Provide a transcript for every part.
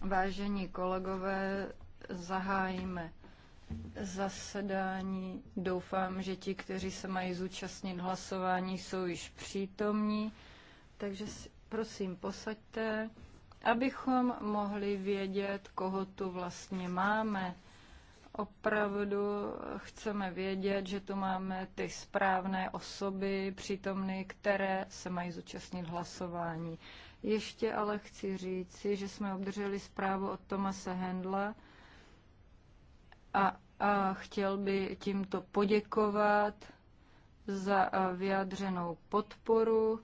Vážení kolegové, zahájíme zasedání. Doufám, že ti, kteří se mají zúčastnit hlasování, jsou již přítomní. Takže prosím, posaďte, abychom mohli vědět, koho tu vlastně máme opravdu chceme vědět, že tu máme ty správné osoby přítomny, které se mají zúčastnit hlasování. Ještě ale chci říci, že jsme obdrželi zprávu od Tomase Hendla a, a chtěl by tímto poděkovat za vyjádřenou podporu,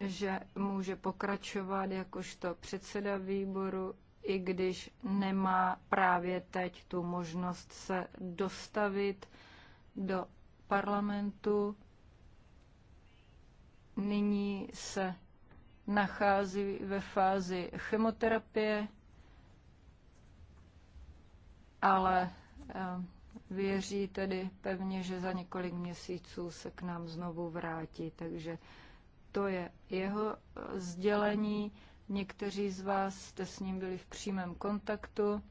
že může pokračovat jakožto předseda výboru i když nemá právě teď tu možnost se dostavit do parlamentu. Nyní se nachází ve fázi chemoterapie, ale eh, věří tedy pevně, že za několik měsíců se k nám znovu vrátí. Takže to je jeho eh, sdělení. Někteří z vás jste s ním byli v přímém kontaktu,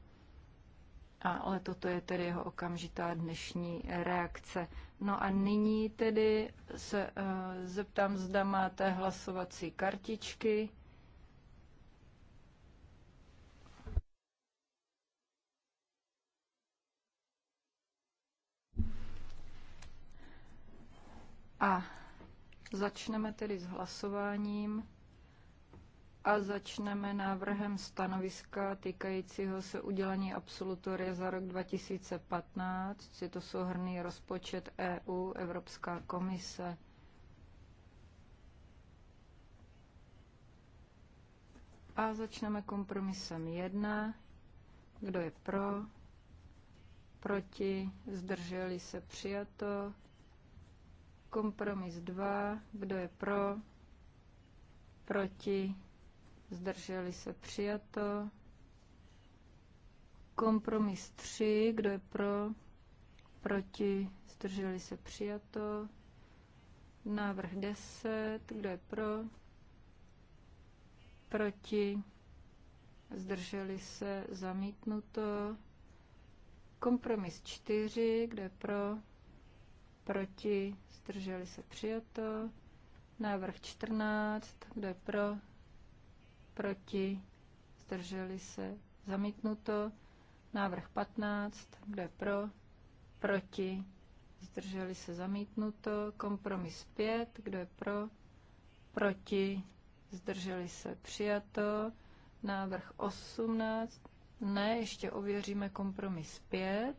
ale toto je tedy jeho okamžitá dnešní reakce. No a nyní tedy se uh, zeptám, zda máte hlasovací kartičky. A začneme tedy s hlasováním a začneme návrhem stanoviska týkajícího se udělení absolutoria za rok 2015, je to souhrný rozpočet EU, Evropská komise. A začneme kompromisem 1. Kdo je pro? Proti? Zdrželi se přijato? Kompromis 2. Kdo je pro? Proti? zdrželi se přijato. Kompromis 3, kdo je pro, proti, zdrželi se přijato. Návrh 10, kdo je pro, proti, zdrželi se zamítnuto. Kompromis 4, kdo je pro, proti, zdrželi se přijato. Návrh 14, kdo je pro, proti, zdrželi se, zamítnuto. Návrh 15, kdo je pro, proti, zdrželi se, zamítnuto. Kompromis 5, kdo je pro, proti, zdrželi se, přijato. Návrh 18, ne, ještě ověříme kompromis 5.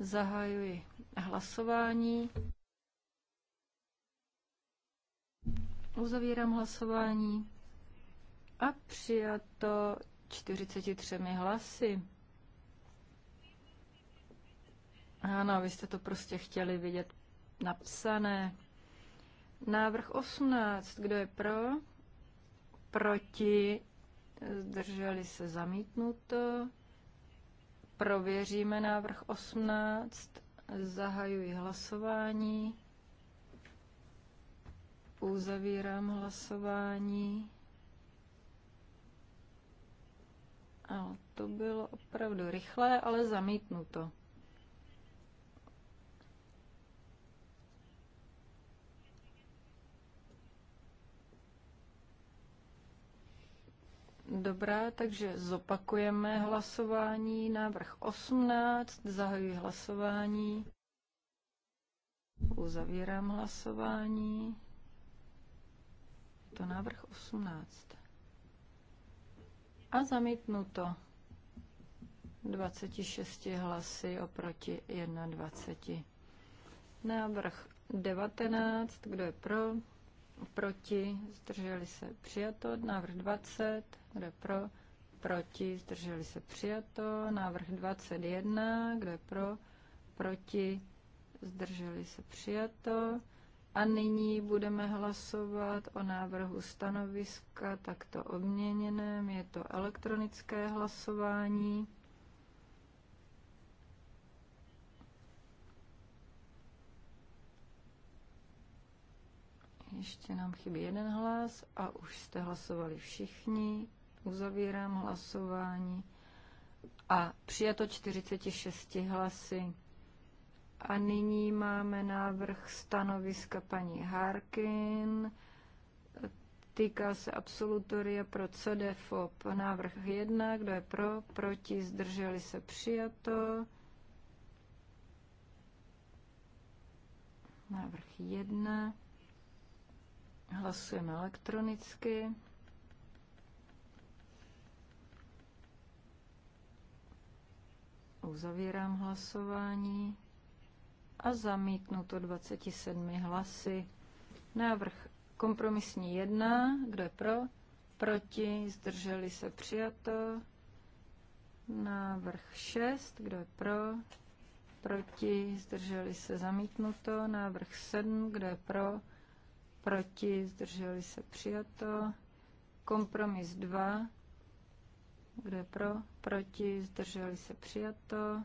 Zahajuji hlasování. Uzavírám hlasování a přijato 43 hlasy. Ano, vy jste to prostě chtěli vidět napsané. Návrh 18. Kdo je pro? Proti? Zdrželi se zamítnuto. Prověříme návrh 18. Zahajuji hlasování. Uzavírám hlasování. A to bylo opravdu rychlé, ale zamítnuto. Dobrá, takže zopakujeme hlasování. Návrh 18, zahajuji hlasování. Uzavírám hlasování to Návrh 18. A zamítnuto. 26 hlasy oproti 21. Návrh 19. Kdo je pro? Proti? Zdrželi se? Přijato. Návrh 20. Kdo je pro? Proti? Zdrželi se? Přijato. Návrh 21. Kdo je pro? Proti? Zdrželi se? Přijato. A nyní budeme hlasovat o návrhu stanoviska takto obměněném. Je to elektronické hlasování. Ještě nám chybí jeden hlas a už jste hlasovali všichni. Uzavírám hlasování a přijato 46 hlasy. A nyní máme návrh stanoviska paní Harkin. Týká se absolutoria pro CDFOP. Návrh 1, kdo je pro, proti, zdrželi se přijato. Návrh 1. Hlasujeme elektronicky. Uzavírám hlasování a zamítnuto 27 hlasy. Návrh kompromisní 1, kdo je pro, proti, zdrželi se přijato. Návrh 6, kdo je pro, proti, zdrželi se zamítnuto. Návrh 7, kdo je pro, proti, zdrželi se přijato. Kompromis 2, kdo je pro, proti, zdrželi se přijato.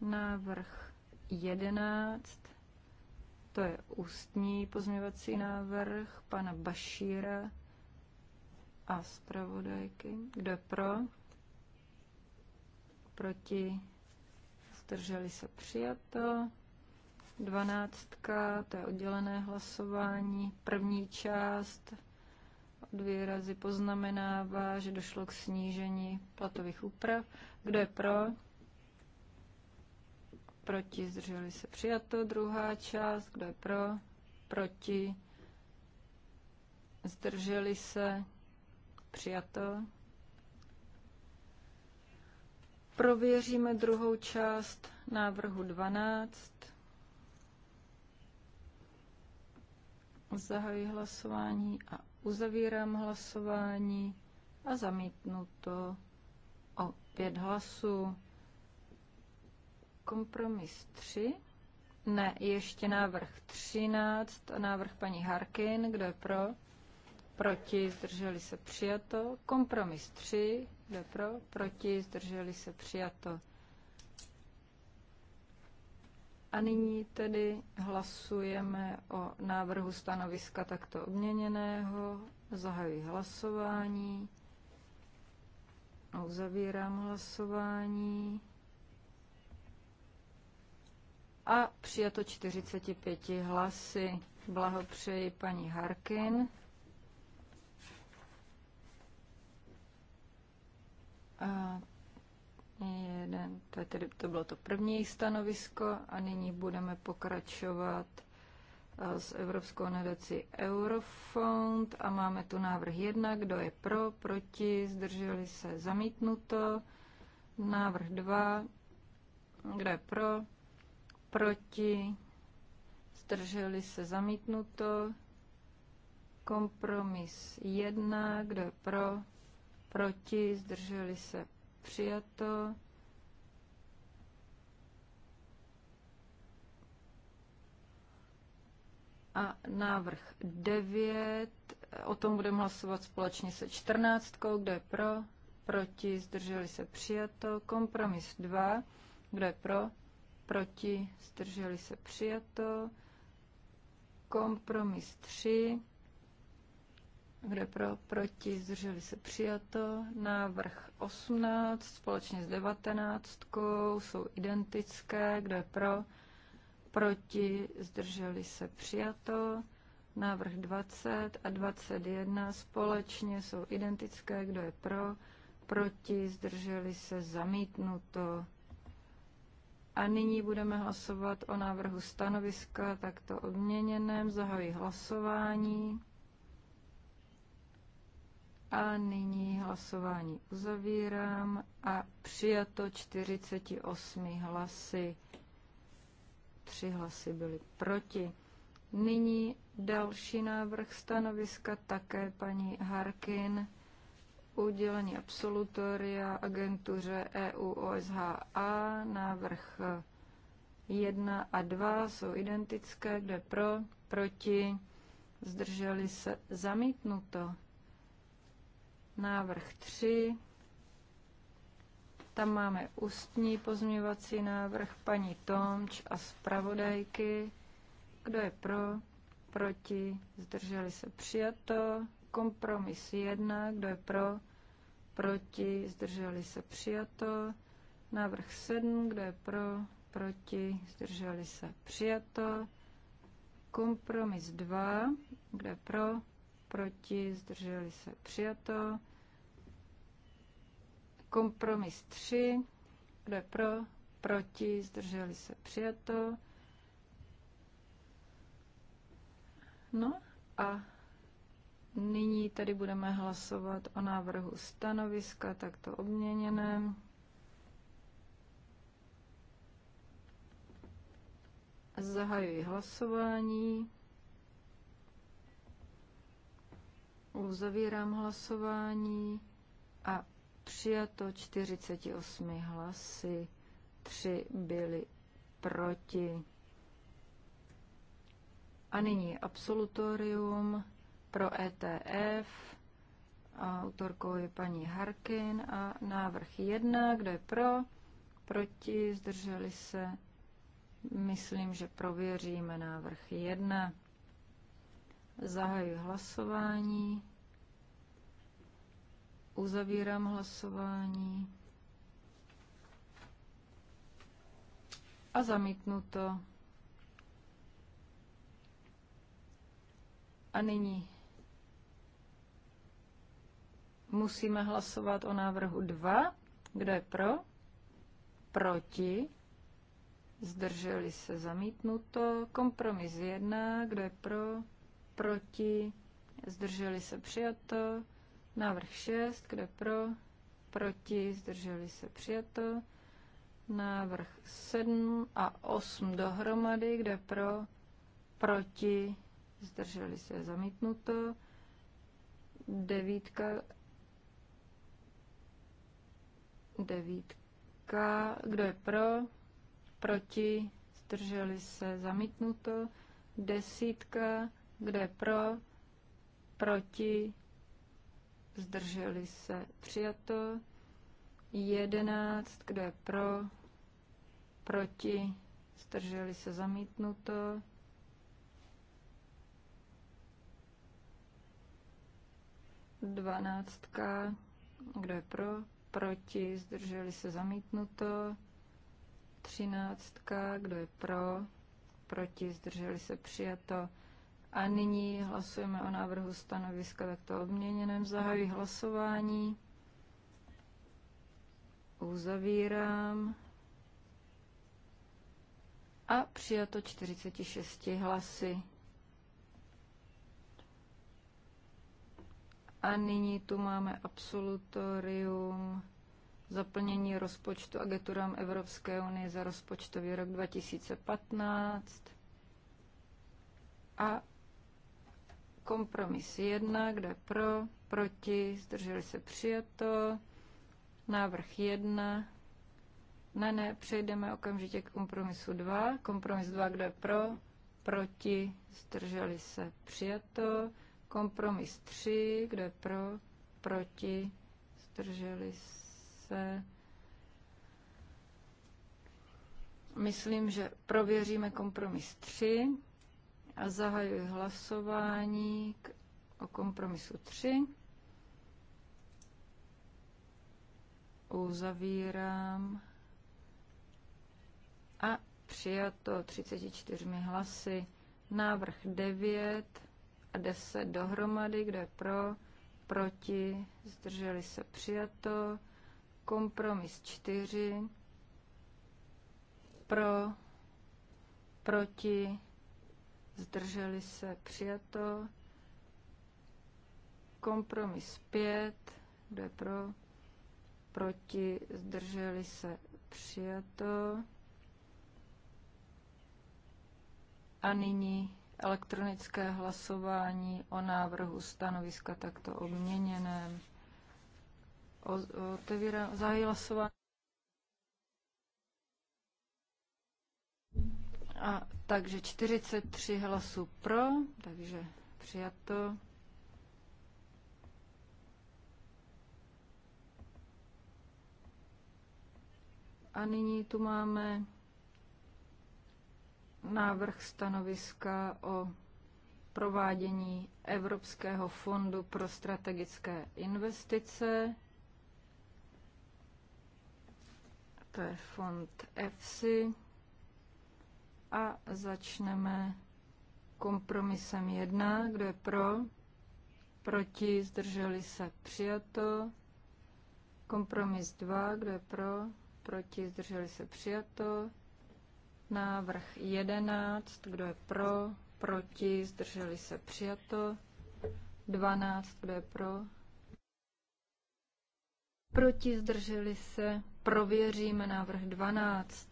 Návrh 11, to je ústní pozměvací návrh pana Bašíra a zpravodajky. Kdo je pro? Proti? Zdrželi se přijato. Dvanáctka, to je oddělené hlasování. První část od výrazy poznamenává, že došlo k snížení platových úprav. Kdo je pro? proti, zdrželi se přijato. Druhá část, kdo je pro, proti, zdrželi se přijato. Prověříme druhou část návrhu 12. Zahajuji hlasování a uzavírám hlasování a zamítnu to o pět hlasů. Kompromis 3. Ne, ještě návrh 13, návrh paní Harkin, kdo je pro? Proti, zdrželi se přijato. Kompromis 3, kdo je pro? Proti, zdrželi se přijato. A nyní tedy hlasujeme o návrhu stanoviska takto obměněného. Zahajuji hlasování. Uzavírám hlasování a přijato 45 hlasy. Blahopřeji paní Harkin. A jeden, to, je tedy, to bylo to první stanovisko a nyní budeme pokračovat eh, s Evropskou nadací Eurofond a máme tu návrh 1, kdo je pro, proti, zdrželi se, zamítnuto. Návrh 2, kdo je pro, proti, zdrželi se zamítnuto, kompromis 1, kdo je pro, proti, zdrželi se přijato, a návrh 9, o tom budeme hlasovat společně se 14, kdo je pro, proti, zdrželi se přijato, kompromis 2, kdo je pro, proti, zdrželi se přijato. Kompromis 3, kde pro, proti, zdrželi se přijato. Návrh 18 společně s 19 jsou identické, kde pro, proti, zdrželi se přijato. Návrh 20 a 21 společně jsou identické, kdo je pro, proti, zdrželi se zamítnuto. A nyní budeme hlasovat o návrhu stanoviska takto obměněném. Zahajuji hlasování. A nyní hlasování uzavírám a přijato 48 hlasy. Tři hlasy byly proti. Nyní další návrh stanoviska také paní Harkin udělení absolutoria agentuře EU OSHA, návrh 1 a 2 jsou identické, kde pro, proti, zdrželi se, zamítnuto. Návrh 3, tam máme ústní pozměvací návrh paní Tomč a zpravodajky. Kdo je pro? Proti? Zdrželi se přijato. Kompromis 1, kdo je pro, proti, zdrželi se přijato. Návrh 7, kdo je pro, proti, zdrželi se přijato. Kompromis 2, kdo je pro, proti, zdrželi se přijato. Kompromis 3, kdo je pro, proti, zdrželi se přijato. No a Nyní tedy budeme hlasovat o návrhu stanoviska takto obměněném. Zahajuji hlasování. Uzavírám hlasování a přijato 48 hlasy, 3 byly proti. A nyní absolutorium pro ETF. Autorkou je paní Harkin a návrh 1, kdo je pro, proti, zdrželi se. Myslím, že prověříme návrh 1. Zahajuji hlasování. Uzavírám hlasování. A zamítnu to. A nyní Musíme hlasovat o návrhu 2. Kdo je pro? Proti? Zdrželi se zamítnuto. Kompromis 1. Kdo je pro? Proti? Zdrželi se přijato. Návrh 6. Kdo je pro? Proti? Zdrželi se přijato. Návrh 7 a 8 dohromady. Kdo je pro? Proti? Zdrželi se zamítnuto. Devítka Devítka. Kdo je pro? Proti? Zdrželi se? Zamítnuto. Desítka. Kdo je pro? Proti? Zdrželi se? Přijato. Jedenáct. Kdo je pro? Proti? Zdrželi se? Zamítnuto. Dvanáctka. Kdo je pro? proti, zdrželi se zamítnuto. Třináctka, kdo je pro, proti, zdrželi se přijato. A nyní hlasujeme o návrhu stanoviska takto obměněném. Zahajuji hlasování. Uzavírám. A přijato 46 hlasy. A nyní tu máme absolutorium zaplnění rozpočtu agenturám Evropské unie za rozpočtový rok 2015 a kompromis 1, kde pro, proti, zdrželi se přijato, návrh 1, ne, ne, přejdeme okamžitě k kompromisu 2, kompromis 2, kde pro, proti, zdrželi se přijato, Kompromis 3, kdo je pro, proti, zdrželi se. Myslím, že prověříme kompromis 3 a zahajuji hlasování k, o kompromisu 3. Uzavírám a přijato 34 hlasy. Návrh 9 a 10 dohromady, kdo je pro, proti, zdrželi se přijato, kompromis 4, pro, proti, zdrželi se přijato, kompromis 5, kdo je pro, proti, zdrželi se přijato. A nyní elektronické hlasování o návrhu stanoviska takto obměněném. Otevírám, zahájí hlasování. A, takže 43 hlasů pro, takže přijato. A nyní tu máme návrh stanoviska o provádění Evropského fondu pro strategické investice. To je fond EFSI. A začneme kompromisem 1. Kdo je pro? Proti? Zdrželi se? Přijato. Kompromis 2. Kdo je pro? Proti? Zdrželi se? Přijato. Návrh 11, kdo je pro, proti, zdrželi se přijato. 12, kdo je pro, proti, zdrželi se, prověříme návrh 12.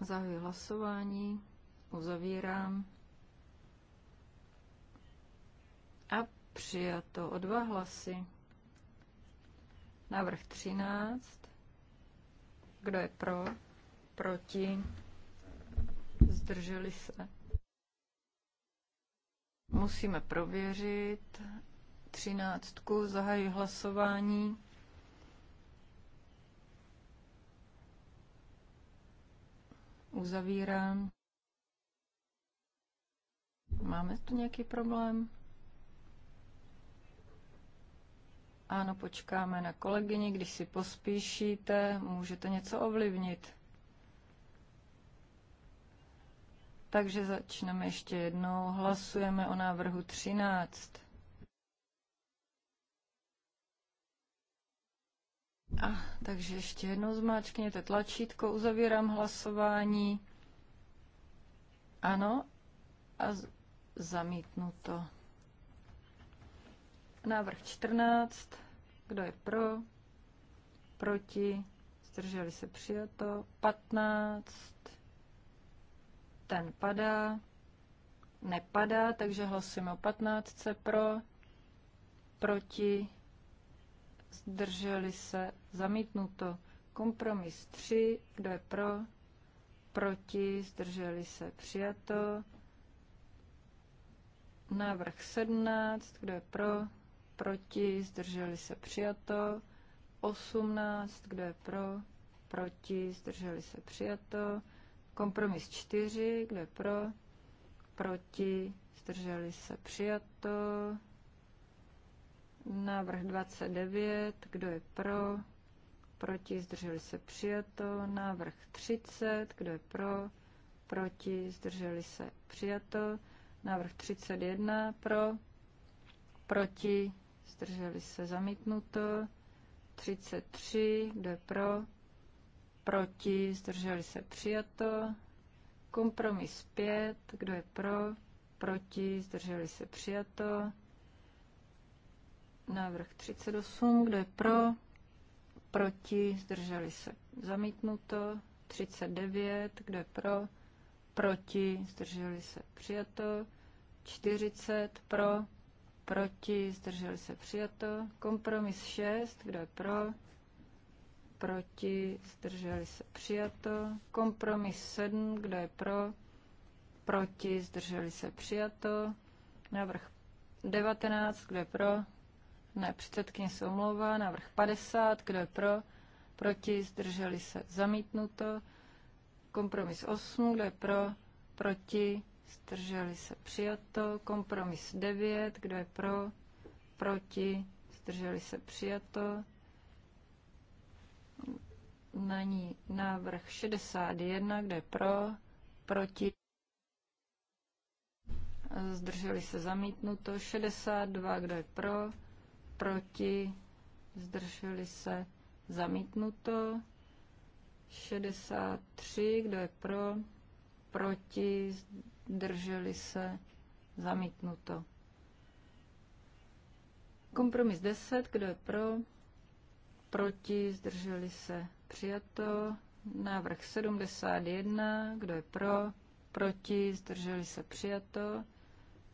Zahajuji hlasování, uzavírám. A přijato o dva hlasy. Návrh 13. Kdo je pro? Proti? Zdrželi se? Musíme prověřit. Třináctku zahají hlasování. Uzavírám. Máme tu nějaký problém? Ano, počkáme na kolegyni, když si pospíšíte, můžete něco ovlivnit. Takže začneme ještě jednou. Hlasujeme o návrhu 13. A, takže ještě jednou zmáčkněte tlačítko, uzavírám hlasování. Ano, a zamítnu to. Návrh 14. Kdo je pro? Proti? Zdrželi se přijato. 15. Ten padá. Nepadá, takže hlasujeme o 15. Pro? Proti? Zdrželi se zamítnuto. Kompromis 3. Kdo je pro? Proti? Zdrželi se přijato. Návrh 17. Kdo je pro? proti, zdrželi se přijato. 18, kdo je pro, proti, zdrželi se přijato. Kompromis 4, kdo je pro, proti, zdrželi se přijato. Návrh 29, kdo je pro, proti, zdrželi se přijato. Návrh 30, kdo je pro, proti, zdrželi se přijato. Návrh 31, pro, proti, zdrželi se zamítnuto, 33, kdo je pro, proti, zdrželi se přijato, kompromis 5, kdo je pro, proti, zdrželi se přijato, návrh 38, kdo je pro, proti, zdrželi se zamítnuto, 39, kdo je pro, proti, zdrželi se přijato, 40 pro, proti, zdrželi se přijato. Kompromis 6, kdo je pro, proti, zdrželi se přijato. Kompromis 7, kdo je pro, proti, zdrželi se přijato. Návrh 19, kdo je pro, ne, předsedkyně se omlouvá. Návrh 50, kdo je pro, proti, zdrželi se zamítnuto. Kompromis 8, kdo je pro, proti, zdrželi se přijato. Kompromis 9, kdo je pro, proti, zdrželi se přijato. Na ní návrh 61, Kdo je pro, proti, zdrželi se zamítnuto. 62, kdo je pro, proti, zdrželi se zamítnuto. 63, kdo je pro, proti, zdrželi se, zamítnuto. Kompromis 10, kdo je pro, proti, zdrželi se, přijato. Návrh 71, kdo je pro, proti, zdrželi se, přijato.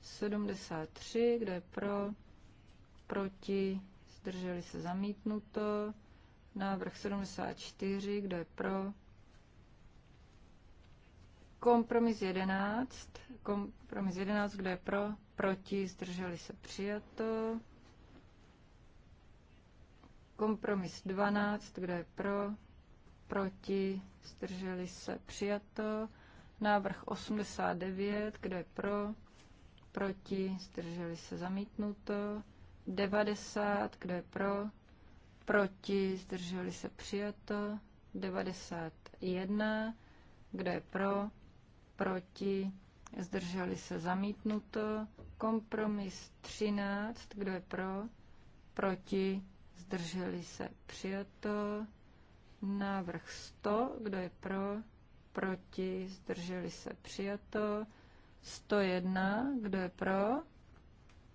73, kdo je pro, proti, zdrželi se, zamítnuto. Návrh 74, kdo je pro, Kompromis 11. Kompromis 11, kdo je pro? Proti, zdrželi se přijato. Kompromis 12, kdo je pro? Proti, zdrželi se přijato. Návrh 89, kdo je pro? Proti, zdrželi se zamítnuto. 90, kdo je pro? Proti, zdrželi se přijato. 91, kdo je pro? proti, zdrželi se zamítnuto, kompromis 13, kdo je pro, proti, zdrželi se přijato, návrh 100, kdo je pro, proti, zdrželi se přijato, 101, kdo je pro,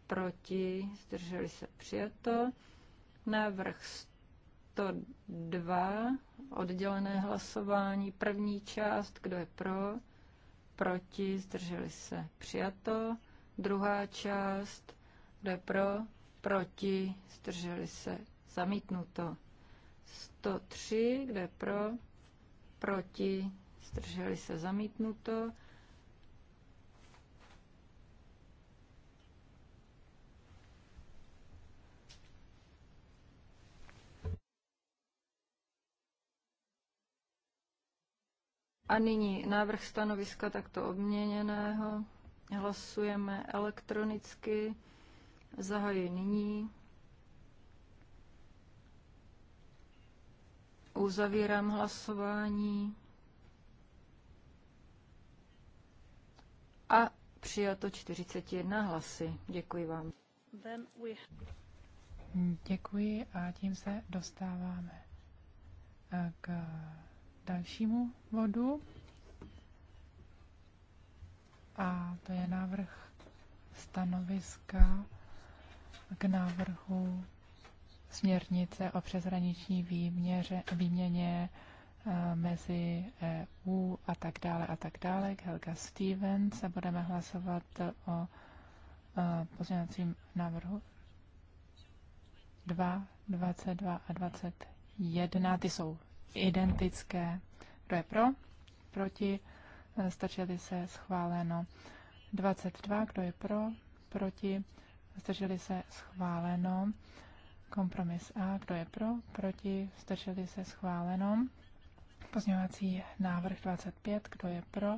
proti, zdrželi se přijato, návrh 102, oddělené hlasování, první část, kdo je pro, proti, zdrželi se, přijato. Druhá část, kde pro, proti, zdrželi se, zamítnuto. 103, kde pro, proti, zdrželi se, zamítnuto. A nyní návrh stanoviska takto obměněného. Hlasujeme elektronicky. Zahajuji nyní. Uzavírám hlasování. A přijato 41 hlasy. Děkuji vám. Děkuji a tím se dostáváme eh, k dalšímu bodu. A to je návrh stanoviska k návrhu směrnice o přeshraniční výměře, výměně eh, mezi EU a tak dále a tak dále. Helga Stevens a budeme hlasovat o eh, pozměňovacím návrhu 2, 22 a 21. Ty jsou identické. Kdo je pro? Proti? Stačili eh, se? Schváleno. 22. Kdo je pro? Proti? Stačili se? Schváleno. Kompromis A. Kdo je pro? Proti? Stačili se? Schváleno. Pozměňovací návrh 25. Kdo je pro?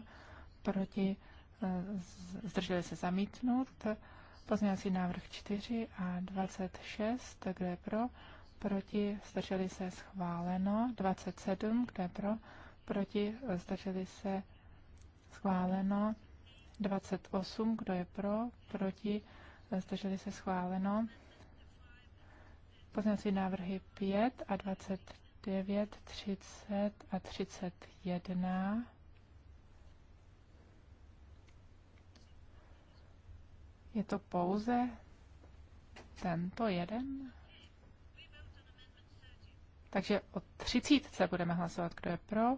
Proti? Eh, zdrželi se? Zamítnout. Pozměňovací návrh 4 a 26. Kdo je pro? proti, zdrželi se schváleno, 27, kde pro, proti, zdrželi se schváleno, 28, kdo je pro, proti, zdrželi se schváleno, poznací návrhy 5 a 29, 30 a 31, Je to pouze tento jeden? Takže o třicítce budeme hlasovat, kdo je pro,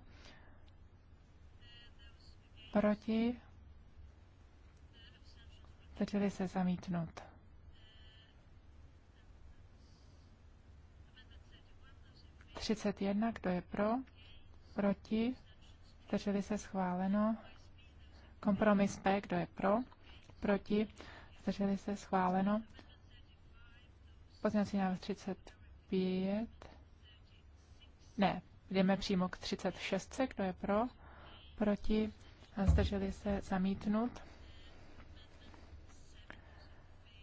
proti, zdrželi se zamítnout. Třicet jedna, kdo je pro, proti, zdrželi se schváleno. Kompromis P, kdo je pro, proti, zdrželi se schváleno. Pozměňovací návrh 35. Ne, jdeme přímo k 36. Kdo je pro? Proti? Zdrželi se zamítnut.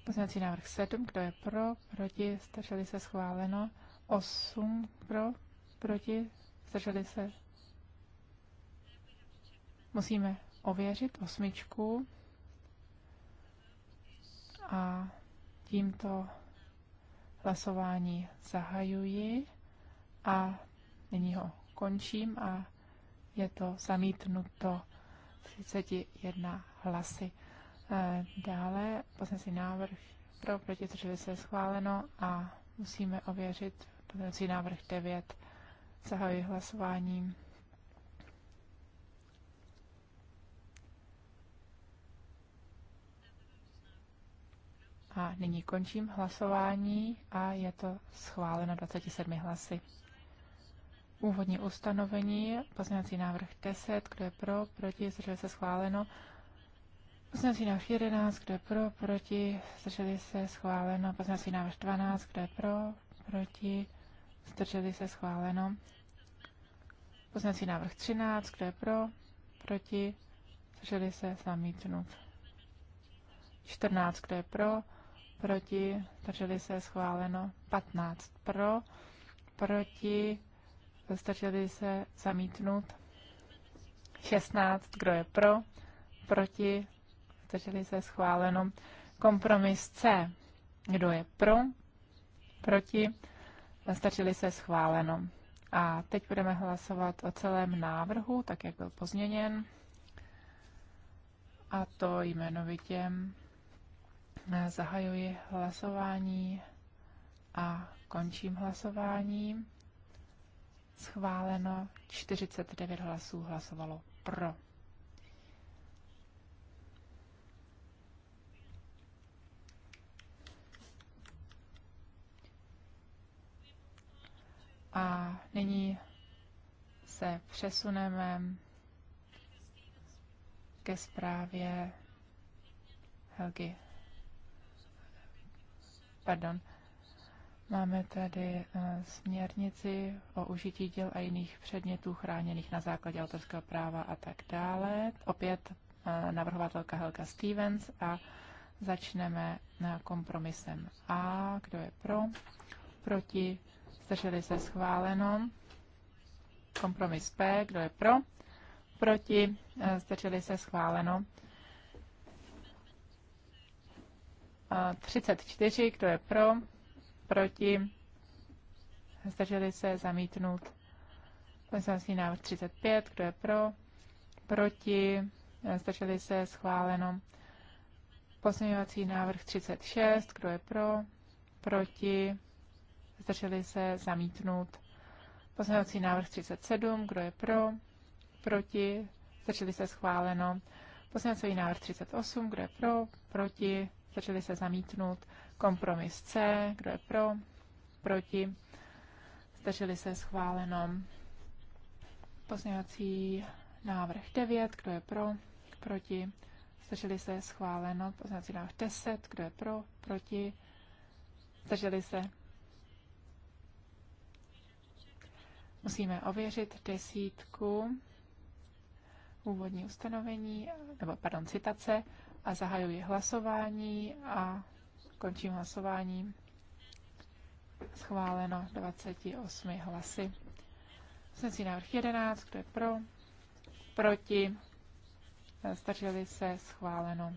Poznací návrh 7. Kdo je pro? Proti? Zdrželi se schváleno. 8 pro? Proti? Zdrželi se. Musíme ověřit osmičku. A tímto hlasování zahajuji a Nyní ho končím a je to zamítnuto 31 hlasy. Eh, dále poslanecí návrh pro, proti, drželi se schváleno a musíme ověřit poslanecí návrh 9. Zahajuji hlasování. A nyní končím hlasování a je to schváleno 27 hlasy. Úvodní ustanovení, poznací návrh 10, kdo je pro, proti, zdrželi se schváleno. Poznací návrh 11, kdo je pro, proti, zdrželi se schváleno. Poznací návrh 12, kdo je pro, proti, zdrželi se schváleno. Poznací návrh 13, kdo je pro, proti, zdrželi se zamítnut. 14, kdo je pro, proti, zdrželi se schváleno. 15 pro, proti, zdrželi se, zamítnout. 16, kdo je pro, proti, zdrželi se, schváleno. Kompromis C, kdo je pro, proti, zdrželi se, schváleno. A teď budeme hlasovat o celém návrhu, tak jak byl pozměněn. A to jmenovitě eh, zahajuji hlasování a končím hlasováním. Schváleno 49 hlasů hlasovalo pro. A nyní se přesuneme ke zprávě Helgi. Pardon. Máme tady eh, směrnici o užití děl a jiných předmětů chráněných na základě autorského práva a tak dále. Opět eh, navrhovatelka Helga Stevens a začneme kompromisem A. Kdo je pro? Proti? Zdrželi se schváleno. Kompromis P. Kdo je pro? Proti? Eh, zdrželi se schváleno. 34. Kdo je pro? proti, zdrželi se, zamítnout Poslanecký návrh 35, kdo je pro, proti, zdrželi se, schváleno. Poslanecký návrh 36, kdo je pro, proti, zdrželi se, zamítnout Poslanecký návrh 37, kdo je pro, proti, zdrželi se, schváleno. Poslanecký návrh 38, kdo je pro, proti, zdrželi se, zamítnout Kompromis C, kdo je pro, proti, zdrželi se schváleno. Pozměňovací návrh 9, kdo je pro, proti, zdrželi se schváleno. Pozměňovací návrh 10, kdo je pro, proti, zdrželi se. Musíme ověřit desítku úvodní ustanovení, nebo pardon, citace a zahajuji hlasování a Končím hlasování. Schváleno 28 hlasy. Usnesení návrh 11, kdo je pro? Proti? Zdrželi se? Schváleno.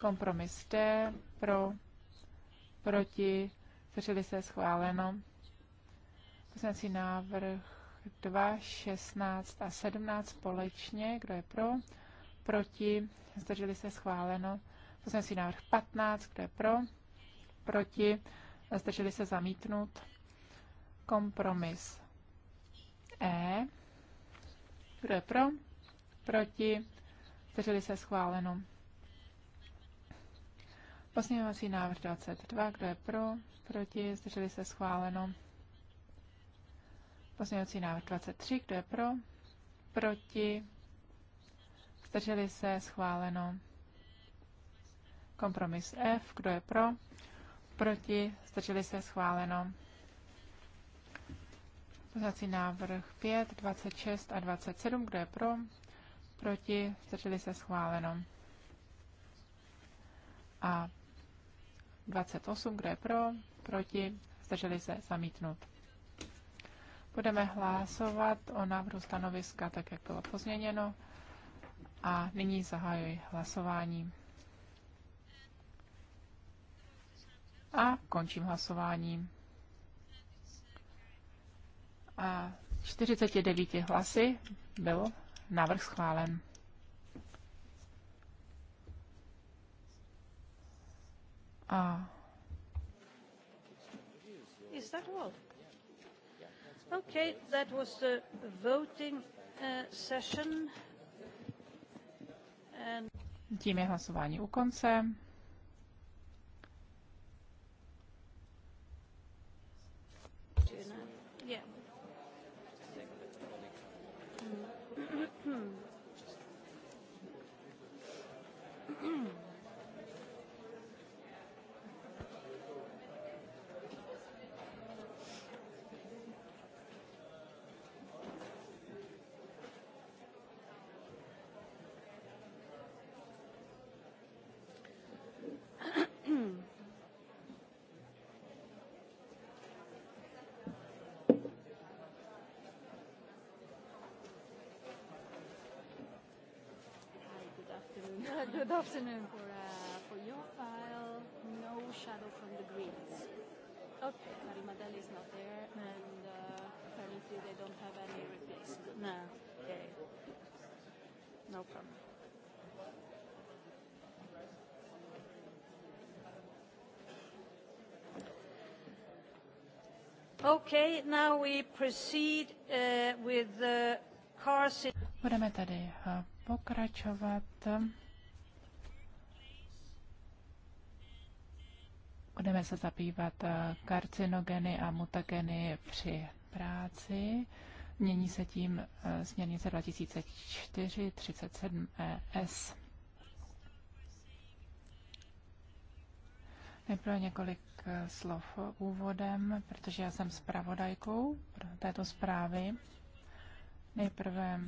Kompromis D, pro? Proti? Zdrželi se? Schváleno. Usnesení návrh 2, 16 a 17 společně. Kdo je pro? Proti? Zdrželi se? Schváleno. Pozměňovací návrh 15, kdo je pro? Proti? Zdrželi se zamítnout. Kompromis E. Kdo je pro? Proti? Zdrželi se schváleno. Pozměňovací návrh 22, kdo je pro? Proti? Zdrželi se schváleno. Pozměňovací návrh 23, kdo je pro? Proti? Zdrželi se schváleno. Kompromis F, kdo je pro? Proti, zdrželi se, schváleno. Poznací návrh 5, 26 a 27, kdo je pro? Proti, zdrželi se, schváleno. A 28, kdo je pro? Proti, zdrželi se, zamítnut. Budeme hlasovat o návrhu stanoviska, tak jak bylo pozměněno. A nyní zahajuji hlasování. A končím hlasování. A 49 hlasy byl návrh schválen. A Is that all? Okay, that was the voting uh, session. And... Tím je hlasování u konce. Hmm. Good afternoon for, uh, for your file. No shadow from the Greens. Okay. Marimadel is not there, and uh, apparently they don't have any replacement. No. Okay. No problem. Okay, now we proceed, uh, with the car... Budeme tady uh, pokračovat Budeme se zabývat eh, karcinogeny a mutageny při práci. Mění se tím eh, směrnice 2004-37 ES. Nejprve několik eh, slov úvodem, protože já jsem zpravodajkou této zprávy. Nejprve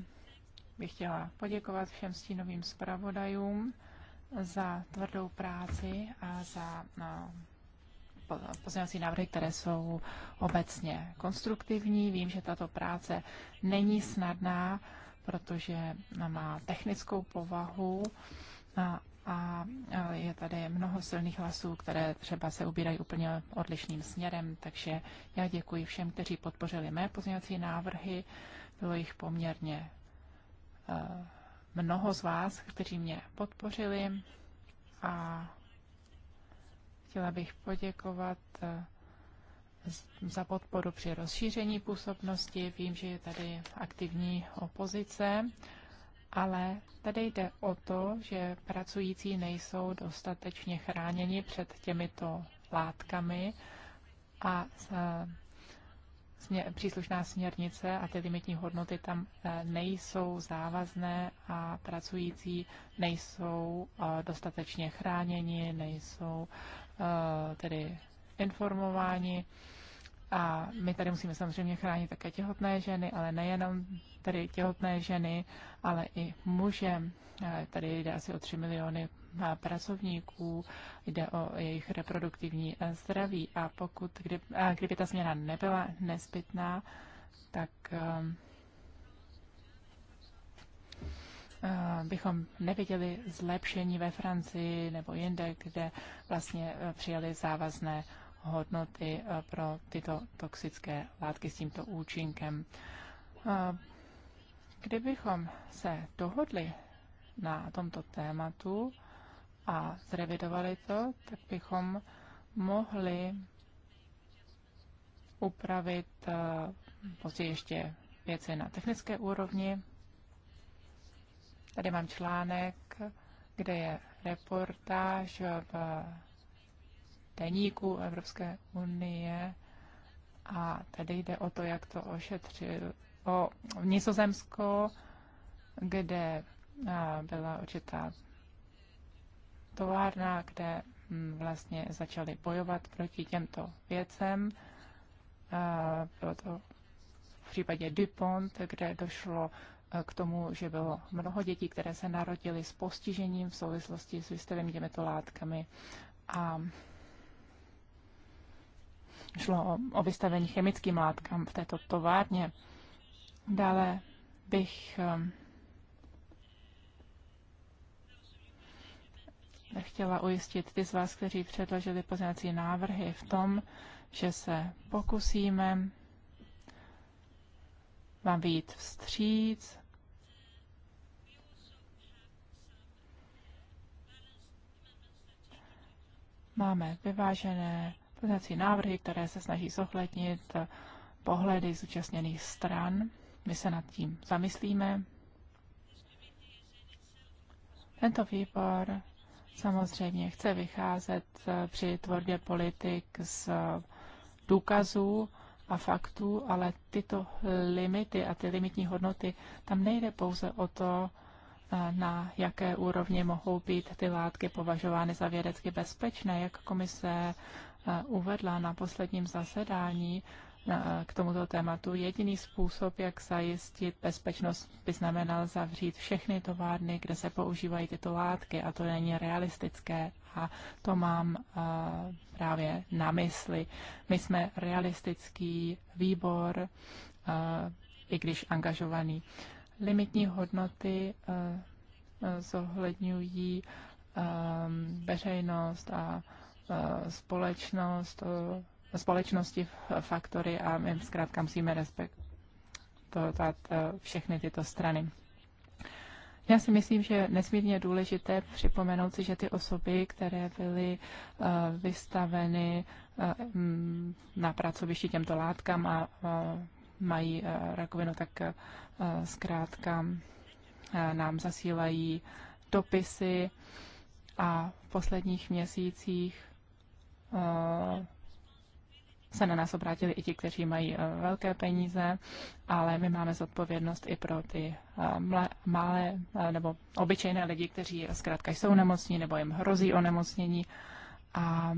bych chtěla poděkovat všem stínovým zpravodajům za tvrdou práci a za no, pozměňovací návrhy, které jsou obecně konstruktivní. Vím, že tato práce není snadná, protože má technickou povahu a, a je tady mnoho silných hlasů, které třeba se ubírají úplně odlišným směrem, takže já děkuji všem, kteří podpořili mé pozměňovací návrhy. Bylo jich poměrně eh, mnoho z vás, kteří mě podpořili a Chtěla bych poděkovat eh, za podporu při rozšíření působnosti. Vím, že je tady aktivní opozice, ale tady jde o to, že pracující nejsou dostatečně chráněni před těmito látkami a eh, směr, příslušná směrnice a ty limitní hodnoty tam eh, nejsou závazné a pracující nejsou dostatečně chráněni, nejsou Eh, tedy informováni. A my tady musíme samozřejmě chránit také těhotné ženy, ale nejenom tady těhotné ženy, ale i muže. Eh, tady jde asi o 3 miliony eh, pracovníků, jde o jejich reproduktivní zdraví a pokud, kdyby ta změna nebyla nezbytná, tak um, Eh, bychom neviděli zlepšení ve Francii nebo jinde, kde vlastně eh, přijali závazné hodnoty eh, pro tyto toxické látky s tímto účinkem. Kdybychom se dohodli na tomto tématu a zrevidovali to, tak bychom mohli upravit později ještě věci na technické úrovni Tady mám článek, kde je reportáž v deníku Evropské unie a tady jde o to, jak to ošetřil o Nizozemsko, kde byla určitá továrna, kde hm, vlastně začali bojovat proti těmto věcem. Bylo to v případě DuPont, kde došlo Eh, k tomu, že bylo mnoho dětí, které se narodily s postižením v souvislosti s vystavením těmito látkami a šlo o, o vystavení chemickým látkám v této továrně. Dále bych eh, chtěla ujistit ty z vás, kteří předložili pozměňovací návrhy v tom, že se pokusíme vám vyjít vstříc. Máme vyvážené pozací návrhy, které se snaží zohlednit pohledy zúčastněných stran. My se nad tím zamyslíme. Tento výbor samozřejmě chce vycházet eh, při tvorbě politik z důkazů, a faktů, ale tyto limity a ty limitní hodnoty, tam nejde pouze o to, eh, na jaké úrovni mohou být ty látky považovány za vědecky bezpečné, jak komise eh, uvedla na posledním zasedání, k tomuto tématu. Jediný způsob, jak zajistit bezpečnost, by znamenal zavřít všechny továrny, kde se používají tyto látky a to není realistické a to mám eh, právě na mysli. My jsme realistický výbor, eh, i když angažovaný. Limitní hodnoty eh, zohledňují veřejnost a společnost, společnosti eh, faktory a my zkrátka musíme respektovat eh, všechny tyto strany. Já si myslím, že nesmírně důležité připomenout si, že ty osoby, které byly eh, vystaveny na pracovišti těmto látkám a mají rakovinu, tak zkrátka nám zasílají dopisy a v posledních měsících se na nás obrátili i ti, kteří mají eh, velké peníze, ale my máme zodpovědnost i pro ty eh, malé eh, nebo obyčejné lidi, kteří zkrátka jsou nemocní nebo jim hrozí onemocnění. A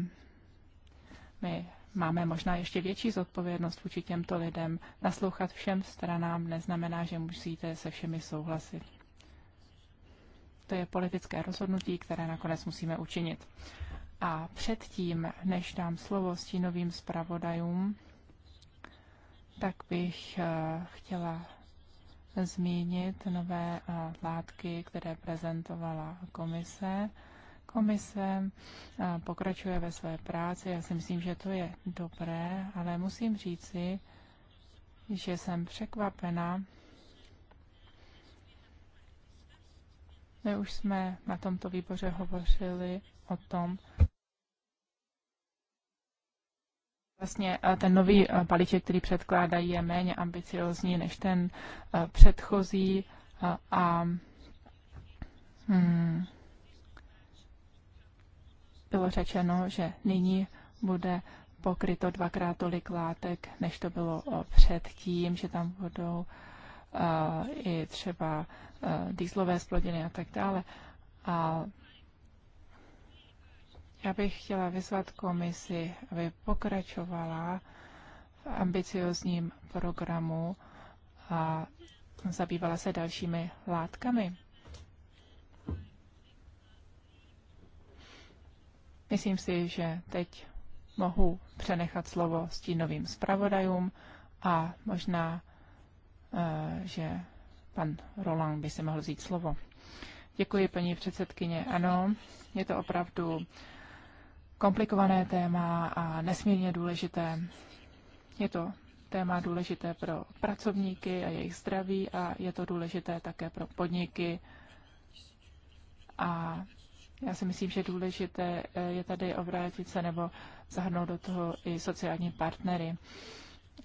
my máme možná ještě větší zodpovědnost vůči těmto lidem. Naslouchat všem stranám neznamená, že musíte se všemi souhlasit. To je politické rozhodnutí, které nakonec musíme učinit. A předtím, než dám slovo stínovým zpravodajům, tak bych eh, chtěla zmínit nové eh, látky, které prezentovala komise. Komise eh, pokračuje ve své práci, já si myslím, že to je dobré, ale musím říci, že jsem překvapena. My už jsme na tomto výboře hovořili o tom, Vlastně eh, ten nový eh, balíček, který předkládají, je méně ambiciozní než ten eh, předchozí a, a hmm, bylo řečeno, že nyní bude pokryto dvakrát tolik látek, než to bylo předtím, že tam budou uh, i třeba uh, dýzlové splodiny a tak dále. A já bych chtěla vyzvat komisi, aby pokračovala v ambiciozním programu a zabývala se dalšími látkami. Myslím si, že teď mohu přenechat slovo stínovým zpravodajům a možná, eh, že pan Roland by si mohl vzít slovo. Děkuji, paní předsedkyně. Ano, je to opravdu komplikované téma a nesmírně důležité. Je to téma důležité pro pracovníky a jejich zdraví a je to důležité také pro podniky. A já si myslím, že důležité eh, je tady obrátit se nebo zahrnout do toho i sociální partnery.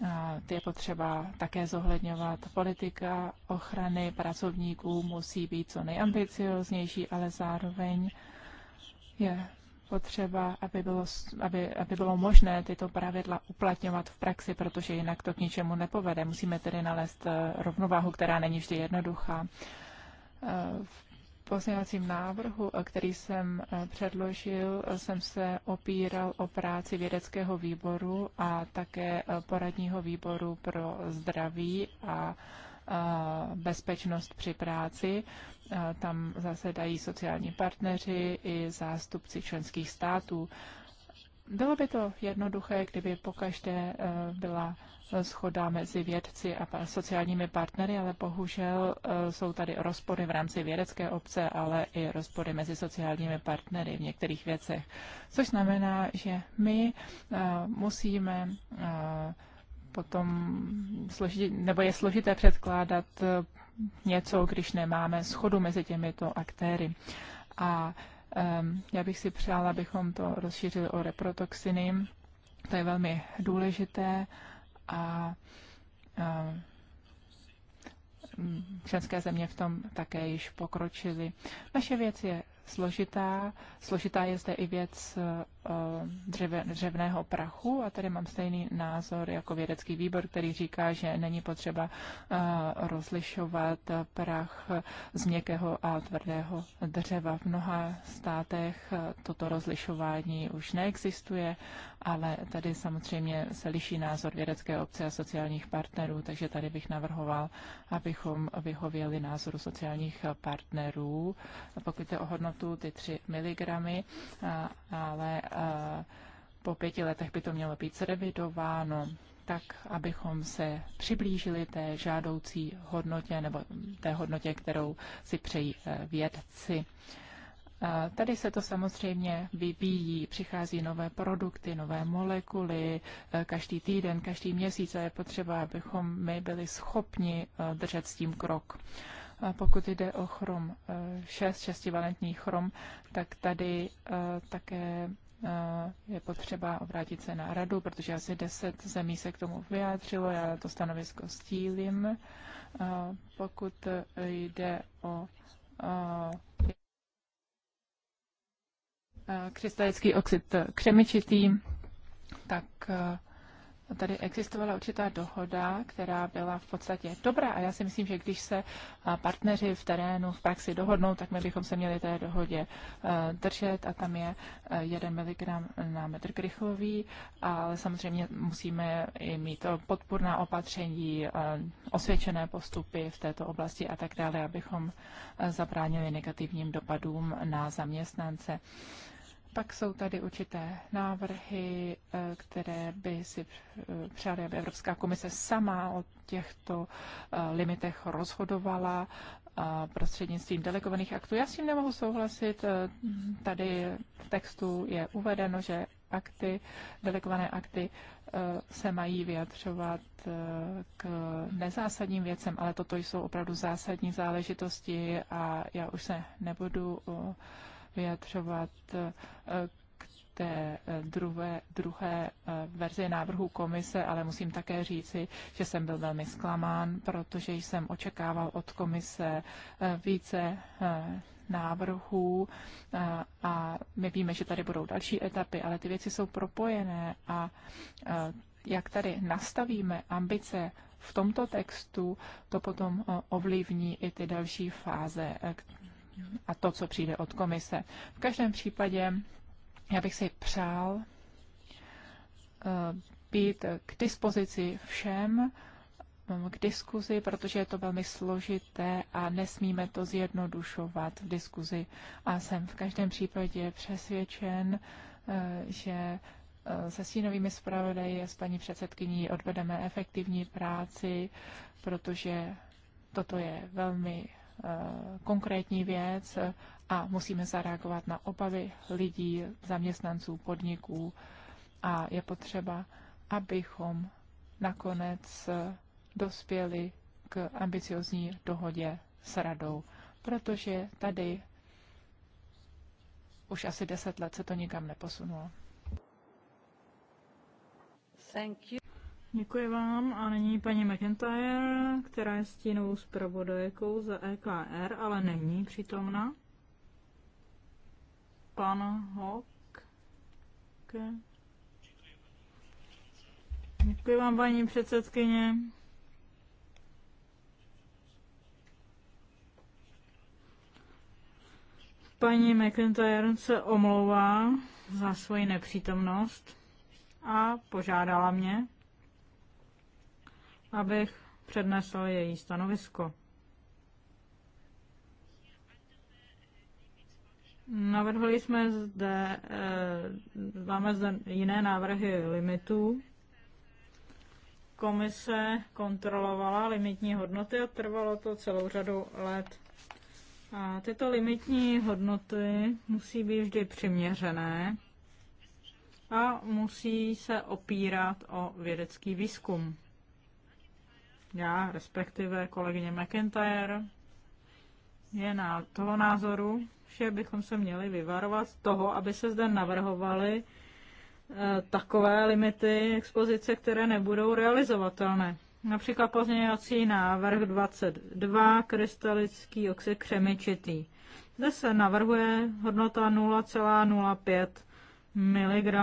A ty je potřeba také zohledňovat. Politika ochrany pracovníků musí být co nejambicioznější, ale zároveň je potřeba, aby bylo, aby, aby bylo možné tyto pravidla uplatňovat v praxi, protože jinak to k ničemu nepovede. Musíme tedy nalézt eh, rovnováhu, která není vždy jednoduchá. Eh, v pozměňovacím návrhu, eh, který jsem předložil, jsem se opíral o práci vědeckého výboru a také poradního výboru pro zdraví a bezpečnost při práci. Tam zasedají sociální partneři i zástupci členských států. Bylo by to jednoduché, kdyby pokaždé e, byla schoda mezi vědci a sociálními partnery, ale bohužel e, jsou tady rozpory v rámci vědecké obce, ale i rozpory mezi sociálními partnery v některých věcech. Což znamená, že my e, musíme potom složitě, nebo je složité předkládat eh, něco, když nemáme schodu mezi těmito aktéry. A um, já bych si přála, abychom to rozšířili o reprotoxiny. To je velmi důležité a um, členské země v tom také již pokročily. Naše věc je složitá. Složitá je zde i věc eh, Eh, dřevného prachu a tady mám stejný názor jako vědecký výbor, který říká, že není potřeba eh, rozlišovat prach z měkkého a tvrdého dřeva. V mnoha státech eh, toto rozlišování už neexistuje, ale tady samozřejmě se liší názor vědecké obce a sociálních partnerů, takže tady bych navrhoval, abychom vyhověli názoru sociálních partnerů, pokud je o hodnotu ty 3 miligramy, ale Eh, po pěti letech by to mělo být zrevidováno, tak abychom se přiblížili té žádoucí hodnotě nebo té hodnotě, kterou si přejí eh, vědci. Eh, tady se to samozřejmě vyvíjí, přichází nové produkty, nové molekuly, každý týden, každý měsíc a je potřeba, abychom my byli schopni držet s tím krok. A pokud jde o chrom 6, valentní chrom, tak tady také je potřeba obrátit se na radu, protože asi deset zemí se k tomu vyjádřilo, já to stanovisko stílim. Pokud jde o krystalický oxid e, křemičitý, tak e, tady existovala určitá dohoda, která byla v podstatě dobrá a já si myslím, že když se partneři v terénu v praxi dohodnou, tak my bychom se měli té dohodě e, držet a tam je 1 e, mg na metr krychlový, ale samozřejmě musíme i mít podpůrná opatření, e, osvědčené postupy v této oblasti a tak dále, abychom zabránili negativním dopadům na zaměstnance. Pak jsou tady určité návrhy, eh, které by si eh, přáli, aby Evropská komise sama o těchto eh, limitech rozhodovala prostřednictvím delegovaných aktů. Já s tím nemohu souhlasit. Tady v textu je uvedeno, že akty, delegované akty se mají vyjadřovat k nezásadním věcem, ale toto jsou opravdu zásadní záležitosti a já už se nebudu vyjadřovat eh, k té eh, druhé, druhé eh, verzi návrhu komise, ale musím také říci, že jsem byl velmi zklamán, protože jsem očekával od komise více návrhů a, my víme, že tady budou další etapy, ale ty věci jsou propojené a jak tady nastavíme ambice v tomto textu, to potom ovlivní i ty další fáze, a to, co přijde od komise. V každém případě já bych si přál eh, být k dispozici všem, eh, k diskuzi, protože je to velmi složité a nesmíme to zjednodušovat v diskuzi. A jsem v každém případě přesvědčen, eh, že se stínovými zpravodaji a s paní předsedkyní odvedeme efektivní práci, protože toto je velmi Eh, konkrétní věc a musíme zareagovat na obavy lidí, zaměstnanců, podniků a je potřeba, abychom nakonec eh, dospěli k ambiciozní dohodě s radou, protože tady už asi deset let se to nikam neposunulo. Thank you. Děkuji vám a nyní paní McIntyre, která je stínovou zpravodajkou za EKR, ale není přítomna. Pan Hock. Děkuji vám, paní předsedkyně. Paní McIntyre se omlouvá za svoji nepřítomnost a požádala mě, abych přednesl její stanovisko. Navrhli jsme zde, eh, máme zde jiné návrhy limitů. Komise kontrolovala limitní hodnoty a trvalo to celou řadu let. A tyto limitní hodnoty musí být vždy přiměřené a musí se opírat o vědecký výzkum já, respektive kolegyně McIntyre, je na toho názoru, že bychom se měli vyvarovat toho, aby se zde navrhovaly eh, takové limity expozice, které nebudou realizovatelné. Například pozměňovací návrh 22, krystalický oxid křemičitý. Zde se navrhuje hodnota 0,05 mg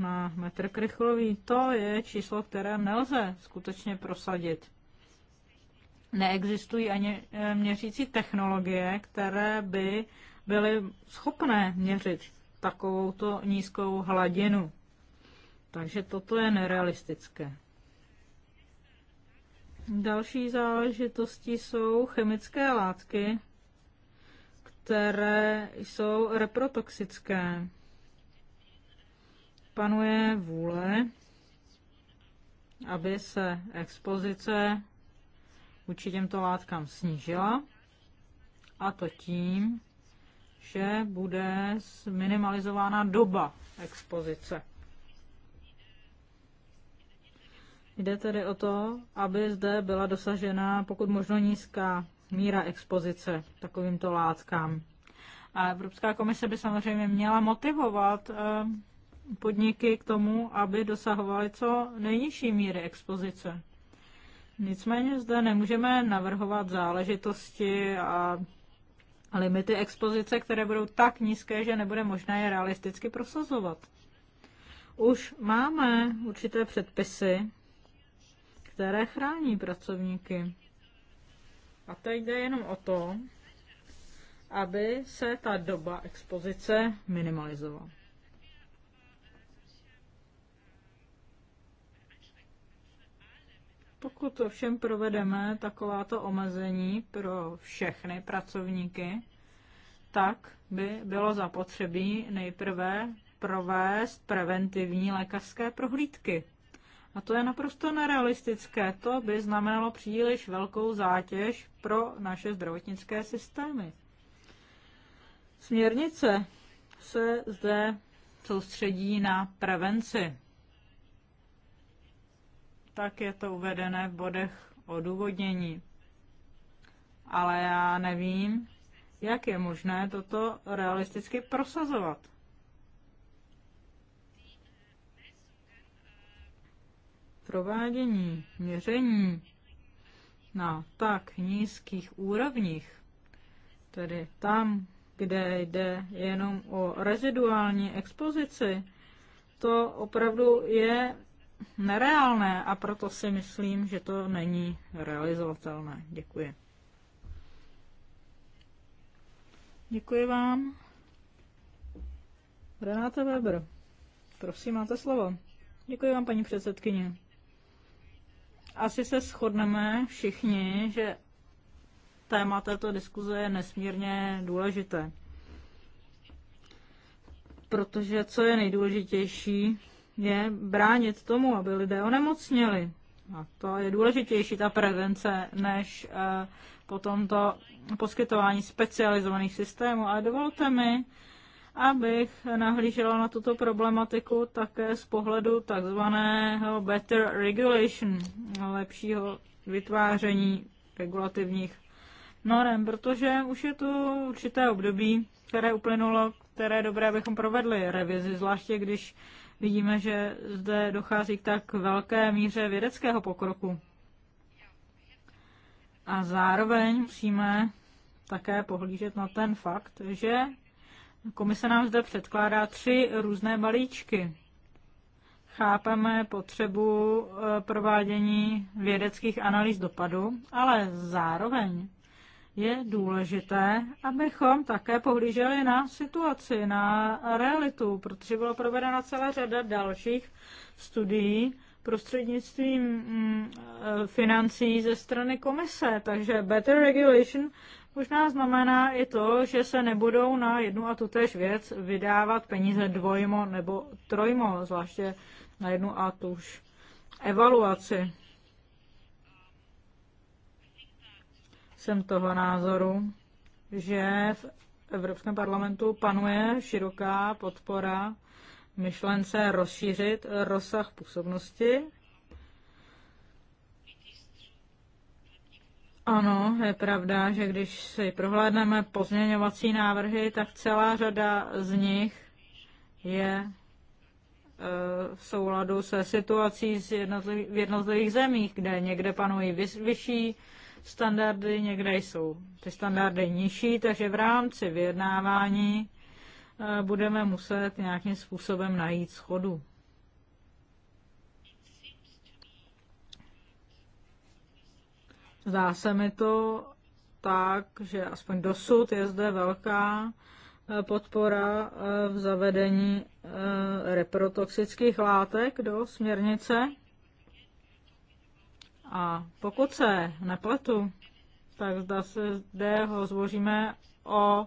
na metr krychlový. To je číslo, které nelze skutečně prosadit neexistují ani eh, měřící technologie, které by byly schopné měřit takovouto nízkou hladinu. Takže toto je nerealistické. Další záležitosti jsou chemické látky, které jsou reprotoxické. Panuje vůle, aby se expozice vůči těmto látkám snížila a to tím, že bude minimalizována doba expozice. Jde tedy o to, aby zde byla dosažena pokud možno nízká míra expozice takovýmto látkám. A Evropská komise by samozřejmě měla motivovat eh, podniky k tomu, aby dosahovaly co nejnižší míry expozice. Nicméně zde nemůžeme navrhovat záležitosti a limity expozice, které budou tak nízké, že nebude možné je realisticky prosazovat. Už máme určité předpisy, které chrání pracovníky. A teď jde jenom o to, aby se ta doba expozice minimalizovala. Pokud to všem provedeme takováto omezení pro všechny pracovníky, tak by bylo zapotřebí nejprve provést preventivní lékařské prohlídky. A to je naprosto nerealistické. To by znamenalo příliš velkou zátěž pro naše zdravotnické systémy. Směrnice se zde soustředí na prevenci tak je to uvedené v bodech odůvodnění. Ale já nevím, jak je možné toto realisticky prosazovat. Provádění měření na tak nízkých úrovních, tedy tam, kde jde jenom o reziduální expozici, to opravdu je nereálné a proto si myslím, že to není realizovatelné. Děkuji. Děkuji vám. Renáta Weber, prosím, máte slovo. Děkuji vám, paní předsedkyně. Asi se shodneme všichni, že téma této diskuze je nesmírně důležité. Protože co je nejdůležitější je bránit tomu, aby lidé onemocněli. A to je důležitější, ta prevence, než eh, potom to poskytování specializovaných systémů. Ale dovolte mi, abych nahlížela na tuto problematiku také z pohledu takzvaného better regulation, lepšího vytváření regulativních norem, protože už je to určité období, které uplynulo, které dobré bychom provedli revizi, zvláště když Vidíme, že zde dochází k tak velké míře vědeckého pokroku. A zároveň musíme také pohlížet na ten fakt, že komise nám zde předkládá tři různé balíčky. Chápeme potřebu eh, provádění vědeckých analýz dopadu, ale zároveň je důležité, abychom také pohlíželi na situaci, na realitu, protože byla provedena celá řada dalších studií prostřednictvím mm, eh, financí ze strany komise. Takže better regulation možná znamená i to, že se nebudou na jednu a tutéž věc vydávat peníze dvojmo nebo trojmo, zvláště na jednu a tuž evaluaci. jsem toho názoru, že v Evropském parlamentu panuje široká podpora myšlence rozšířit rozsah působnosti. Ano, je pravda, že když si prohlédneme pozměňovací návrhy, tak celá řada z nich je e, v souladu se situací v jednotlivých zemích, kde někde panují vyšší standardy, někde jsou ty standardy nižší, takže v rámci vyjednávání eh, budeme muset nějakým způsobem najít schodu. Zdá se mi to tak, že aspoň dosud je zde velká eh, podpora eh, v zavedení reprotoxických látek do směrnice. A pokud se nepletu, tak zda se zde hovoříme o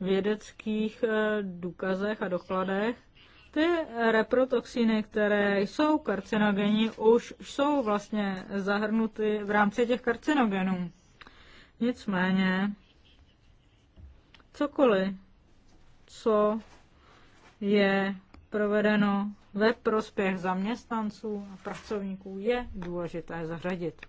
vědeckých eh, důkazech a dokladech. Ty reprotoxiny, které jsou karcinogenní, už jsou vlastně zahrnuty v rámci těch karcinogenů. Nicméně, cokoliv, co je provedeno ve prospěch zaměstnanců a pracovníků je důležité zařadit.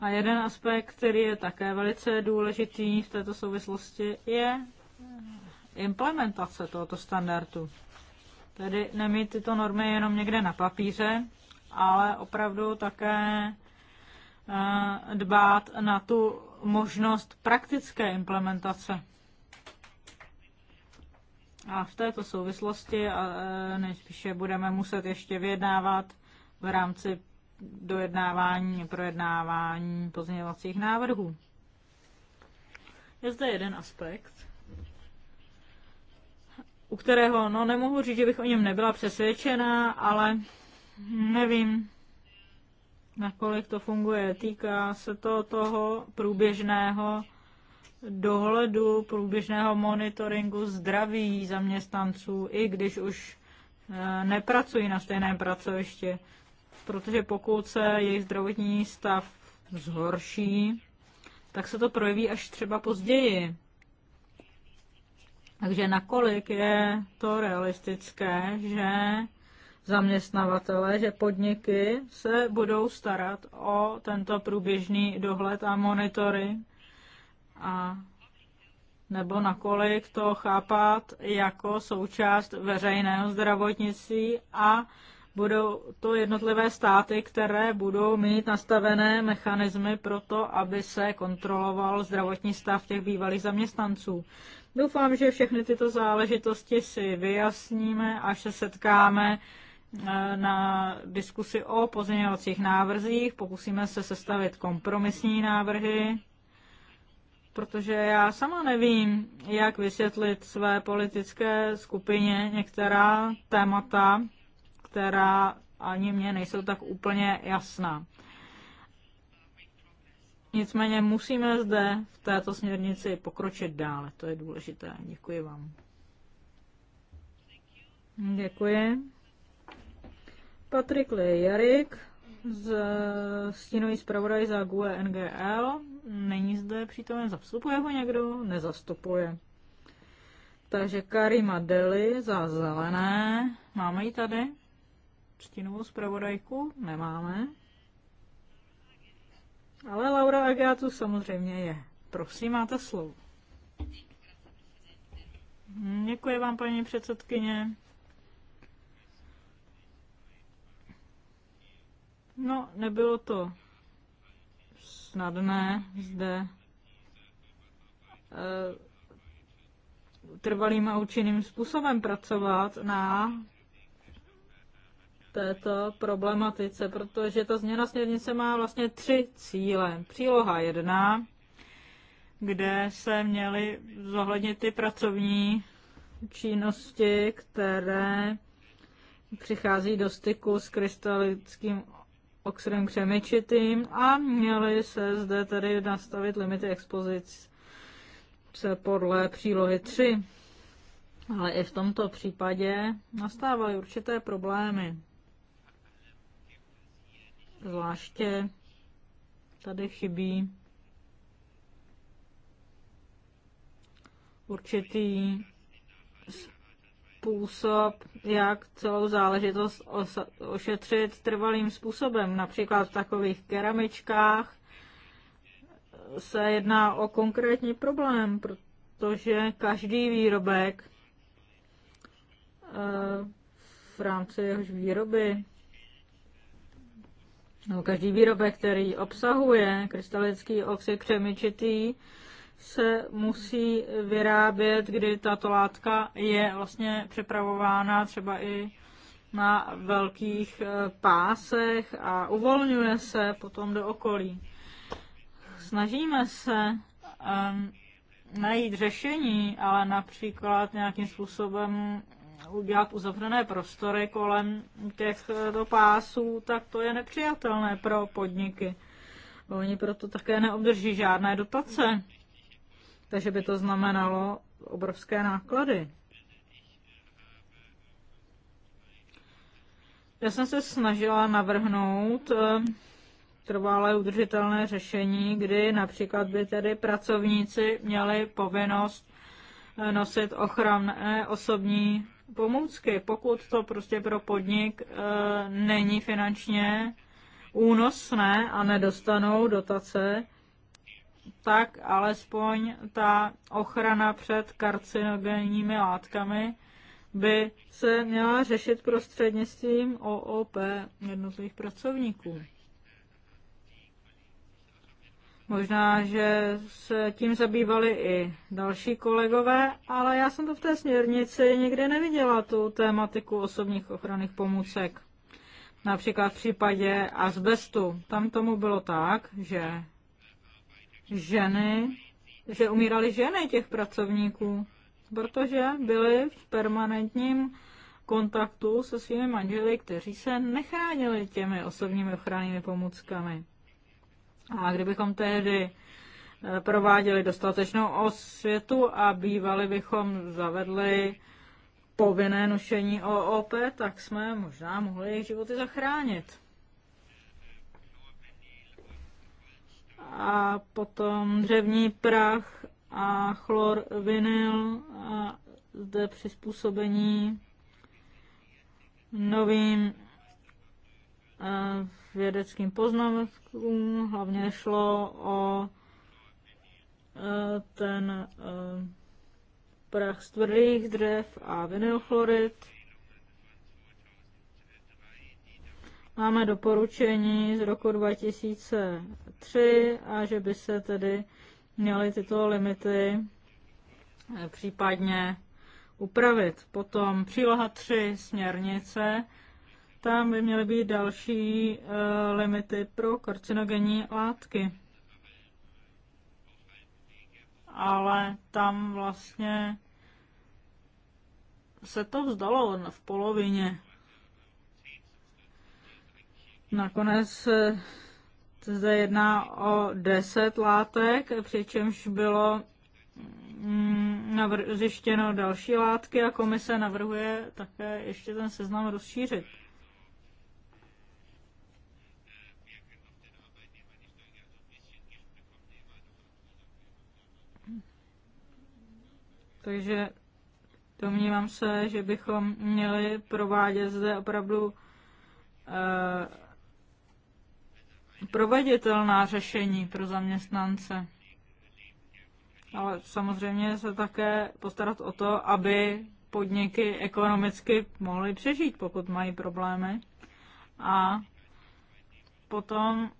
A jeden aspekt, který je také velice důležitý v této souvislosti, je implementace tohoto standardu. Tedy nemít tyto normy jenom někde na papíře, ale opravdu také eh, dbát na tu možnost praktické implementace. A v této souvislosti e, nejspíše budeme muset ještě vyjednávat v rámci dojednávání, projednávání pozměňovacích návrhů. Je zde jeden aspekt, u kterého, no nemohu říct, že bych o něm nebyla přesvědčená, ale nevím, nakolik to funguje. Týká se to toho průběžného dohledu, průběžného monitoringu zdraví zaměstnanců, i když už eh, nepracují na stejném pracovišti. Protože pokud se jejich zdravotní stav zhorší, tak se to projeví až třeba později. Takže nakolik je to realistické, že zaměstnavatele, že podniky se budou starat o tento průběžný dohled a monitoring a nebo nakolik to chápat jako součást veřejného zdravotnictví a budou to jednotlivé státy, které budou mít nastavené mechanismy pro to, aby se kontroloval zdravotní stav těch bývalých zaměstnanců. Doufám, že všechny tyto záležitosti si vyjasníme, až se setkáme eh, na diskusi o pozměňovacích návrzích. Pokusíme se sestavit kompromisní návrhy protože já sama nevím, jak vysvětlit své politické skupině některá témata, která ani mě nejsou tak úplně jasná. Nicméně musíme zde v této směrnici pokročit dále, to je důležité. Děkuji vám. Děkuji. Patrik Lejarik z stínový zpravodaj za GUE NGL. Není zde přítomen, zastupuje ho někdo? Nezastupuje. Takže Karima Deli za zelené. Máme ji tady? Stínovou zpravodajku? Nemáme. Ale Laura Agiatu samozřejmě je. Prosím, máte slovo. Děkuji vám, paní předsedkyně. No, nebylo to snadné zde eh, trvalým a účinným způsobem pracovat na této problematice, protože ta změna směrnice má vlastně tři cíle. Příloha jedna, kde se měly zohlednit ty pracovní činnosti, které přichází do styku s krystalickým oxidem křemičitým a měly se zde tedy nastavit limity expozic se podle přílohy 3. Ale i v tomto případě nastávaly určité problémy. Zvláště tady chybí určitý způsob, jak celou záležitost ošetřit trvalým způsobem. Například v takových keramičkách se jedná o konkrétní problém, protože každý výrobek eh, v rámci jehož výroby No, každý výrobek, který obsahuje krystalický oxid křemičitý, se musí vyrábět, kdy tato látka je vlastně přepravována třeba i na velkých eh, pásech a uvolňuje se potom do okolí. Snažíme se um, najít řešení, ale například nějakým způsobem udělat uzavřené prostory kolem těchto eh, pásů, tak to je nepřijatelné pro podniky. Oni proto také neobdrží žádné dotace takže by to znamenalo obrovské náklady. Já jsem se snažila navrhnout eh, trvalé udržitelné řešení, kdy například by tedy pracovníci měli povinnost eh, nosit ochranné osobní pomůcky, pokud to prostě pro podnik eh, není finančně únosné a nedostanou dotace, tak alespoň ta ochrana před karcinogenními látkami by se měla řešit prostřednictvím OOP jednotlivých pracovníků. Možná, že se tím zabývali i další kolegové, ale já jsem to v té směrnici nikdy neviděla, tu tématiku osobních ochranných pomůcek. Například v případě asbestu. Tam tomu bylo tak, že ženy, že umíraly ženy těch pracovníků, protože byly v permanentním kontaktu se svými manželi, kteří se nechránili těmi osobními ochrannými pomůckami. A kdybychom tehdy eh, prováděli dostatečnou osvětu a bývali bychom zavedli povinné nošení OOP, tak jsme možná mohli jejich životy zachránit. a potom dřevní prach a chlor vinyl a zde přizpůsobení novým eh, vědeckým poznatkům. Hlavně šlo o eh, ten eh, prach z tvrdých dřev a vinylchlorid. máme doporučení z roku 2003 a že by se tedy měly tyto limity eh, případně upravit. Potom příloha 3 směrnice, tam by měly být další eh, limity pro karcinogenní látky. Ale tam vlastně se to vzdalo v polovině Nakonec se zde jedná o 10 látek, přičemž bylo mm, zjištěno další látky a komise navrhuje také ještě ten seznam rozšířit. Takže domnívám se, že bychom měli provádět zde opravdu eh, proveditelná řešení pro zaměstnance. Ale samozřejmě se také postarat o to, aby podniky ekonomicky mohly přežít, pokud mají problémy. A potom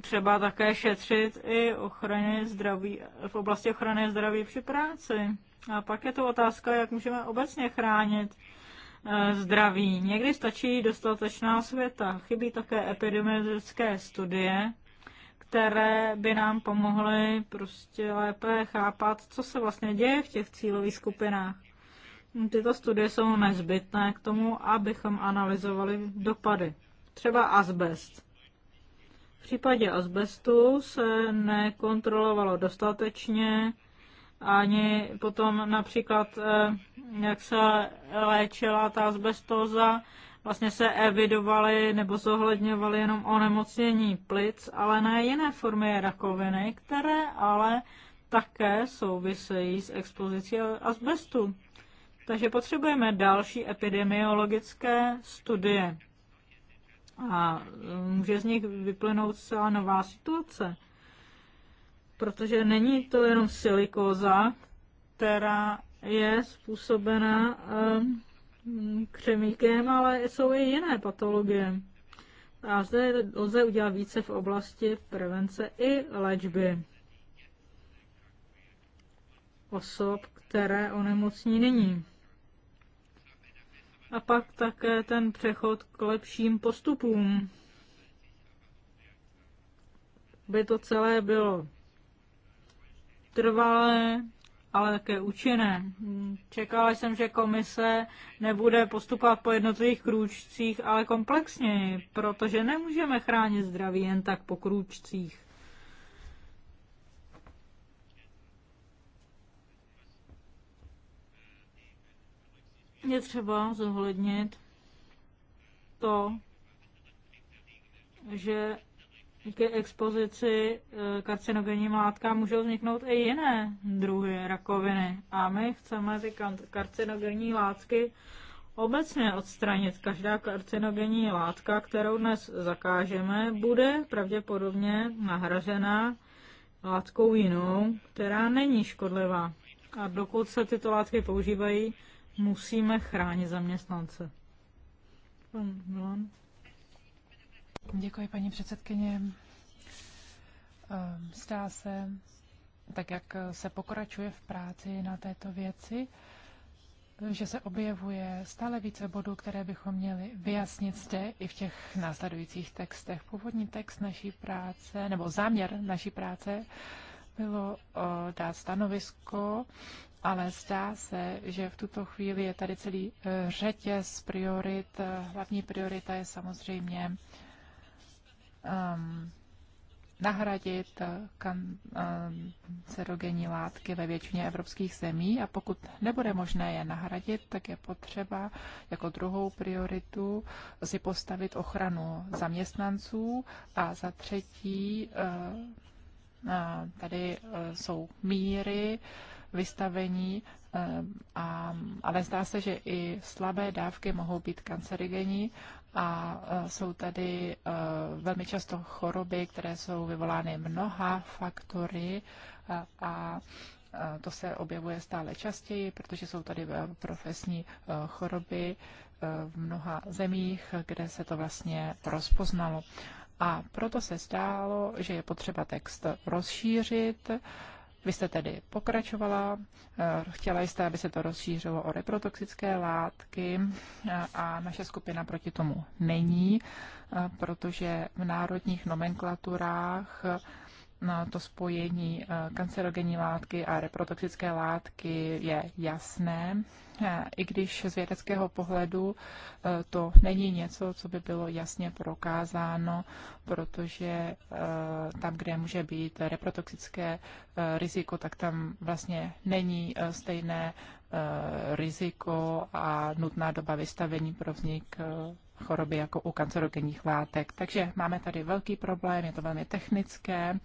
třeba také šetřit i ochraně zdraví, v oblasti ochrany zdraví při práci. A pak je to otázka, jak můžeme obecně chránit zdraví. Někdy stačí dostatečná světa. Chybí také epidemiologické studie, které by nám pomohly prostě lépe chápat, co se vlastně děje v těch cílových skupinách. Tyto studie jsou nezbytné k tomu, abychom analyzovali dopady. Třeba asbest. V případě asbestu se nekontrolovalo dostatečně ani potom například, eh, jak se léčila ta asbestoza, vlastně se evidovaly nebo zohledňovaly jenom onemocnění plic, ale ne jiné formy rakoviny, které ale také souvisejí s expozicí asbestu. Takže potřebujeme další epidemiologické studie. A může z nich vyplynout celá nová situace protože není to jenom silikóza, která je způsobena ehm, křemíkem, ale jsou i jiné patologie. A zde lze udělat více v oblasti prevence i léčby osob, které onemocní nyní. A pak také ten přechod k lepším postupům. By to celé bylo trvalé, ale také účinné. Čekala jsem, že komise nebude postupovat po jednotlivých krůčcích, ale komplexněji, protože nemůžeme chránit zdraví jen tak po krůčcích. Je třeba zohlednit to, že k expozici eh, karcinogenním látkám můžou vzniknout i jiné druhy rakoviny. A my chceme ty karcinogenní látky obecně odstranit. Každá karcinogenní látka, kterou dnes zakážeme, bude pravděpodobně nahrazena látkou jinou, která není škodlivá. A dokud se tyto látky používají, musíme chránit zaměstnance. Pan Milan. Děkuji, paní předsedkyně. Ehm, zdá se, tak jak se pokračuje v práci na této věci, že se objevuje stále více bodů, které bychom měli vyjasnit zde i v těch následujících textech. Původní text naší práce, nebo záměr naší práce, bylo dát stanovisko, ale zdá se, že v tuto chvíli je tady celý e, řetěz priorit. E, hlavní priorita je samozřejmě um, nahradit uh, kancerogenní um, látky ve většině evropských zemí a pokud nebude možné je nahradit, tak je potřeba jako druhou prioritu si postavit ochranu zaměstnanců a za třetí uh, uh, tady jsou míry vystavení, um, ale zdá se, že i slabé dávky mohou být kancerogenní a e, jsou tady e, velmi často choroby, které jsou vyvolány mnoha faktory a, e, to se objevuje stále častěji, protože jsou tady profesní choroby v mnoha zemích, kde se to vlastně rozpoznalo. A proto se zdálo, že je potřeba text rozšířit vy jste tedy pokračovala, eh, chtěla jste, aby se to rozšířilo o reprotoxické látky eh, a naše skupina proti tomu není, eh, protože v národních nomenklaturách na to spojení eh, kancerogenní látky a reprotoxické látky je jasné, eh, i když z vědeckého pohledu eh, to není něco, co by bylo jasně prokázáno, protože tam, kde může být reprotoxické riziko, tak tam vlastně není stejné riziko a nutná doba vystavení pro vznik choroby jako u kancerogenních látek. Takže máme tady velký problém, je to velmi technické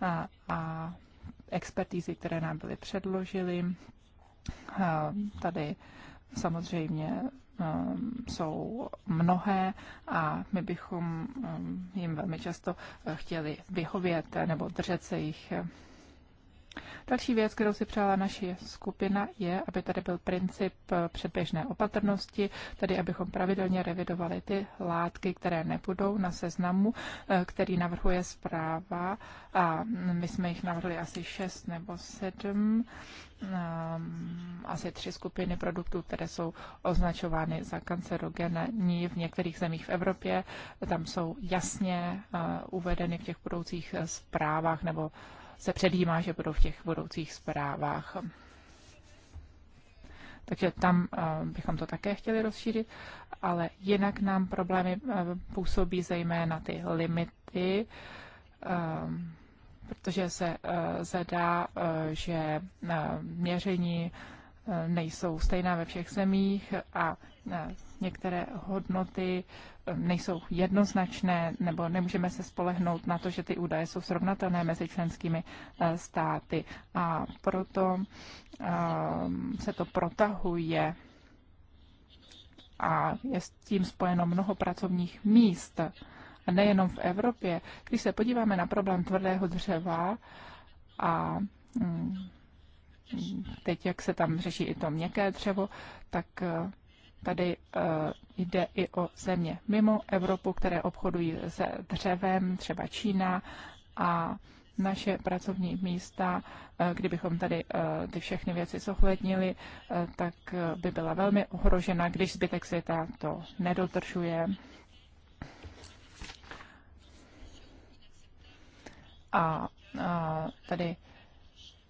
a, a expertízy, které nám byly předložily. Tady samozřejmě jsou mnohé a my bychom jim velmi často chtěli vyhovět nebo držet se jich Další věc, kterou si přála naše skupina, je, aby tady byl princip eh, předběžné opatrnosti, tedy abychom pravidelně revidovali ty látky, které nebudou na seznamu, eh, který navrhuje zpráva a my jsme jich navrhli asi šest nebo sedm ehm, asi tři skupiny produktů, které jsou označovány za kancerogenní v některých zemích v Evropě. Tam jsou jasně eh, uvedeny v těch budoucích zprávách nebo se předjímá, že budou v těch budoucích zprávách. Takže tam eh, bychom to také chtěli rozšířit, ale jinak nám problémy eh, působí zejména ty limity, eh, protože se zadá, že měření nejsou stejná ve všech zemích a některé hodnoty eh, nejsou jednoznačné nebo nemůžeme se spolehnout na to, že ty údaje jsou srovnatelné mezi členskými eh, státy. A proto eh, se to protahuje a je s tím spojeno mnoho pracovních míst. A nejenom v Evropě. Když se podíváme na problém tvrdého dřeva a mm, teď, jak se tam řeší i to měkké dřevo, tak Tady eh, jde i o země mimo Evropu, které obchodují se dřevem, třeba Čína a naše pracovní místa, eh, kdybychom tady eh, ty všechny věci zohlednili, tak by byla velmi ohrožena, když zbytek světa to nedotržuje. a tady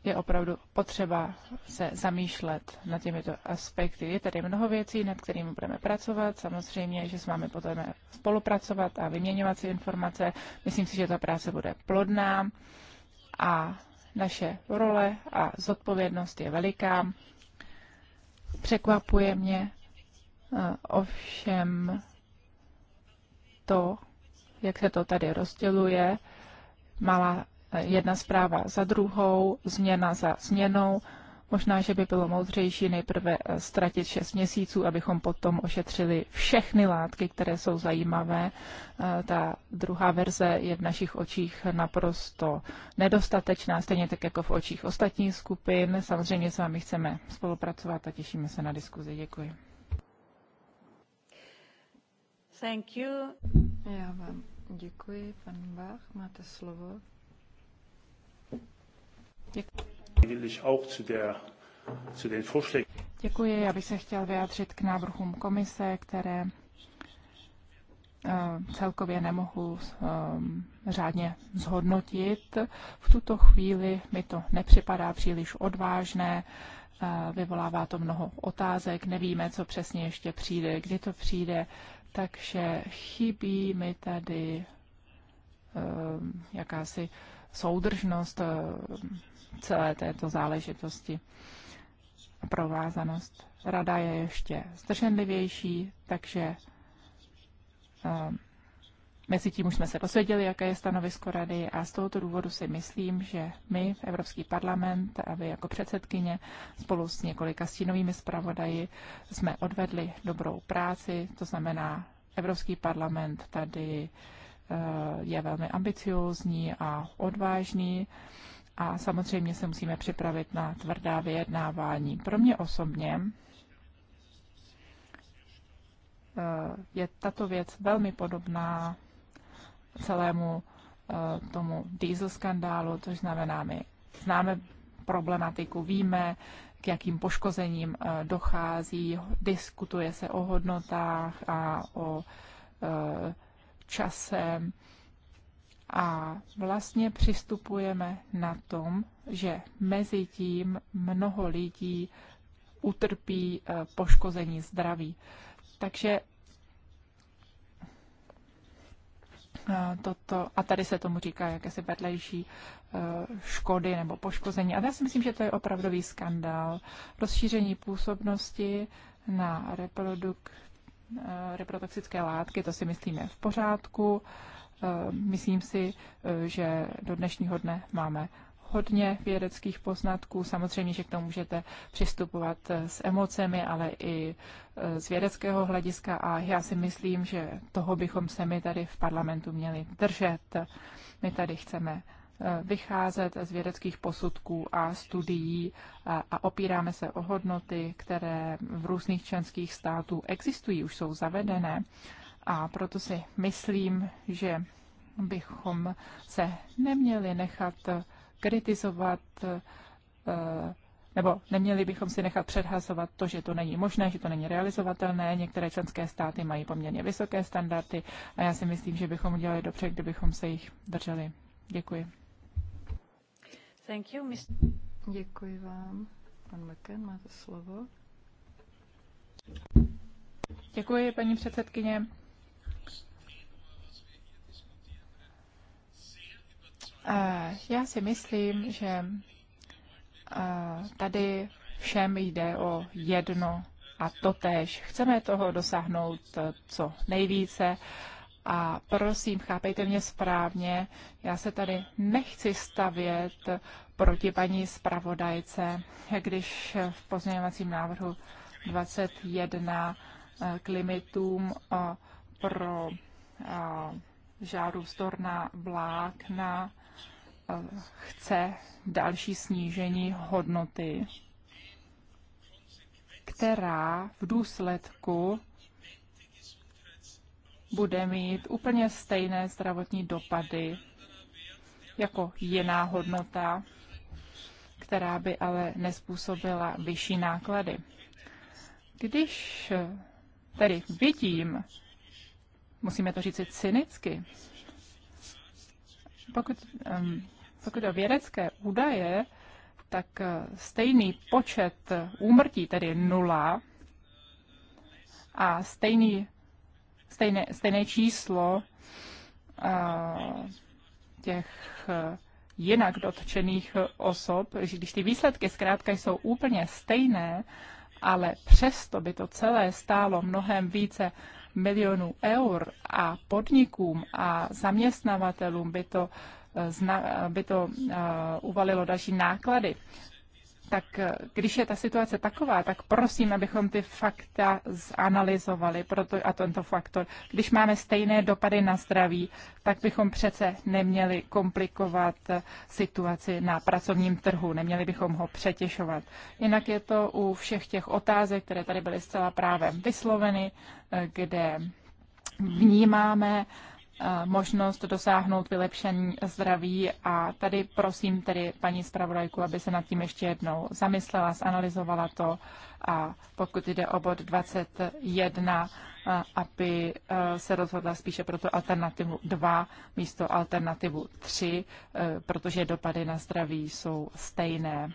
je opravdu potřeba se zamýšlet nad těmito aspekty. Je tady mnoho věcí, nad kterými budeme pracovat. Samozřejmě, že s vámi budeme spolupracovat a vyměňovat si informace. Myslím si, že ta práce bude plodná a naše role a zodpovědnost je veliká. Překvapuje mě eh, ovšem to, jak se to tady rozděluje. Malá jedna zpráva za druhou, změna za změnou. Možná, že by bylo moudřejší nejprve eh, ztratit 6 měsíců, abychom potom ošetřili všechny látky, které jsou zajímavé. Eh, ta druhá verze je v našich očích naprosto nedostatečná, stejně tak jako v očích ostatních skupin. Samozřejmě s vámi chceme spolupracovat a těšíme se na diskuzi. Děkuji. Thank you. Já vám děkuji, pan Bach, máte slovo. Děkuji. já bych se chtěl vyjádřit k návrhům komise, které eh, celkově nemohu eh, řádně zhodnotit. V tuto chvíli mi to nepřipadá příliš odvážné, eh, vyvolává to mnoho otázek, nevíme, co přesně ještě přijde, kdy to přijde, takže chybí mi tady jakási soudržnost eh, celé této záležitosti a provázanost. Rada je ještě zdrženlivější, takže eh, Mezi tím už jsme se dozvěděli, jaké je stanovisko rady a z tohoto důvodu si myslím, že my, Evropský parlament a vy jako předsedkyně spolu s několika stínovými zpravodaji jsme odvedli dobrou práci, to znamená, Evropský parlament tady uh, Eh, je velmi ambiciózní a odvážný a samozřejmě se musíme připravit na tvrdá vyjednávání. Pro mě osobně eh, je tato věc velmi podobná celému eh, tomu diesel skandálu, což znamená, my známe problematiku, víme, k jakým poškozením dochází, diskutuje se o hodnotách a o časem a vlastně přistupujeme na tom, že mezi tím mnoho lidí utrpí eh, poškození zdraví. Takže eh, toto, a tady se tomu říká jakési vedlejší eh, škody nebo poškození. A já si myslím, že to je opravdový skandál. Rozšíření působnosti na reprodukci Eh, reprotoxické látky, to si myslíme v pořádku. Eh, myslím si, eh, že do dnešního dne máme hodně vědeckých poznatků. Samozřejmě, že k tomu můžete přistupovat s emocemi, ale i z vědeckého hlediska a já si myslím, že toho bychom se my tady v parlamentu měli držet. My tady chceme Eh, vycházet z vědeckých posudků a studií eh, a, opíráme se o hodnoty, které v různých členských států existují, už jsou zavedené. A proto si myslím, že bychom se neměli nechat kritizovat eh, nebo neměli bychom si nechat předhazovat to, že to není možné, že to není realizovatelné. Některé členské státy mají poměrně vysoké standardy a já si myslím, že bychom udělali dobře, kdybychom se jich drželi. Děkuji. Thank you, Děkuji vám. Pan McKen, máte slovo. Děkuji, paní předsedkyně. Eh, já si myslím, že eh, tady všem jde o jedno a totéž. Chceme toho dosáhnout eh, co nejvíce a prosím, chápejte mě správně, já se tady nechci stavět proti paní zpravodajce, když v pozměňovacím návrhu 21 eh, k limitům eh, pro eh, žáru vzdorná vlákna chce další snížení hodnoty, která v důsledku bude mít úplně stejné zdravotní dopady jako jiná hodnota, která by ale nespůsobila vyšší náklady. Když tedy vidím, musíme to říct cynicky, pokud, pokud o vědecké údaje, tak eh, stejný počet úmrtí, tedy nula, a stejný stejné, stejné číslo těch e, jinak dotčených osob, že když ty výsledky zkrátka jsou úplně stejné, ale přesto by to celé stálo mnohem více milionů eur a podnikům a zaměstnavatelům by to, e, by to e, uvalilo další náklady tak eh, když je ta situace taková, tak prosím, abychom ty fakta zanalizovali proto, a tento faktor. Když máme stejné dopady na zdraví, tak bychom přece neměli komplikovat eh, situaci na pracovním trhu, neměli bychom ho přetěšovat. Jinak je to u všech těch otázek, které tady byly zcela právem vysloveny, eh, kde vnímáme, možnost dosáhnout vylepšení zdraví a tady prosím tedy paní zpravodajku, aby se nad tím ještě jednou zamyslela, zanalizovala to a pokud jde o bod 21, aby se rozhodla spíše pro tu alternativu 2 místo alternativu 3, e, protože dopady na zdraví jsou stejné.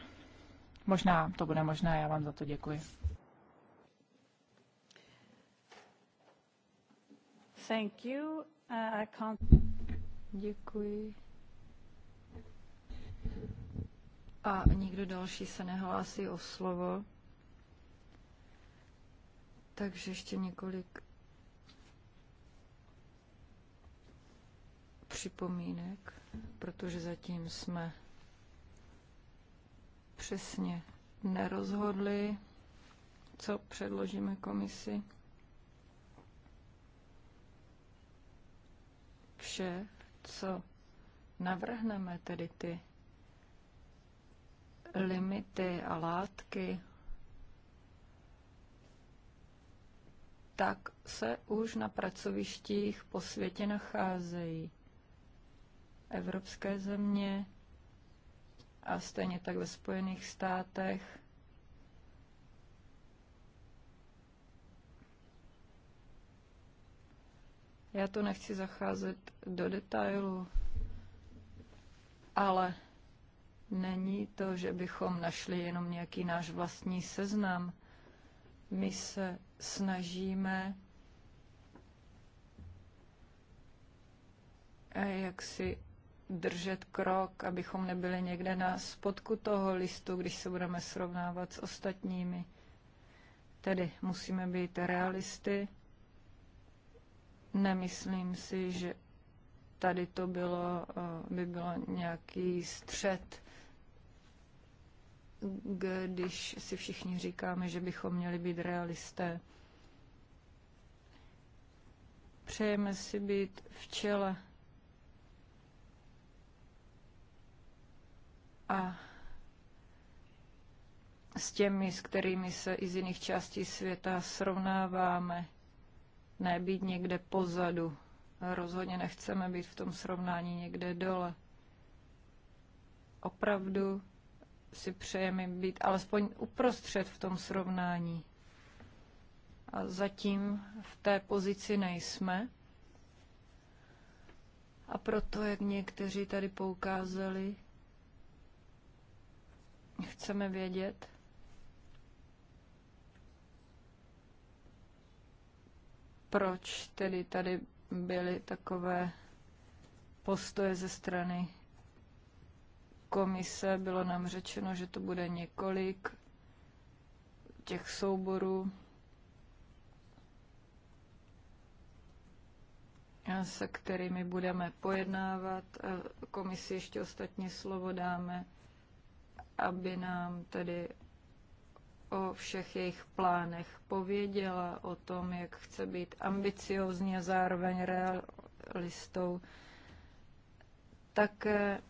Možná to bude možné, já vám za to děkuji. Thank you. Uh, I can't... Děkuji. A nikdo další se nehlásí o slovo. Takže ještě několik připomínek, protože zatím jsme přesně nerozhodli, co předložíme komisi. vše, co navrhneme, tedy ty limity a látky, tak se už na pracovištích po světě nacházejí evropské země a stejně tak ve Spojených státech Já to nechci zacházet do detailu, ale není to, že bychom našli jenom nějaký náš vlastní seznam. My se snažíme eh, jak si držet krok, abychom nebyli někde na spodku toho listu, když se budeme srovnávat s ostatními. Tedy musíme být realisty Nemyslím si, že tady to bylo, eh, by bylo nějaký střed, když si všichni říkáme, že bychom měli být realisté. Přejeme si být v čele. A s těmi, s kterými se i z jiných částí světa srovnáváme ne být někde pozadu. Rozhodně nechceme být v tom srovnání někde dole. Opravdu si přejeme být alespoň uprostřed v tom srovnání. A zatím v té pozici nejsme. A proto, jak někteří tady poukázali, chceme vědět, proč tedy tady byly takové postoje ze strany komise. Bylo nám řečeno, že to bude několik těch souborů, se kterými budeme pojednávat. Komisi ještě ostatně slovo dáme, aby nám tedy o všech jejich plánech pověděla, o tom, jak chce být ambiciozní a zároveň realistou. Také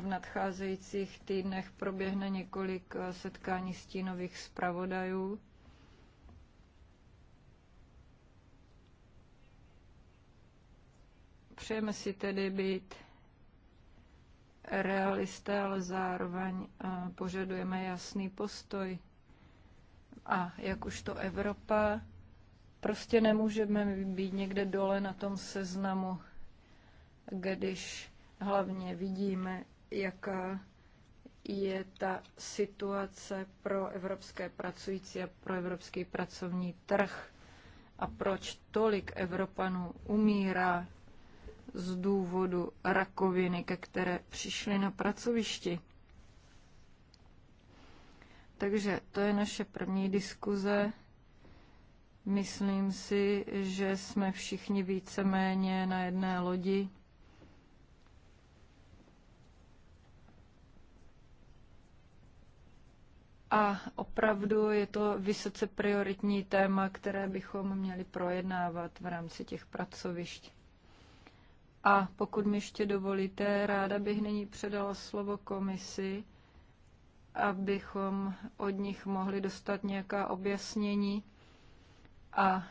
v nadcházejících týdnech proběhne několik eh, setkání stínových zpravodajů. Přejeme si tedy být realisté, ale zároveň eh, požadujeme jasný postoj. A jak už to Evropa, prostě nemůžeme být někde dole na tom seznamu, když hlavně vidíme, jaká je ta situace pro evropské pracující a pro evropský pracovní trh a proč tolik Evropanů umírá z důvodu rakoviny, ke které přišli na pracovišti. Takže to je naše první diskuze. Myslím si, že jsme všichni víceméně na jedné lodi. A opravdu je to vysoce prioritní téma, které bychom měli projednávat v rámci těch pracovišť. A pokud mi ještě dovolíte, ráda bych nyní předala slovo komisi abychom od nich mohli dostat nějaká objasnění a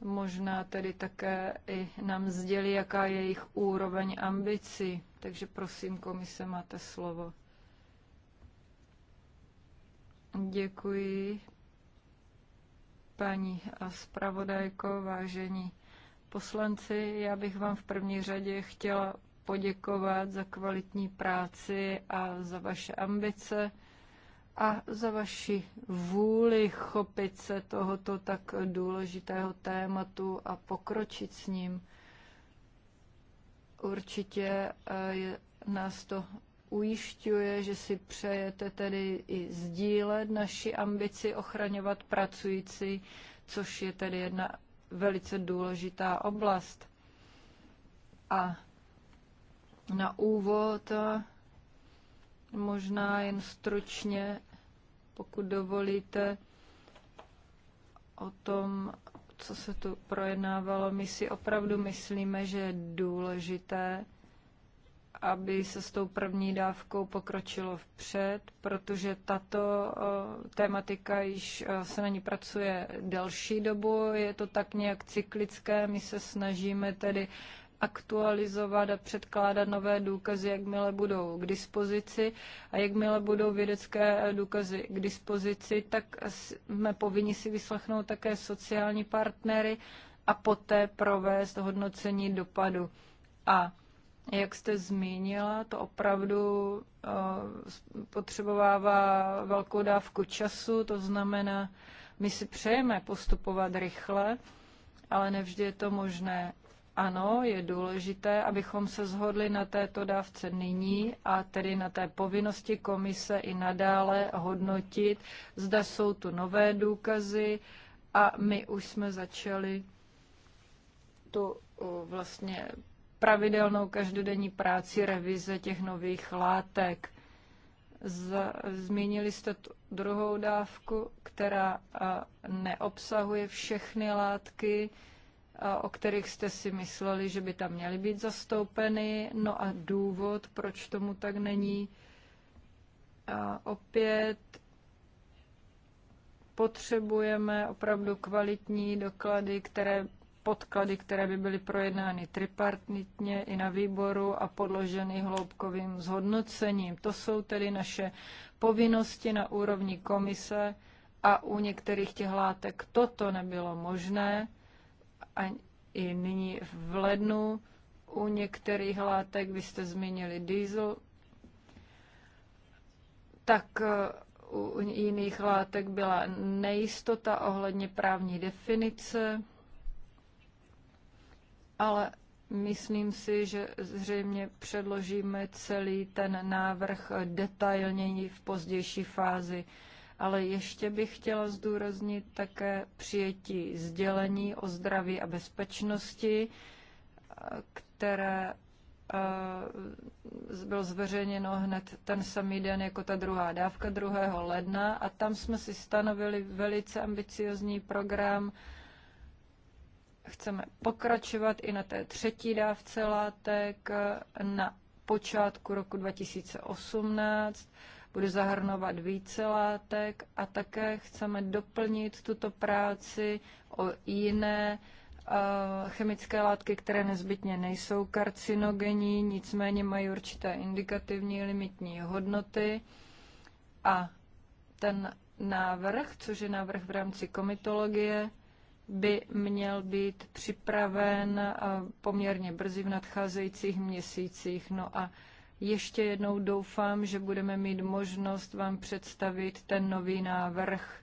možná tedy také i nám sdělí, jaká je jejich úroveň ambicí. Takže prosím, komise, máte slovo. Děkuji, paní a zpravodajko, vážení poslanci. Já bych vám v první řadě chtěla poděkovat za kvalitní práci a za vaše ambice a za vaši vůli chopit se tohoto tak důležitého tématu a pokročit s ním. Určitě eh, je, nás to ujišťuje, že si přejete tedy i sdílet naši ambici ochraňovat pracující, což je tedy jedna velice důležitá oblast. A na úvod možná jen stručně, pokud dovolíte, o tom, co se tu projednávalo. My si opravdu myslíme, že je důležité, aby se s tou první dávkou pokročilo vpřed, protože tato tématika již se na ní pracuje delší dobu, je to tak nějak cyklické, my se snažíme tedy aktualizovat a předkládat nové důkazy, jakmile budou k dispozici. A jakmile budou vědecké důkazy k dispozici, tak jsme povinni si vyslechnout také sociální partnery a poté provést hodnocení dopadu. A jak jste zmínila, to opravdu eh, potřebovává velkou dávku času, to znamená, my si přejeme postupovat rychle, ale nevždy je to možné. Ano, je důležité, abychom se zhodli na této dávce nyní a tedy na té povinnosti komise i nadále hodnotit, zda jsou tu nové důkazy a my už jsme začali tu uh, vlastně pravidelnou každodenní práci revize těch nových látek. Zmínili jste tu druhou dávku, která uh, neobsahuje všechny látky, o kterých jste si mysleli, že by tam měly být zastoupeny. No a důvod, proč tomu tak není, a opět potřebujeme opravdu kvalitní doklady, které podklady, které by byly projednány tripartitně i na výboru a podloženy hloubkovým zhodnocením. To jsou tedy naše povinnosti na úrovni komise a u některých těch látek toto nebylo možné a i nyní v lednu. U některých látek, vy jste zmínili diesel, tak eh, u jiných látek byla nejistota ohledně právní definice, ale myslím si, že zřejmě předložíme celý ten návrh detailněji v pozdější fázi ale ještě bych chtěla zdůraznit také přijetí sdělení o zdraví a bezpečnosti, které eh, bylo zveřejněno hned ten samý den jako ta druhá dávka 2. ledna a tam jsme si stanovili velice ambiciozní program. Chceme pokračovat i na té třetí dávce látek eh, na počátku roku 2018 bude zahrnovat více látek a také chceme doplnit tuto práci o jiné eh, chemické látky, které nezbytně nejsou karcinogenní, nicméně mají určité indikativní limitní hodnoty a ten návrh, což je návrh v rámci komitologie, by měl být připraven eh, poměrně brzy v nadcházejících měsících. No a ještě jednou doufám, že budeme mít možnost vám představit ten nový návrh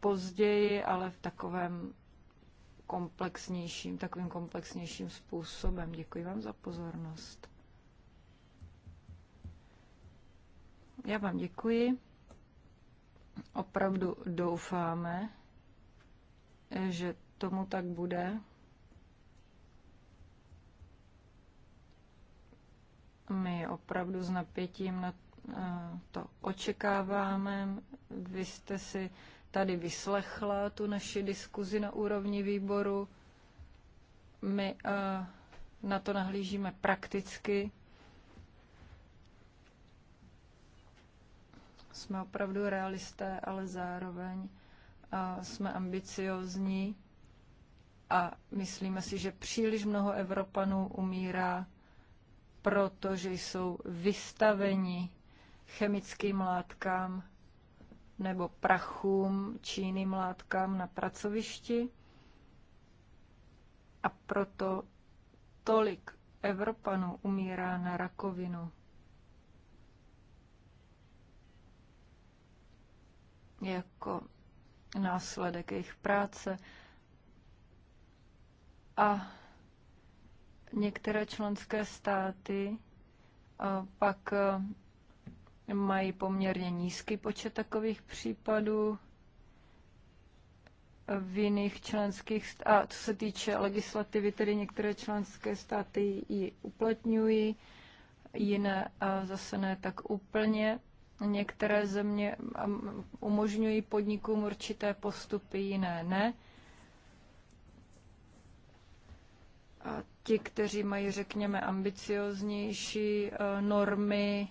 později, ale v takovém komplexnějším, takovým komplexnějším způsobem. Děkuji vám za pozornost. Já vám děkuji. Opravdu doufáme, že tomu tak bude. My opravdu s napětím na eh, to očekáváme. Vy jste si tady vyslechla tu naši diskuzi na úrovni výboru. My eh, na to nahlížíme prakticky. Jsme opravdu realisté, ale zároveň eh, jsme ambiciozní a myslíme si, že příliš mnoho Evropanů umírá protože jsou vystaveni chemickým látkám nebo prachům či jiným látkám na pracovišti. A proto tolik Evropanů umírá na rakovinu. Jako následek jejich práce. A Některé členské státy pak mají poměrně nízký počet takových případů. V jiných členských a co se týče legislativy, tedy některé členské státy ji uplatňují, jiné zase ne tak úplně. Některé země umožňují podnikům určité postupy, jiné ne. A ti, kteří mají, řekněme, ambicioznější eh, normy,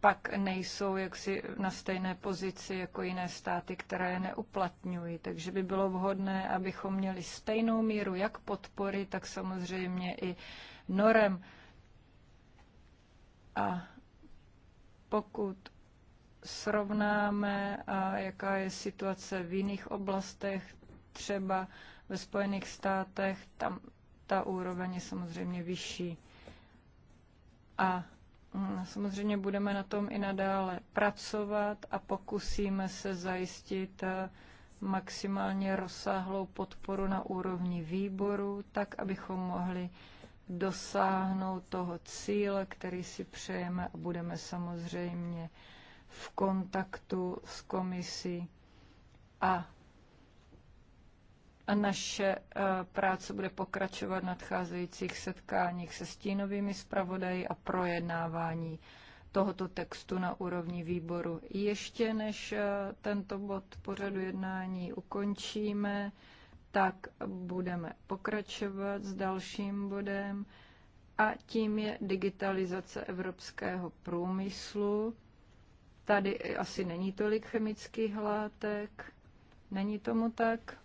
pak nejsou jaksi na stejné pozici jako jiné státy, které je neuplatňují. Takže by bylo vhodné, abychom měli stejnou míru jak podpory, tak samozřejmě i norem. A pokud srovnáme, jaká je situace v jiných oblastech, třeba ve Spojených státech tam ta úroveň je samozřejmě vyšší. A mm, samozřejmě budeme na tom i nadále pracovat a pokusíme se zajistit eh, maximálně rozsáhlou podporu na úrovni výboru, tak abychom mohli dosáhnout toho cíle, který si přejeme a budeme samozřejmě v kontaktu s komisí a a naše eh, práce bude pokračovat v nadcházejících setkáních se stínovými zpravodaji a projednávání tohoto textu na úrovni výboru. Ještě než eh, tento bod pořadu jednání ukončíme, tak budeme pokračovat s dalším bodem a tím je digitalizace evropského průmyslu. Tady asi není tolik chemických látek, není tomu tak?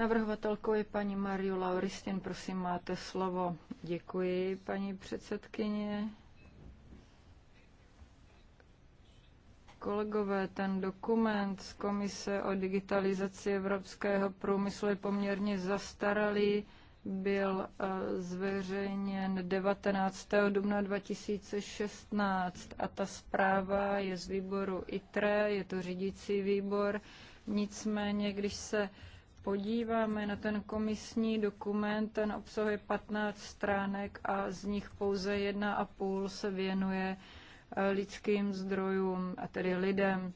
Navrhovatelkou je paní Mariu Lauristin. Prosím, máte slovo. Děkuji, paní předsedkyně. Kolegové, ten dokument z Komise o digitalizaci evropského průmyslu je poměrně zastaralý. Byl eh, zveřejněn 19. dubna 2016 a ta zpráva je z výboru ITRE, je to řídící výbor. Nicméně, když se podíváme na ten komisní dokument, ten obsahuje 15 stránek a z nich pouze jedna a půl se věnuje eh, lidským zdrojům, a tedy lidem.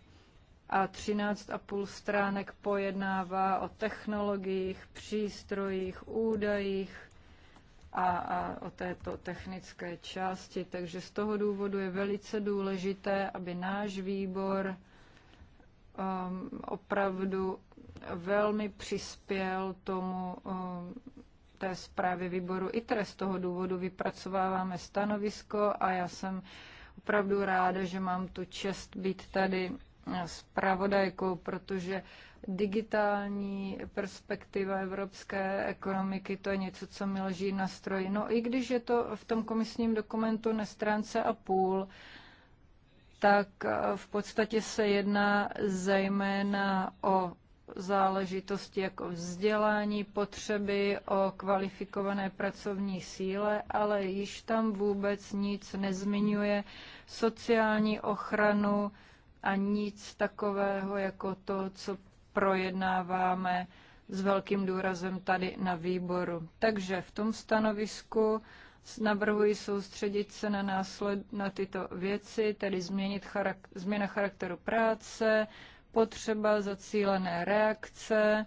A 13,5 stránek pojednává o technologiích, přístrojích, údajích a, a o této technické části. Takže z toho důvodu je velice důležité, aby náš výbor um, opravdu velmi přispěl tomu eh, té zprávě výboru ITRE. Z toho důvodu vypracováváme stanovisko a já jsem opravdu ráda, že mám tu čest být tady eh, zpravodajkou, protože digitální perspektiva evropské ekonomiky, to je něco, co mi leží na stroji. No i když je to v tom komisním dokumentu na stránce a půl, tak eh, v podstatě se jedná zejména o záležitosti jako vzdělání, potřeby o kvalifikované pracovní síle, ale již tam vůbec nic nezmiňuje sociální ochranu a nic takového jako to, co projednáváme s velkým důrazem tady na výboru. Takže v tom stanovisku navrhuji soustředit se na, násled, na tyto věci, tedy změnit charak, změna charakteru práce, potřeba zacílené reakce,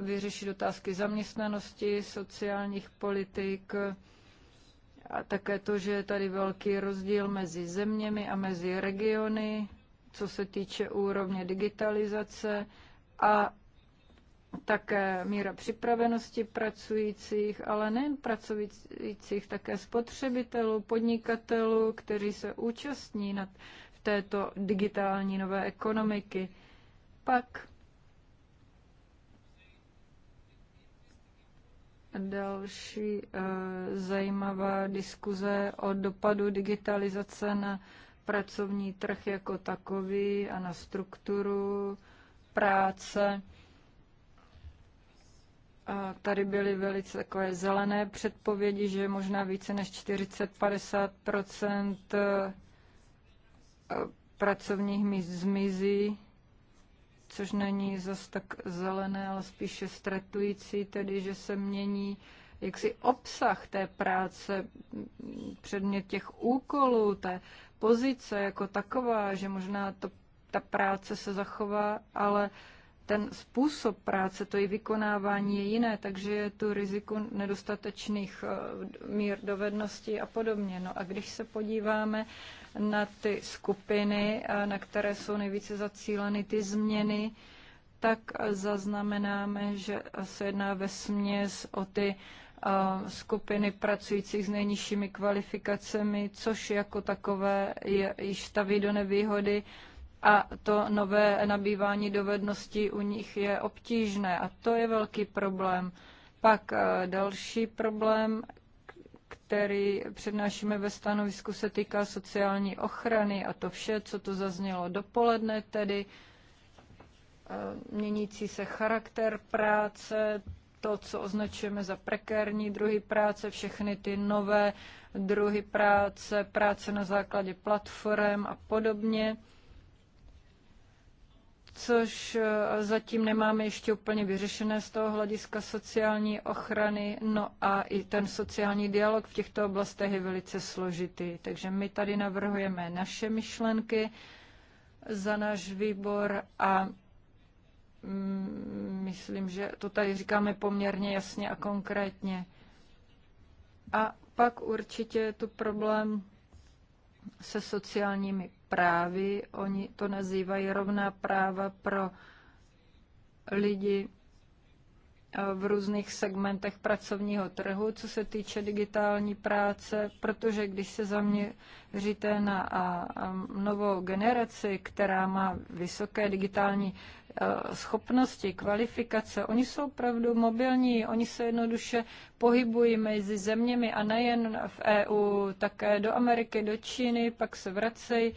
vyřešit otázky zaměstnanosti, sociálních politik a také to, že je tady velký rozdíl mezi zeměmi a mezi regiony, co se týče úrovně digitalizace a také míra připravenosti pracujících, ale nejen pracujících, také spotřebitelů, podnikatelů, kteří se účastní na této digitální nové ekonomiky. Pak další uh, zajímavá diskuze o dopadu digitalizace na pracovní trh jako takový a na strukturu práce. A tady byly velice takové zelené předpovědi, že možná více než 40-50 pracovních míst zmizí, což není zas tak zelené, ale spíše stretující, tedy že se mění jaksi obsah té práce, předmět těch úkolů, té pozice jako taková, že možná to, ta práce se zachová, ale uh, ten způsob práce, to i vykonávání je jiné, takže je tu riziko nedostatečných eh, mír dovedností a podobně. No a když se podíváme na ty skupiny, eh, na které jsou nejvíce zacíleny ty změny, tak eh, zaznamenáme, že se jedná ve směs o ty skupiny pracujících s nejnižšími kvalifikacemi, což jako takové je již staví do nevýhody a to nové nabývání dovedností u nich je obtížné a to je velký problém. Pak eh, další problém, který přednášíme ve stanovisku, se týká sociální ochrany a to vše, co tu zaznělo dopoledne, tedy eh, měnící se charakter práce, to, co označujeme za prekérní druhy práce, všechny ty nové druhy práce, práce na základě platform a podobně což eh, zatím nemáme ještě úplně vyřešené z toho hlediska sociální ochrany. No a i ten sociální dialog v těchto oblastech je velice složitý. Takže my tady navrhujeme naše myšlenky za náš výbor a mm, myslím, že to tady říkáme poměrně jasně a konkrétně. A pak určitě je tu problém se sociálními právy. Oni to nazývají rovná práva pro lidi eh, v různých segmentech pracovního trhu, co se týče digitální práce, protože když se zaměříte na novou generaci, která má vysoké digitální eh, schopnosti, kvalifikace, oni jsou opravdu mobilní, oni se jednoduše pohybují mezi zeměmi a nejen v EU, také do Ameriky, do Číny, pak se vracejí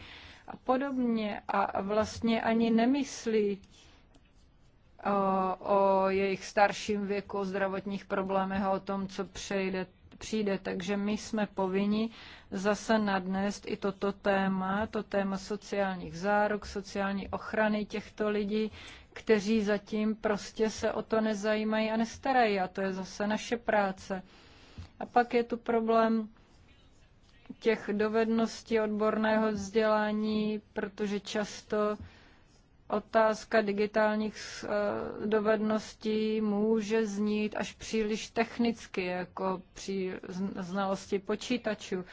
a podobně a vlastně ani nemyslí o, o jejich starším věku, o zdravotních problémech a o tom, co přejde přijde. Takže my jsme povinni zase nadnést i toto téma, to téma sociálních záruk, sociální ochrany těchto lidí, kteří zatím prostě se o to nezajímají a nestarají. A to je zase naše práce. A pak je tu problém těch dovedností odborného vzdělání, protože často otázka digitálních eh, dovedností může znít až příliš technicky, jako při znalosti počítačů,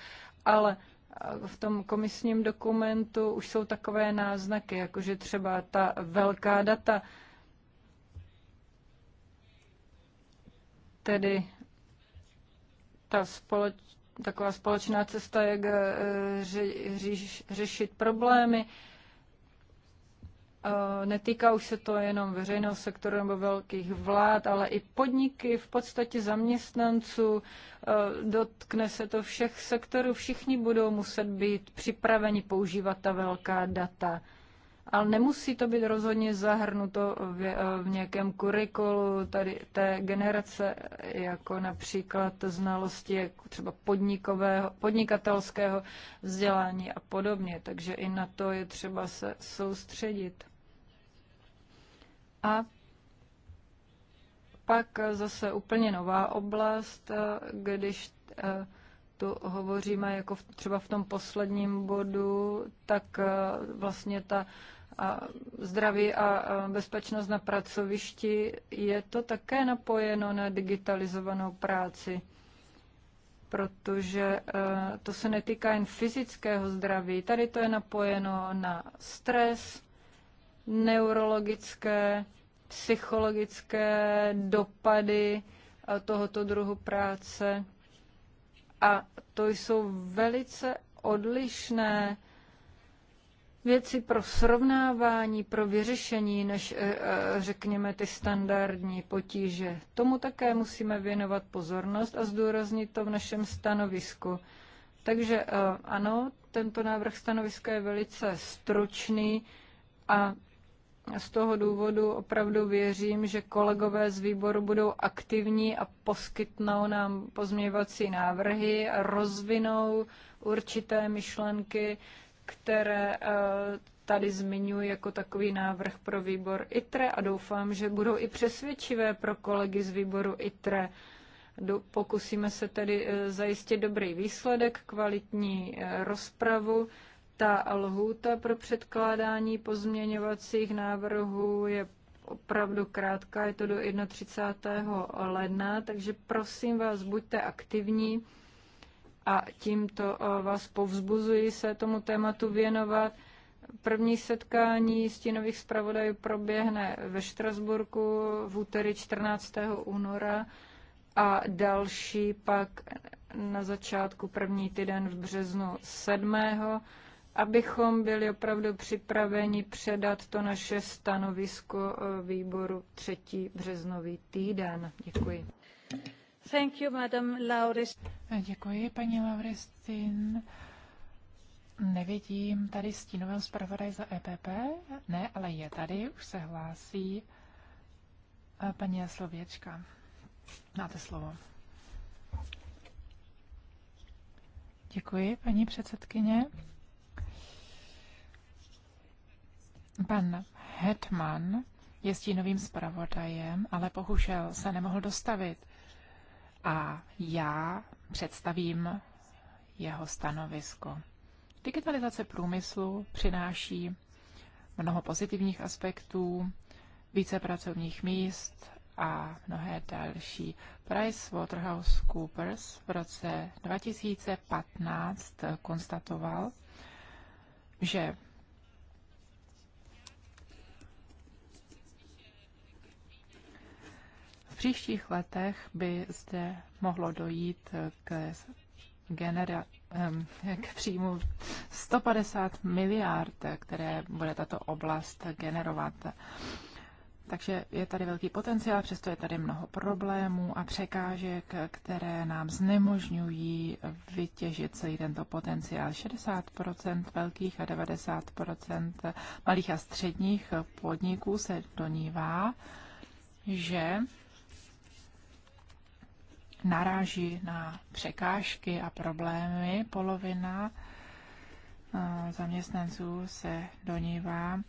ale eh, v tom komisním dokumentu už jsou takové náznaky, jakože třeba ta velká data, tedy ta společnost, taková společná cesta, jak eh, řešit problémy. Eh, netýká už se to jenom veřejného sektoru nebo velkých vlád, ale i podniky, v podstatě zaměstnanců. Eh, dotkne se to všech sektorů. Všichni budou muset být připraveni používat ta velká data ale nemusí to být rozhodně zahrnuto v, eh, v nějakém kurikulu tady té generace, jako například znalosti jako třeba podnikového, podnikatelského vzdělání a podobně. Takže i na to je třeba se soustředit. A pak zase úplně nová oblast, eh, když eh, tu hovoříme, jako v, třeba v tom posledním bodu, tak eh, vlastně ta a zdraví a bezpečnost na pracovišti je to také napojeno na digitalizovanou práci protože eh, to se netýká jen fyzického zdraví. Tady to je napojeno na stres, neurologické, psychologické dopady eh, tohoto druhu práce a to jsou velice odlišné věci pro srovnávání, pro vyřešení, než eh, eh, řekněme ty standardní potíže. Tomu také musíme věnovat pozornost a zdůraznit to v našem stanovisku. Takže eh, ano, tento návrh stanoviska je velice stručný a z toho důvodu opravdu věřím, že kolegové z výboru budou aktivní a poskytnou nám pozměňovací návrhy a rozvinou určité myšlenky, které eh, tady zmiňuji jako takový návrh pro výbor ITRE a doufám, že budou i přesvědčivé pro kolegy z výboru ITRE. Pokusíme se tedy eh, zajistit dobrý výsledek, kvalitní eh, rozpravu ta lhůta pro předkládání pozměňovacích návrhů je opravdu krátká, je to do 31. ledna, takže prosím vás, buďte aktivní a tímto eh, vás povzbuzuji se tomu tématu věnovat. První setkání stínových zpravodajů proběhne ve Štrasburku v úterý 14. února a další pak na začátku první týden v březnu 7 abychom byli opravdu připraveni předat to naše stanovisko e, výboru 3. březnový týden. Děkuji. Thank you, Madam Lauris. E, děkuji, paní Lauristin. Nevidím tady stínového zpravodaj za EPP. Ne, ale je tady, už se hlásí e, paní Slověčka. Máte slovo. Děkuji, paní předsedkyně. Pan Hetman je stínovým zpravodajem, ale bohužel se nemohl dostavit. A já představím jeho stanovisko. Digitalizace průmyslu přináší mnoho pozitivních aspektů, více pracovních míst a mnohé další. PricewaterhouseCoopers v roce 2015 konstatoval, že příštích letech by zde mohlo dojít k, genera- k příjmu 150 miliard, které bude tato oblast generovat. Takže je tady velký potenciál, přesto je tady mnoho problémů a překážek, které nám znemožňují vytěžit celý tento potenciál. 60 velkých a 90 malých a středních podniků se donívá, že naráží na překážky a problémy. Polovina eh, zaměstnanců se donívá,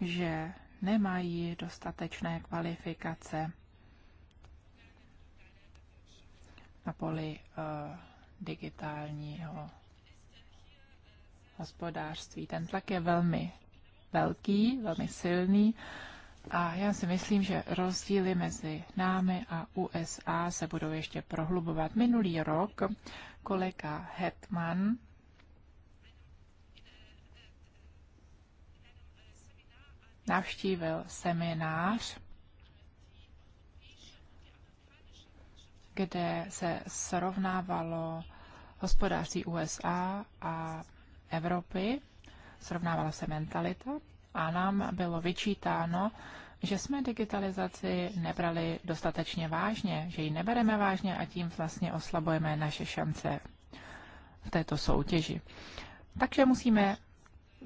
že nemají dostatečné kvalifikace na poli eh, digitálního hospodářství. Ten tlak je velmi velký, velmi silný a já si myslím, že rozdíly mezi námi a USA se budou ještě prohlubovat. Minulý rok kolega Hetman navštívil seminář, kde se srovnávalo hospodářství USA a Evropy, srovnávala se mentalita a nám bylo vyčítáno, že jsme digitalizaci nebrali dostatečně vážně, že ji nebereme vážně a tím vlastně oslabujeme naše šance v této soutěži. Takže musíme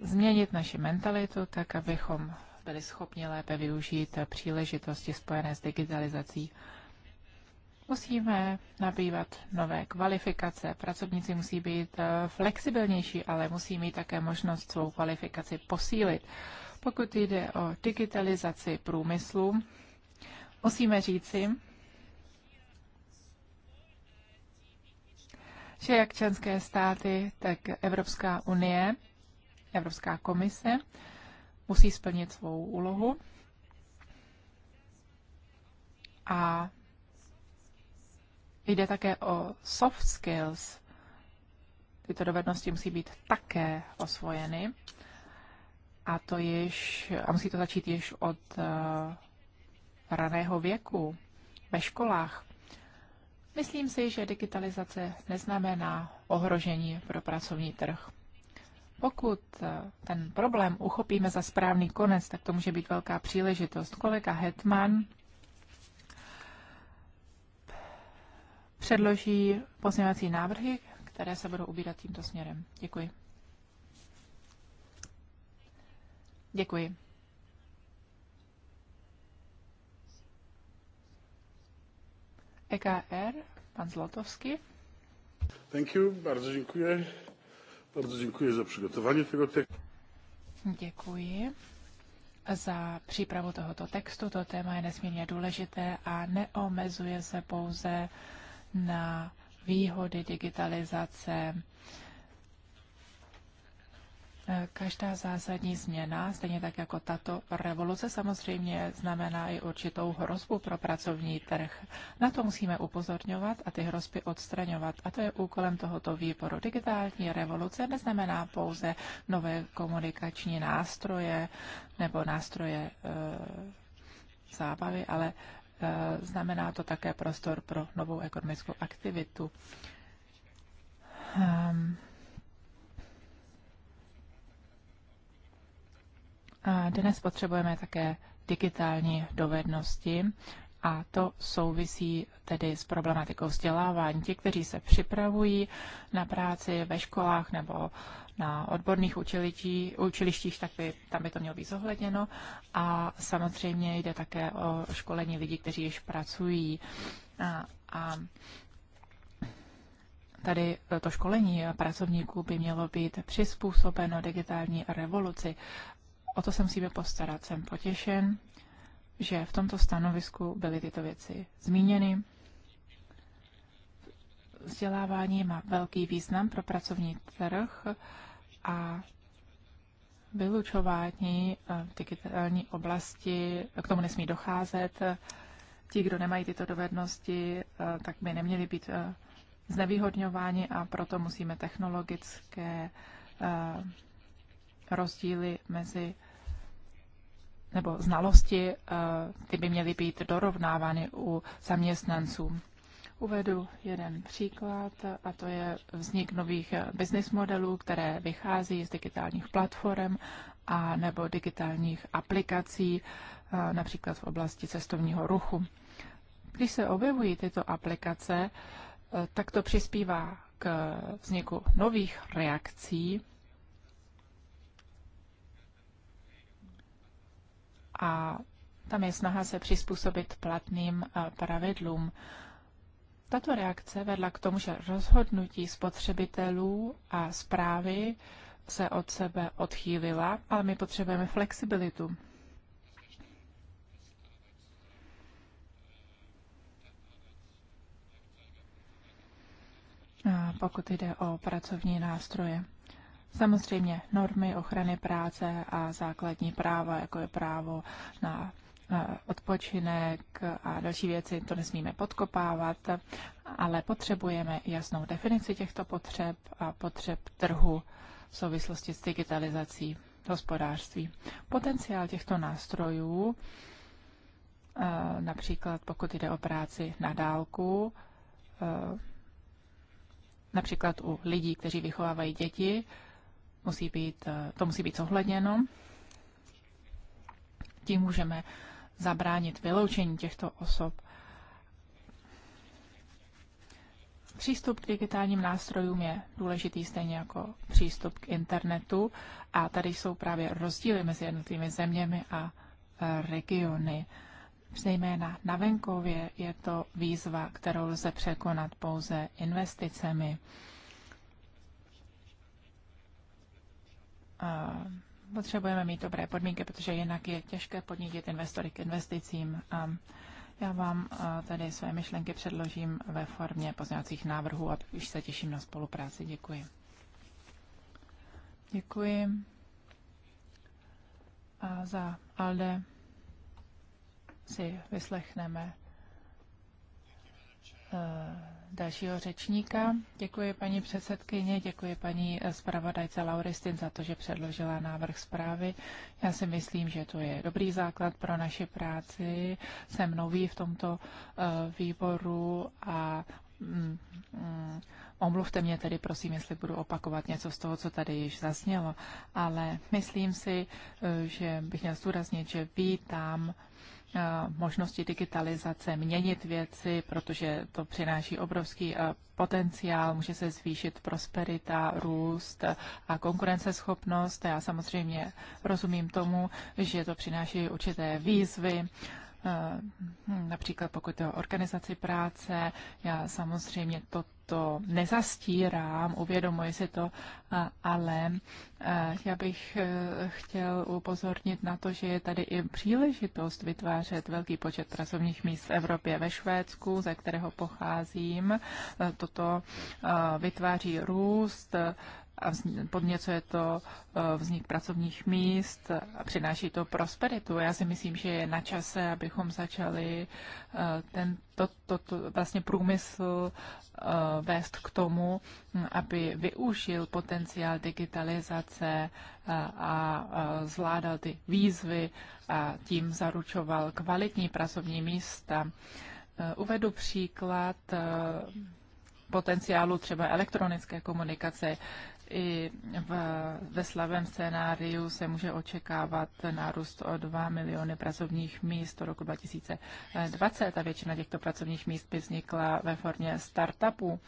změnit naši mentalitu tak, abychom byli schopni lépe využít příležitosti spojené s digitalizací. Musíme nabývat nové kvalifikace. Pracovníci musí být eh, flexibilnější, ale musí mít také možnost svou kvalifikaci posílit. Pokud jde o digitalizaci průmyslu, musíme říci, že jak členské státy, tak Evropská unie, Evropská komise musí splnit svou úlohu a Jde také o soft skills. Tyto dovednosti musí být také osvojeny. A to již, a musí to začít již od uh, raného věku, ve školách. Myslím si, že digitalizace neznamená ohrožení pro pracovní trh. Pokud eh, ten problém uchopíme za správný konec, tak to může být velká příležitost. Kolega Hetman předloží pozměňovací návrhy, které se budou ubírat tímto směrem. Děkuji. Děkuji. EKR, pan Zlotowski. Thank you, bardzo dziękuję. Bardzo dziękuję za przygotowanie tego tekstu. Děkuji za přípravu tohoto textu. To téma je nesmírně důležité a neomezuje se pouze na výhody digitalizace. Každá zásadní změna, stejně tak jako tato revoluce, samozřejmě znamená i určitou hrozbu pro pracovní trh. Na to musíme upozorňovat a ty hrozby odstraňovat. A to je úkolem tohoto výboru. Digitální revoluce neznamená pouze nové komunikační nástroje nebo nástroje e, zábavy, ale Eh, znamená to také prostor pro novou ekonomickou aktivitu. Ehm. A dnes potřebujeme také digitální dovednosti a to souvisí tedy s problematikou vzdělávání. Ti, kteří se připravují na práci ve školách nebo na odborných učilištích, tak by, tam by to mělo být zohledněno. A samozřejmě jde také o školení lidí, kteří již pracují. A, a tady to školení pracovníků by mělo být přizpůsobeno digitální revoluci. O to se musíme postarat. Jsem potěšen, že v tomto stanovisku byly tyto věci zmíněny. Vzdělávání má velký význam pro pracovní trh a vylučování v eh, digitální oblasti, k tomu nesmí docházet. Ti, kdo nemají tyto dovednosti, eh, tak by neměli být eh, znevýhodňováni a proto musíme technologické rozdíly mezi nebo znalosti, eh, ty by měly být dorovnávány u zaměstnanců. Uvedu jeden příklad, a to je vznik nových eh, business modelů, které vychází z digitálních platform a nebo digitálních aplikací, eh, například v oblasti cestovního ruchu. Když se objevují tyto aplikace, tak to přispívá k vzniku nových reakcí a tam je snaha se přizpůsobit platným eh, pravidlům. Tato reakce vedla k tomu, že rozhodnutí spotřebitelů a zprávy se od sebe odchýlila, ale my potřebujeme flexibilitu. pokud jde o pracovní nástroje. Samozřejmě normy ochrany práce a základní práva, jako je právo na odpočinek a další věci, to nesmíme podkopávat, ale potřebujeme jasnou definici těchto potřeb a potřeb trhu v souvislosti s digitalizací hospodářství. Potenciál těchto nástrojů, eh, například pokud jde o práci na dálku, eh, například u lidí, kteří vychovávají děti, musí být, eh, to musí být zohledněno. Tím můžeme zabránit vyloučení těchto osob. Přístup k digitálním nástrojům je důležitý stejně jako přístup k internetu a tady jsou právě rozdíly mezi jednotlivými zeměmi a eh, regiony. Zejména na venkově je to výzva, kterou lze překonat pouze investicemi. potřebujeme mít dobré podmínky, protože jinak je těžké podnítit investory k investicím. A já vám tady své myšlenky předložím ve formě pozněvacích návrhů a už se těším na spolupráci. Děkuji. Děkuji a za Alde si vyslechneme e, dalšího řečníka. Děkuji paní předsedkyně, děkuji paní eh, zpravodajce Lauristin za to, že předložila návrh zprávy. Já si myslím, že to je dobrý základ pro naši práci. Jsem nový v tomto eh, výboru a mm, mm, Omluvte mě tedy, prosím, jestli budu opakovat něco z toho, co tady již zasnělo, ale myslím si, eh, že bych měl zdůraznit, že vítám možnosti digitalizace, měnit věci, protože to přináší obrovský potenciál, může se zvýšit prosperita, růst a konkurenceschopnost. Já samozřejmě rozumím tomu, že to přináší určité výzvy, například pokud je o organizaci práce, já samozřejmě to to nezastírám, uvědomuji si to, ale já bych e, chtěl upozornit na to, že je tady i příležitost vytvářet velký počet pracovních míst v Evropě. Ve Švédsku, ze kterého pocházím, e, toto e, vytváří růst, a podněcuje to e, vznik pracovních míst a přináší to prosperitu. Já si myslím, že je na čase, abychom začali e, ten, to, to, to, vlastně průmysl e, vést k tomu, aby využil potenciál digitalizace a zvládal ty výzvy a tím zaručoval kvalitní pracovní místa. Uvedu příklad potenciálu třeba elektronické komunikace i v, ve slavém scénáriu se může očekávat nárůst o 2 miliony pracovních míst do roku 2020 a většina těchto pracovních míst by vznikla ve formě startupů.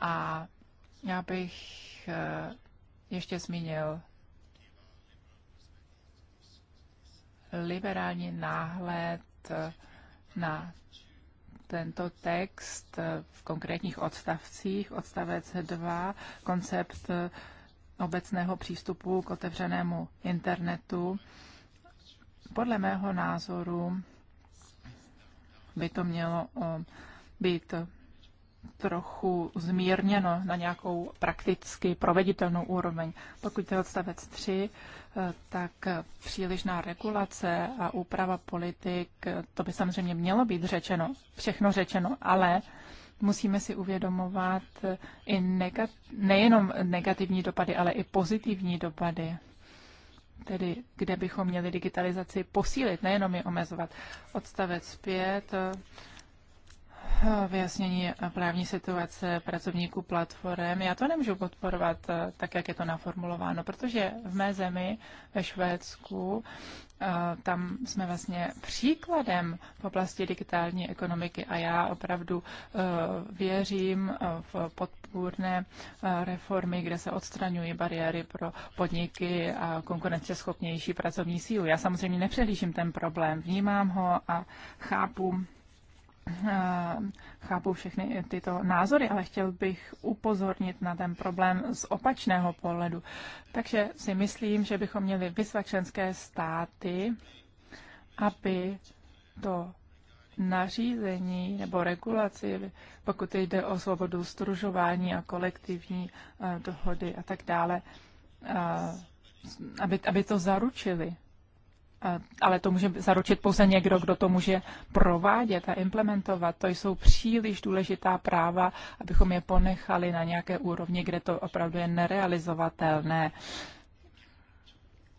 A já bych eh, ještě zmínil liberální náhled na tento text eh, v konkrétních odstavcích. Odstavec 2, koncept eh, obecného přístupu k otevřenému internetu. Podle mého názoru by to mělo eh, být trochu zmírněno na nějakou prakticky proveditelnou úroveň. Pokud je odstavec 3, tak přílišná regulace a úprava politik, to by samozřejmě mělo být řečeno, všechno řečeno, ale musíme si uvědomovat i negat, nejenom negativní dopady, ale i pozitivní dopady. Tedy, kde bychom měli digitalizaci posílit, nejenom je omezovat. Odstavec 5 vyjasnění právní situace pracovníků platform. Já to nemůžu podporovat eh, tak, jak je to naformulováno, protože v mé zemi, ve Švédsku, eh, tam jsme vlastně příkladem v oblasti digitální ekonomiky a já opravdu eh, věřím v podpůrné reformy, kde se odstraňují bariéry pro podniky a konkurenceschopnější pracovní sílu. Já samozřejmě nepřehlížím ten problém, vnímám ho a chápu Eh, chápu všechny tyto názory, ale chtěl bych upozornit na ten problém z opačného pohledu. Takže si myslím, že bychom měli vyzvat členské státy, aby to nařízení nebo regulaci, pokud jde o svobodu stružování a kolektivní eh, dohody a tak dále, eh, aby, aby to zaručili. Eh, ale to může zaručit pouze někdo, kdo to může provádět a implementovat. To jsou příliš důležitá práva, abychom je ponechali na nějaké úrovni, kde to opravdu je nerealizovatelné.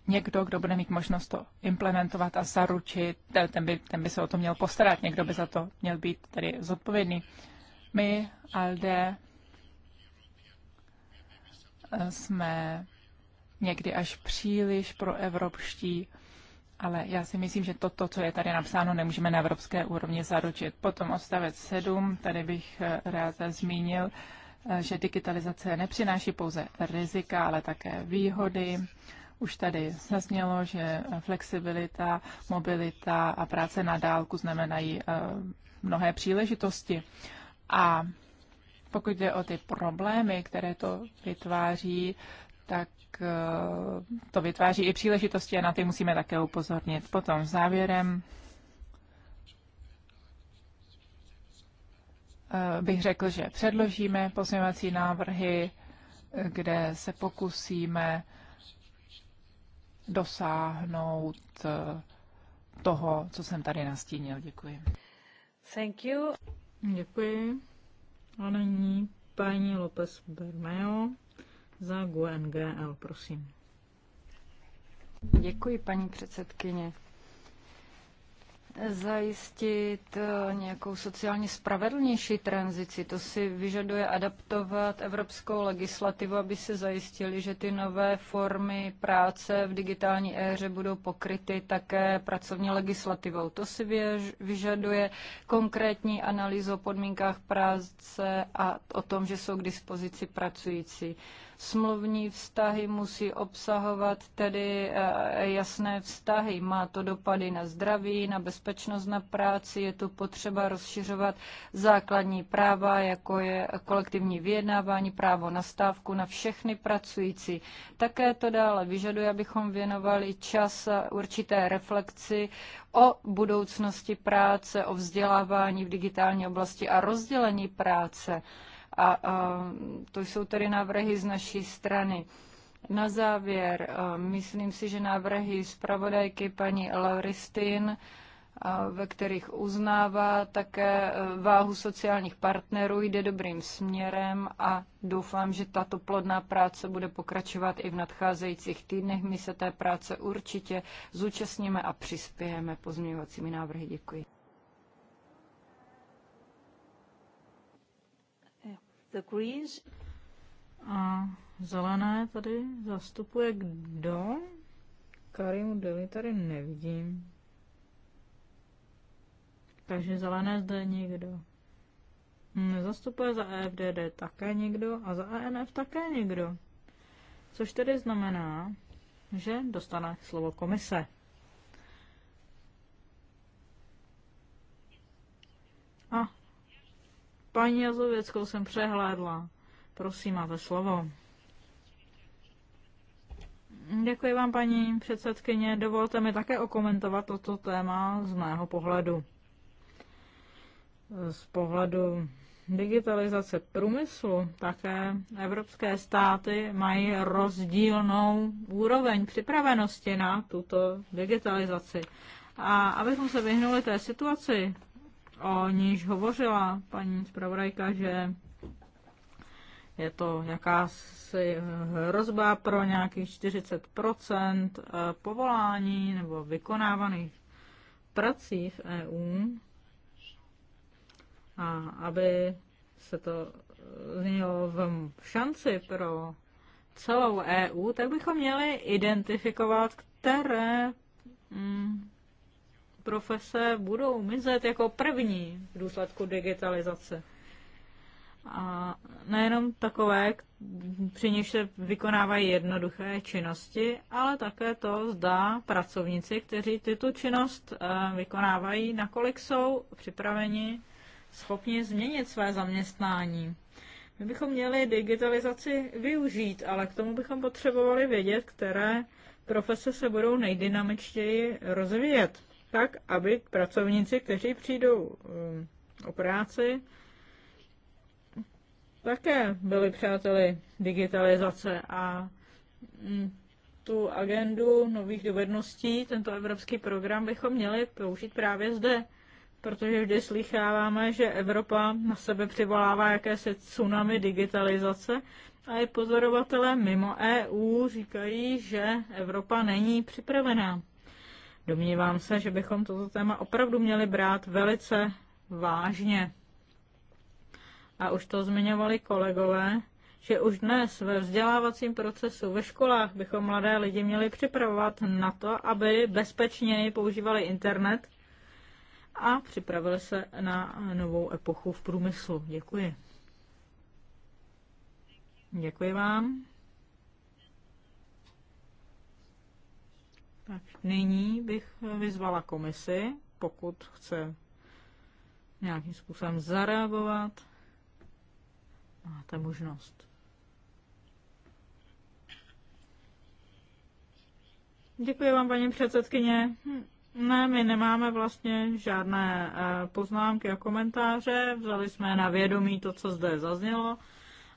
Někdo, kdo bude mít možnost to implementovat a zaručit, eh, ten by, ten by se o to měl postarat, někdo by za to měl být tady zodpovědný. My, ALDE, eh, jsme někdy až příliš pro evropští ale já si myslím, že toto, co je tady napsáno, nemůžeme na evropské úrovni zaručit. Potom odstavec 7, tady bych eh, rád zmínil, eh, že digitalizace nepřináší pouze rizika, ale také výhody. Už tady zaznělo, že flexibilita, mobilita a práce na dálku znamenají eh, mnohé příležitosti. A pokud jde o ty problémy, které to vytváří, tak Eh, to vytváří i příležitosti a na ty musíme také upozornit. Potom závěrem eh, bych řekl, že předložíme pozměňovací návrhy, eh, kde se pokusíme dosáhnout toho, co jsem tady nastínil. Děkuji. Thank you. Děkuji. A nyní paní López Bermejo za GUNGL, e prosím. Děkuji, paní předsedkyně. Zajistit eh, nějakou sociálně spravedlnější tranzici, to si vyžaduje adaptovat evropskou legislativu, aby se zajistili, že ty nové formy práce v digitální éře budou pokryty také pracovní legislativou. To si vyžaduje konkrétní analýzu o podmínkách práce a o tom, že jsou k dispozici pracující. Smluvní vztahy musí obsahovat tedy eh, jasné vztahy. Má to dopady na zdraví, na bezpečnost na práci, je tu potřeba rozšiřovat základní práva, jako je kolektivní vyjednávání, právo na stávku na všechny pracující. Také to dále vyžaduje, abychom věnovali čas určité reflexi o budoucnosti práce, o vzdělávání v digitální oblasti a rozdělení práce. A, a to jsou tedy návrhy z naší strany. Na závěr, myslím si, že návrhy zpravodajky paní Lauristin, ve kterých uznává také e, váhu sociálních partnerů, jde dobrým směrem a doufám, že tato plodná práce bude pokračovat i v nadcházejících týdnech. My se té práce určitě zúčastníme a přispějeme pozměňovacími návrhy. Děkuji. The Greens. A zelené tady zastupuje kdo? Karimu Deli tady nevidím. Takže zelené zde někdo. Zastupuje za EFDD také někdo a za ANF e také někdo. Což tedy znamená, že dostane slovo komise. A Paní Jazověckou jsem přehlédla. Prosím, máte slovo. Děkuji vám, paní předsedkyně. Dovolte mi také okomentovat toto téma z mého pohledu. Z pohledu digitalizace průmyslu také evropské státy mají rozdílnou úroveň připravenosti na tuto digitalizaci. A abychom se vyhnuli té situaci, o níž hovořila paní zpravodajka, že je to nějaká hrozba pro nějakých 40 eh, povolání nebo vykonávaných prací v EU. A aby se to eh, znělo v šanci pro celou EU, tak bychom měli identifikovat, které mm, profese budou mizet jako první v důsledku digitalizace. A nejenom takové, při nich se vykonávají jednoduché činnosti, ale také to zdá pracovníci, kteří tyto činnost eh, vykonávají, nakolik jsou připraveni, schopni změnit své zaměstnání. My bychom měli digitalizaci využít, ale k tomu bychom potřebovali vědět, které profese se budou nejdynamičtěji rozvíjet tak, aby pracovníci, kteří přijdou um, o práci, také byli přáteli digitalizace a mm, tu agendu nových dovedností, tento evropský program bychom měli použít právě zde, protože vždy slycháváme, že Evropa na sebe přivolává jakési tsunami digitalizace a i pozorovatelé mimo EU říkají, že Evropa není připravená. Domnívám se, že bychom toto téma opravdu měli brát velice vážně. A už to zmiňovali kolegové, že už dnes ve vzdělávacím procesu ve školách bychom mladé lidi měli připravovat na to, aby bezpečněji používali internet a připravili se na novou epochu v průmyslu. Děkuji. Děkuji vám. Tak nyní bych vyzvala komisi, pokud chce nějakým způsobem zareagovat. Máte možnost. Děkuji vám, paní předsedkyně. Ne, my nemáme vlastně žádné eh, poznámky a komentáře. Vzali jsme na vědomí to, co zde zaznělo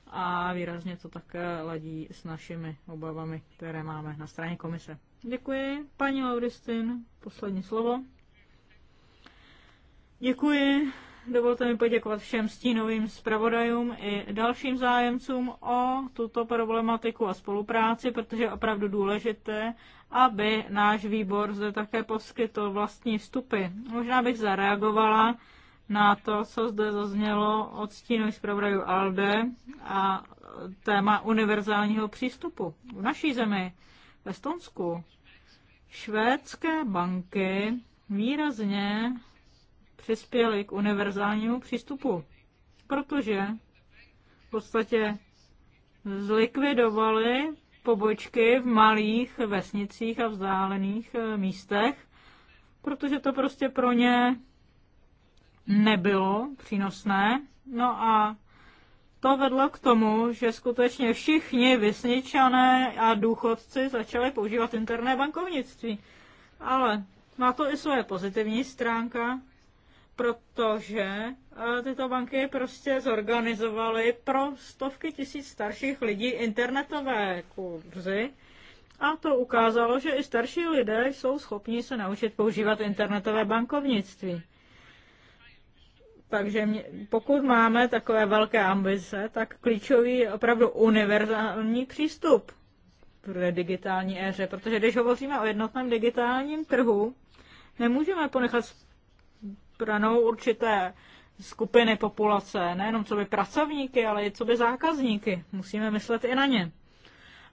a výrazně to také ladí s našimi obavami, které máme na straně komise. Děkuji. Paní Lauristin, poslední slovo. Děkuji. Dovolte mi poděkovat všem stínovým zpravodajům i dalším zájemcům o tuto problematiku a spolupráci, protože je opravdu důležité, aby náš výbor zde také poskytl vlastní vstupy. Možná bych zareagovala na to, co zde zaznělo od stínových zpravodajů ALDE a téma univerzálního přístupu v naší zemi v Estonsku. Švédské banky výrazně přispěly k univerzálnímu přístupu, protože v podstatě zlikvidovali pobočky v malých vesnicích a vzdálených eh, místech, protože to prostě pro ně nebylo přínosné. No a to vedlo k tomu, že skutečně všichni vysničané a důchodci začali používat interné bankovnictví. Ale má to i svoje pozitivní stránka, protože eh, tyto banky prostě zorganizovaly pro stovky tisíc starších lidí internetové kurzy a to ukázalo, že i starší lidé jsou schopni se naučit používat internetové bankovnictví. Takže mě, pokud máme takové velké ambice, tak klíčový je opravdu univerzální přístup v digitální éře, protože když hovoříme o jednotném digitálním trhu, nemůžeme ponechat pranou určité skupiny populace, nejenom co by pracovníky, ale i co by zákazníky. Musíme myslet i na ně.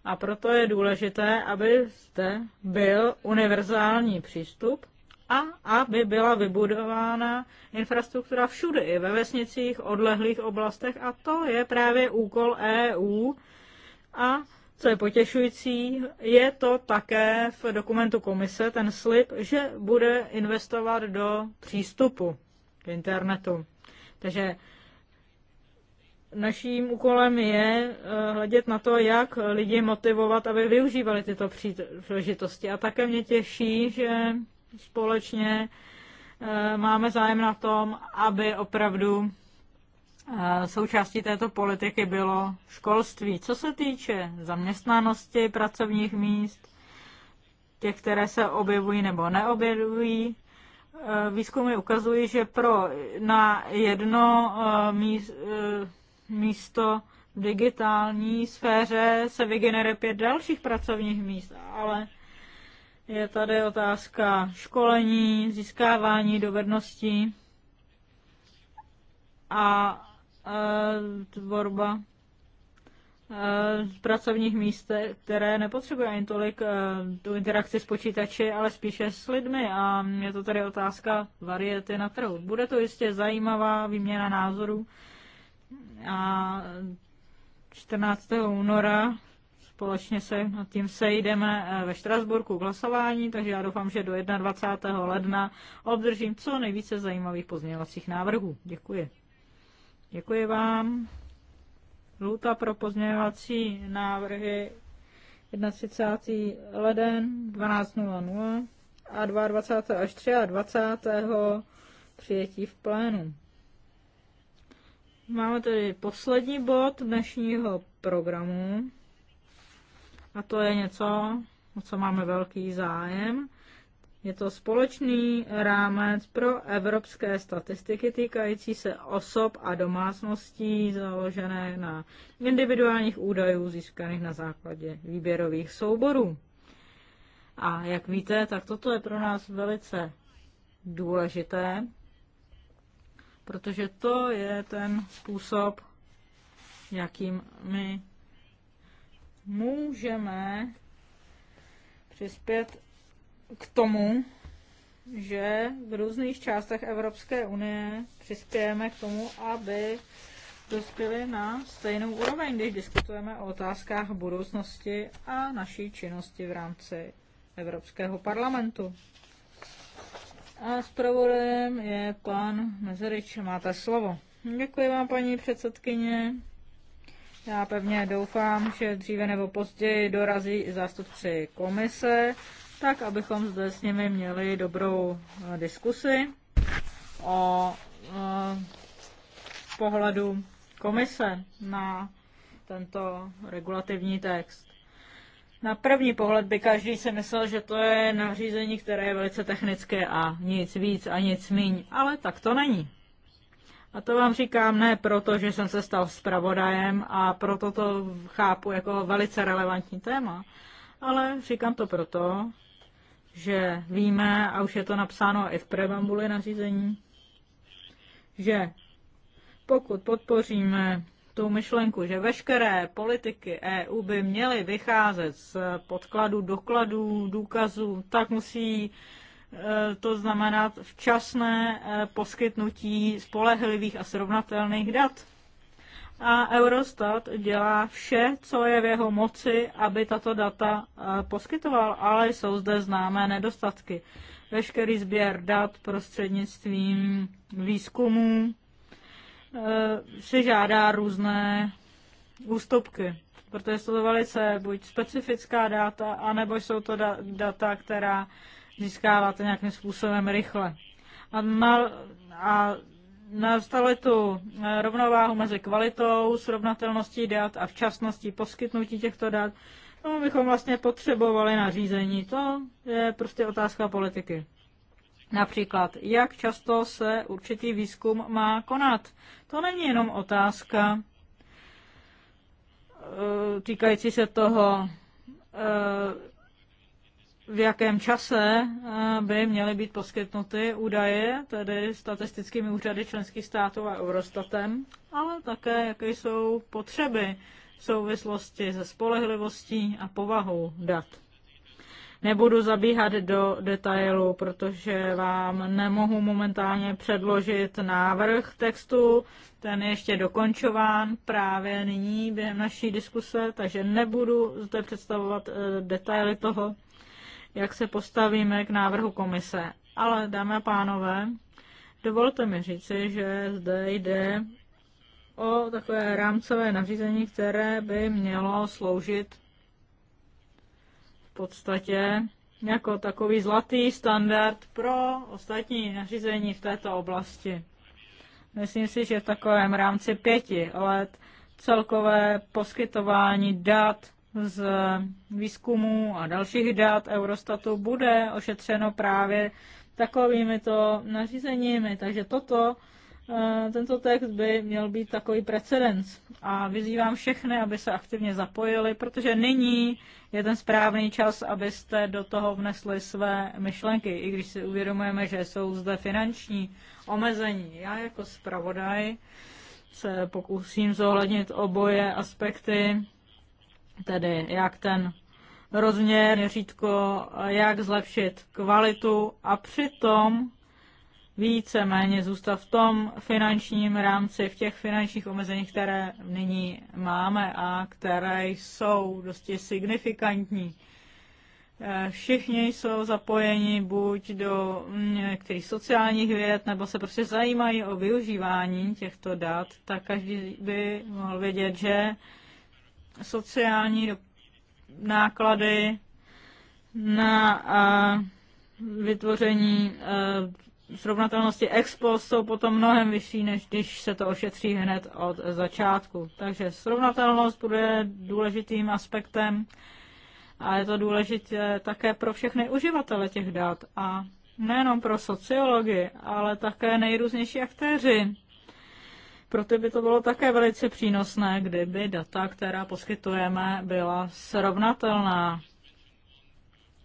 A proto je důležité, aby zde byl univerzální přístup a aby byla vybudována infrastruktura všude, i ve vesnicích, odlehlých oblastech a to je právě úkol EU a co je potěšující, je to také v dokumentu komise ten slib, že bude investovat do přístupu k internetu. Takže naším úkolem je eh, hledět na to, jak lidi motivovat, aby využívali tyto příležitosti. A také mě těší, že společně eh, máme zájem na tom, aby opravdu eh, součástí této politiky bylo školství. Co se týče zaměstnanosti pracovních míst, těch, které se objevují nebo neobjevují, eh, výzkumy ukazují, že pro na jedno místo v digitální sféře se vygeneruje pět dalších pracovních míst, ale je tady otázka školení, získávání dovedností a e, tvorba e, pracovních míst, které nepotřebují ani tolik e, tu interakci s počítači, ale spíše s lidmi. A je to tady otázka variety na trhu. Bude to jistě zajímavá výměna názorů. A 14. února společně se nad tím sejdeme eh, ve Štrasburku k hlasování, takže já doufám, že do 21. ledna obdržím co nejvíce zajímavých pozměňovacích návrhů. Děkuji. Děkuji vám. Luta pro pozměňovací návrhy 31. leden 12.00 a 22. až 23. přijetí v plénu. Máme tedy poslední bod dnešního programu. A to je něco, o co máme velký zájem. Je to společný rámec pro evropské statistiky týkající se osob a domácností založené na individuálních údajů získaných na základě výběrových souborů. A jak víte, tak toto je pro nás velice důležité, protože to je ten způsob, jakým my můžeme přispět k tomu, že v různých částech Evropské unie přispějeme k tomu, aby dospěli na stejnou úroveň, když diskutujeme o otázkách budoucnosti a naší činnosti v rámci Evropského parlamentu. A s je pan Mezerič. Máte slovo. Děkuji vám, paní předsedkyně. Já pevně doufám, že dříve nebo později dorazí zástupci komise, tak abychom zde s nimi měli dobrou eh, diskusi o eh, pohledu komise na tento regulativní text. Na první pohled by každý si myslel, že to je nařízení, které je velice technické a nic víc a nic míň, ale tak to není. A to vám říkám ne proto, že jsem se stal zpravodajem a proto to chápu jako velice relevantní téma, ale říkám to proto, že víme, a už je to napsáno i v preambuli nařízení, že pokud podpoříme tu myšlenku, že veškeré politiky EU by měly vycházet z podkladů, dokladů, důkazů, tak musí Eh, to znamená včasné eh, poskytnutí spolehlivých a srovnatelných dat. A Eurostat dělá vše, co je v jeho moci, aby tato data eh, poskytoval, ale jsou zde známé nedostatky. Veškerý sběr dat prostřednictvím výzkumů si žádá různé ústupky protože jsou to velice buď specifická data, anebo jsou to data, která získáváte nějakým způsobem rychle. A, mal, a nastali tu eh, rovnováhu mezi kvalitou, srovnatelností dat a včasností poskytnutí těchto dat. No, bychom vlastně potřebovali nařízení. To je prostě otázka politiky. Například, jak často se určitý výzkum má konat. To není jenom otázka eh, týkající se toho, eh, v jakém čase eh, by měly být poskytnuty údaje, tedy statistickými úřady členských států a Eurostatem, ale také jaké jsou potřeby v souvislosti se spolehlivostí a povahou dat. Nebudu zabíhat do detailu, protože vám nemohu momentálně předložit návrh textu. Ten je ještě dokončován právě nyní během naší diskuse, takže nebudu zde představovat eh, detaily toho, jak se postavíme k návrhu komise. Ale, dámy a pánové, dovolte mi říci, že zde jde o takové rámcové nařízení, které by mělo sloužit v podstatě jako takový zlatý standard pro ostatní nařízení v této oblasti. Myslím si, že v takovém rámci pěti let celkové poskytování dat z výzkumu a dalších dat Eurostatu bude ošetřeno právě takovými to nařízeními. Takže toto, eh, tento text by měl být takový precedens. A vyzývám všechny, aby se aktivně zapojili, protože nyní je ten správný čas, abyste do toho vnesli své myšlenky, i když si uvědomujeme, že jsou zde finanční omezení. Já jako zpravodaj se pokusím zohlednit oboje aspekty Tedy jak ten rozměr, měřítko, jak zlepšit kvalitu a přitom více méně zůstat v tom finančním rámci, v těch finančních omezeních, které nyní máme a které jsou dosti signifikantní. Eh, všichni jsou zapojeni buď do některých sociálních věd, nebo se prostě zajímají o využívání těchto dat, tak každý by mohl vědět, že sociální náklady na vytvoření srovnatelnosti ex post jsou potom mnohem vyšší, než když se to ošetří hned od začátku. Takže srovnatelnost bude důležitým aspektem a je to důležité také pro všechny uživatele těch dat a nejenom pro sociologii, ale také nejrůznější aktéři pro ty by to bylo také velice přínosné, kdyby data, která poskytujeme, byla srovnatelná.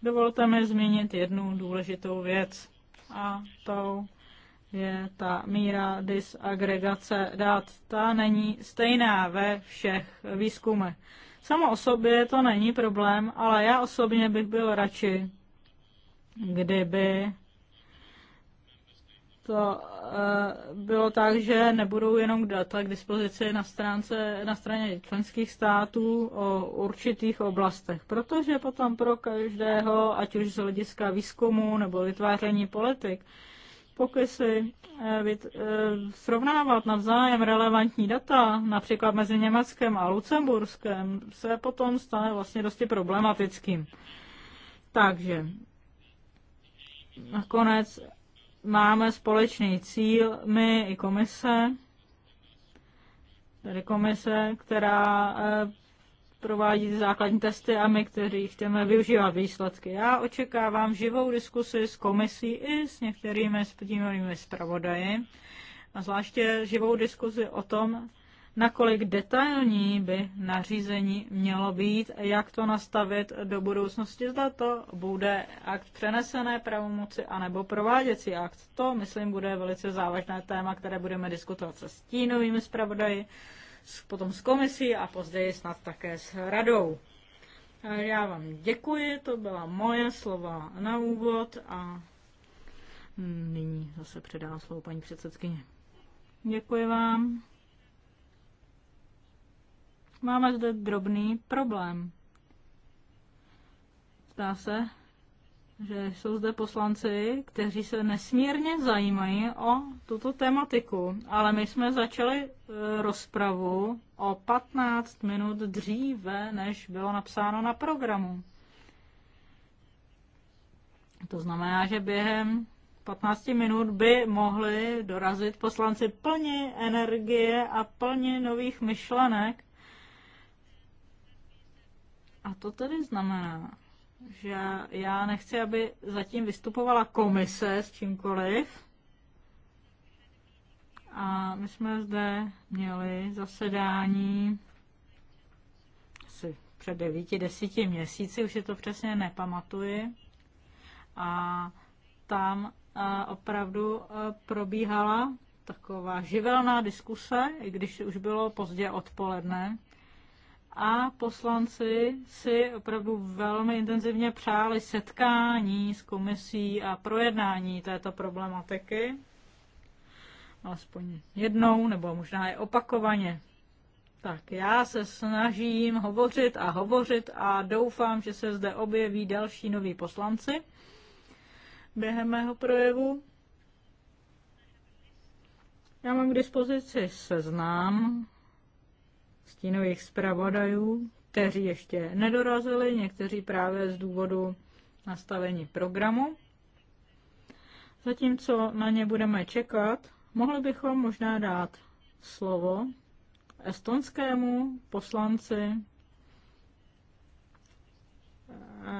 Dovolte mi zmínit jednu důležitou věc a to je ta míra disagregace dat. Ta není stejná ve všech výzkumech. Samo o sobě to není problém, ale já osobně bych byl radši, kdyby to eh, bylo tak, že nebudou jenom data k dispozici na, stránce, na straně členských států o určitých oblastech, protože potom pro každého, ať už z hlediska výzkumu nebo vytváření politik, pokusy eh, eh, srovnávat navzájem relevantní data, například mezi Německem a Lucemburskem, se potom stane vlastně dosti problematickým. Takže nakonec máme společný cíl, my i komise, tedy komise, která eh, provádí základní testy a my, kteří chceme využívat výsledky. Já očekávám živou diskusi s komisí i s některými stínovými zpravodaji a zvláště živou diskuzi o tom, nakolik detailní by nařízení mělo být, jak to nastavit do budoucnosti, zda to bude akt přenesené pravomoci anebo prováděcí akt. To, myslím, bude velice závažné téma, které budeme diskutovat se stínovými zpravodaji, potom s komisí a později snad také s radou. Já vám děkuji, to byla moje slova na úvod a nyní zase předám slovo paní předsedkyně. Děkuji vám. Máme zde drobný problém. Zdá se, že jsou zde poslanci, kteří se nesmírně zajímají o tuto tematiku, ale my jsme začali e, rozpravu o 15 minut dříve, než bylo napsáno na programu. To znamená, že během 15 minut by mohli dorazit poslanci plně energie a plně nových myšlenek a to tedy znamená, že já nechci, aby zatím vystupovala komise s čímkoliv. A my jsme zde měli zasedání asi před devíti, desíti měsíci, už je to přesně nepamatuji. A tam opravdu probíhala taková živelná diskuse, i když už bylo pozdě odpoledne a poslanci si opravdu velmi intenzivně přáli setkání s komisí a projednání této problematiky. Alespoň jednou, nebo možná i opakovaně. Tak já se snažím hovořit a hovořit a doufám, že se zde objeví další noví poslanci během mého projevu. Já mám k dispozici seznám stínových zpravodajů, kteří ještě nedorazili, někteří právě z důvodu nastavení programu. Zatímco na ně budeme čekat, mohli bychom možná dát slovo estonskému poslanci,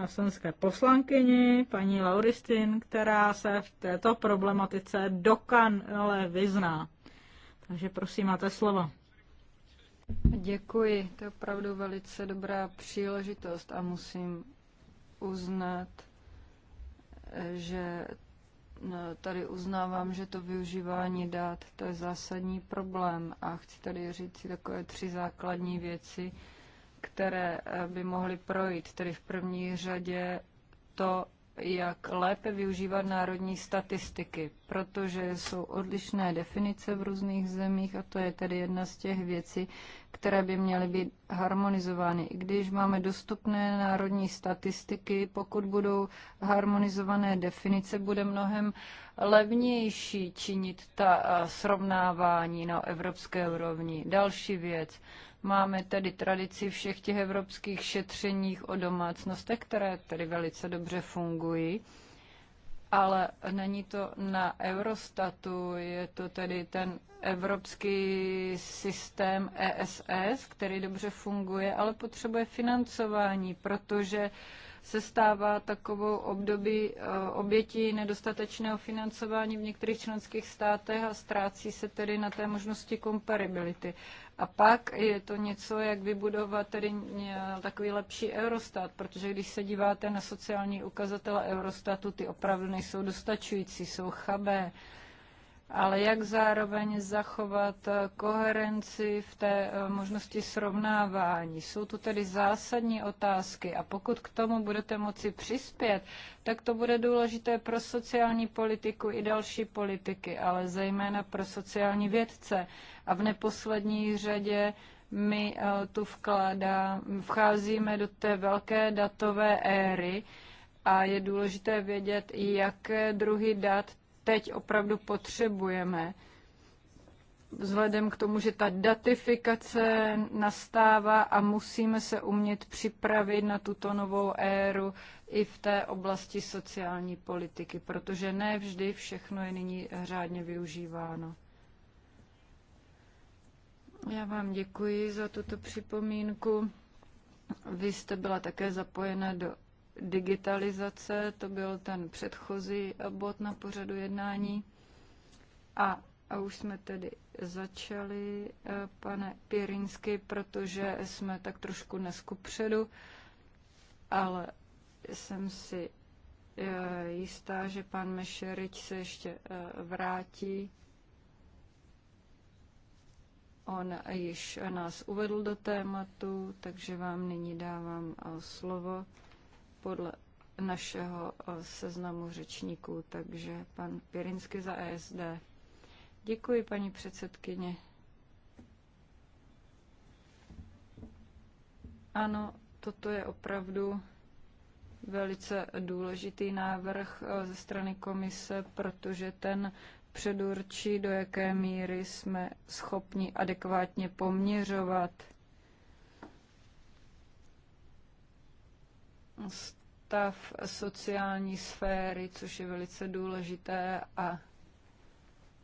estonské poslankyni, paní Lauristin, která se v této problematice dokonale vyzná. Takže prosím, máte slovo. Děkuji, to je opravdu velice dobrá příležitost a musím uznat, že no, tady uznávám, že to využívání dát, to je zásadní problém a chci tady říct si takové tři základní věci, které eh, by mohly projít. Tedy v první řadě to, jak lépe využívat národní statistiky, protože jsou odlišné definice v různých zemích a to je tedy jedna z těch věcí, které by měly být harmonizovány. I když máme dostupné národní statistiky, pokud budou harmonizované definice, bude mnohem levnější činit ta srovnávání na evropské úrovni. Další věc, Máme tedy tradici všech těch evropských šetřeních o domácnostech, které tedy velice dobře fungují, ale není to na Eurostatu, je to tedy ten evropský systém ESS, který dobře funguje, ale potřebuje financování, protože uh, se stává takovou období eh, obětí nedostatečného financování v některých členských státech a ztrácí se tedy na té možnosti komparability. A pak je to něco, jak vybudovat tedy takový lepší Eurostat, protože když se díváte na sociální ukazatele Eurostatu, ty opravdu nejsou dostačující, jsou chabé ale jak zároveň zachovat koherenci v té eh, možnosti srovnávání. Jsou tu tedy zásadní otázky a pokud k tomu budete moci přispět, tak to bude důležité pro sociální politiku i další politiky, ale zejména pro sociální vědce. A v neposlední řadě my eh, tu vkládá, vcházíme do té velké datové éry, a je důležité vědět, jaké druhy dat teď opravdu potřebujeme. Vzhledem k tomu, že ta datifikace nastává a musíme se umět připravit na tuto novou éru i v té oblasti sociální politiky, protože ne vždy všechno je nyní řádně využíváno. Já vám děkuji za tuto připomínku. Vy jste byla také zapojena do digitalizace, to byl ten předchozí bod na pořadu jednání. A, a už jsme tedy začali, eh, pane Pěrinsky, protože jsme tak trošku dnesku předu, ale jsem si eh, jistá, že pan Mešerič se ještě eh, vrátí. On již nás uvedl do tématu, takže vám nyní dávám slovo podle našeho eh, seznamu řečníků, takže pan Pirinsky za ESD. Děkuji, paní předsedkyně. Ano, toto je opravdu velice důležitý návrh eh, ze strany komise, protože ten předurčí, do jaké míry jsme schopni adekvátně poměřovat stav sociální sféry, což je velice důležité a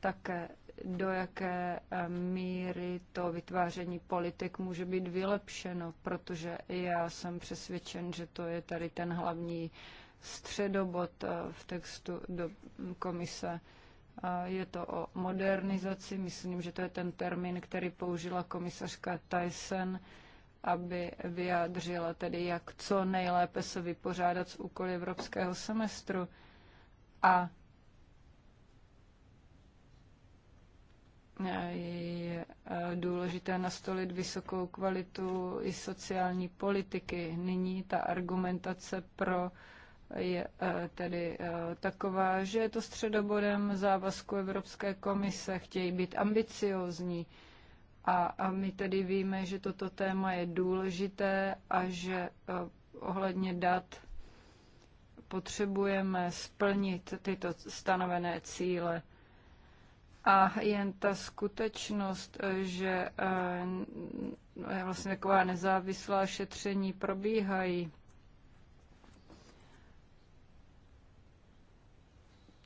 také do jaké eh, míry to vytváření politik může být vylepšeno, protože já jsem přesvědčen, že to je tady ten hlavní středobod eh, v textu do komise. Je to o modernizaci, myslím, že to je ten termín, který použila komisařka Tyson aby vyjádřila tedy, jak co nejlépe se vypořádat s úkoly evropského semestru. A je eh, důležité nastolit vysokou kvalitu i sociální politiky. Nyní ta argumentace pro je eh, tedy eh, taková, že je to středobodem závazku Evropské komise, chtějí být ambiciozní, a, a my tedy víme, že toto téma je důležité a že e, ohledně dat potřebujeme splnit tyto stanovené cíle. A jen ta skutečnost, e, že e, vlastně taková nezávislá šetření probíhají,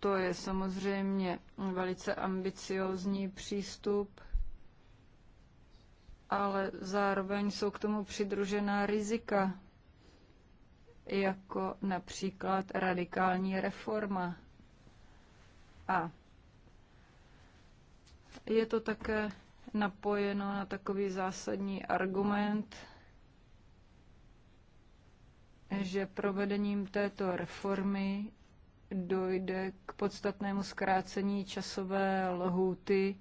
to je samozřejmě velice ambiciozní přístup ale zároveň jsou k tomu přidružená rizika, jako například radikální reforma. A je to také napojeno na takový zásadní argument, že provedením této reformy dojde k podstatnému zkrácení časové lhůty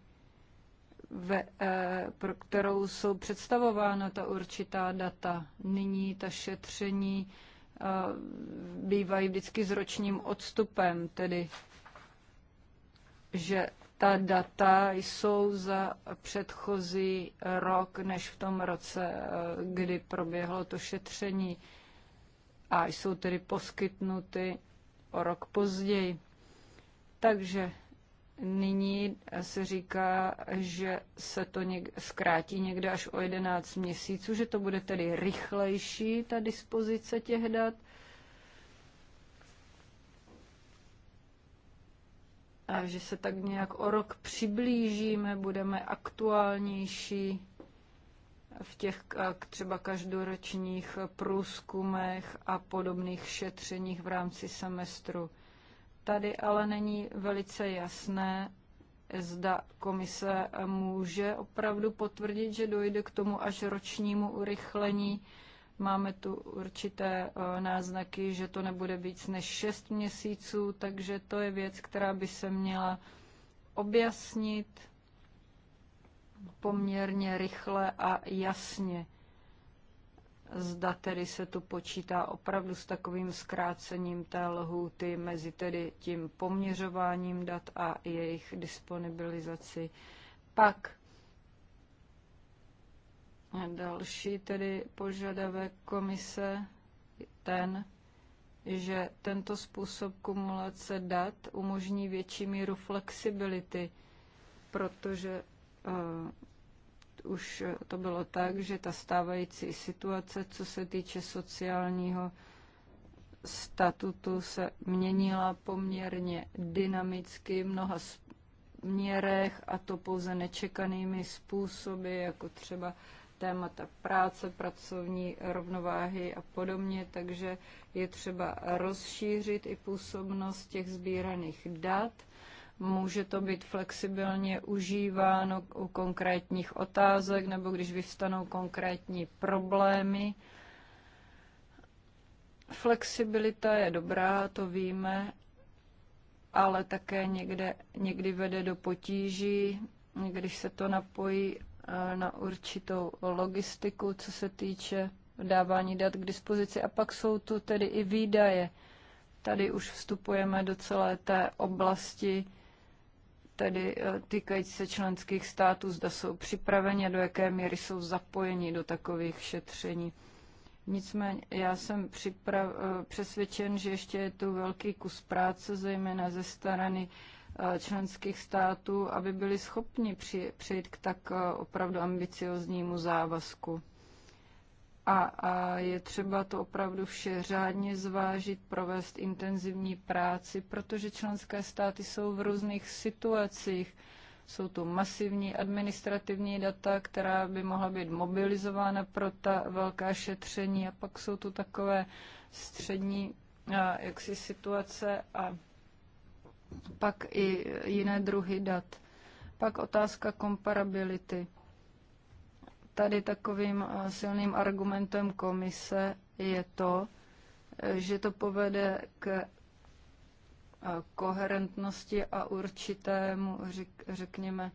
ve, eh, pro kterou jsou představována ta určitá data. Nyní ta šetření eh, bývají vždycky s ročním odstupem, tedy že ta data jsou za předchozí rok než v tom roce, eh, kdy proběhlo to šetření a jsou tedy poskytnuty o rok později. Takže Nyní se říká, že se to něk- zkrátí někde až o 11 měsíců, že to bude tedy rychlejší, ta dispozice těch dat. A že se tak nějak o rok přiblížíme, budeme aktuálnější v těch třeba každoročních průzkumech a podobných šetřeních v rámci semestru. Tady ale není velice jasné, zda komise může opravdu potvrdit, že dojde k tomu až ročnímu urychlení. Máme tu určité eh, náznaky, že to nebude víc než 6 měsíců, takže to je věc, která by se měla objasnit poměrně rychle a jasně. Zda tedy se tu počítá opravdu s takovým zkrácením té lhůty mezi tedy tím poměřováním dat a jejich disponibilizaci. Pak další tedy požadavek komise ten, že tento způsob kumulace dat umožní větší míru flexibility, protože eh, už to bylo tak, že ta stávající situace, co se týče sociálního statutu, se měnila poměrně dynamicky v mnoha směrech a to pouze nečekanými způsoby, jako třeba témata práce, pracovní rovnováhy a podobně, takže je třeba rozšířit i působnost těch sbíraných dat – Může to být flexibilně užíváno u konkrétních otázek nebo když vyvstanou konkrétní problémy. Flexibilita je dobrá, to víme, ale také někde, někdy vede do potíží, když se to napojí eh, na určitou logistiku, co se týče dávání dat k dispozici. A pak jsou tu tedy i výdaje. Tady už vstupujeme do celé té oblasti tedy eh, týkající se členských států, zda jsou připraveni a do jaké míry jsou zapojeni do takových šetření. Nicméně já jsem připrav, eh, přesvědčen, že ještě je tu velký kus práce, zejména ze strany eh, členských států, aby byli schopni při, přijít k tak opravdu ambicioznímu závazku a, a je třeba to opravdu vše řádně zvážit, provést intenzivní práci, protože členské státy jsou v různých situacích. Jsou tu masivní administrativní data, která by mohla být mobilizována pro ta velká šetření a pak jsou tu takové střední a, jaksi situace a pak i jiné druhy dat. Pak otázka komparability. Tady takovým eh, silným argumentem komise je to, eh, že to povede k eh, koherentnosti a určitému, řekněme,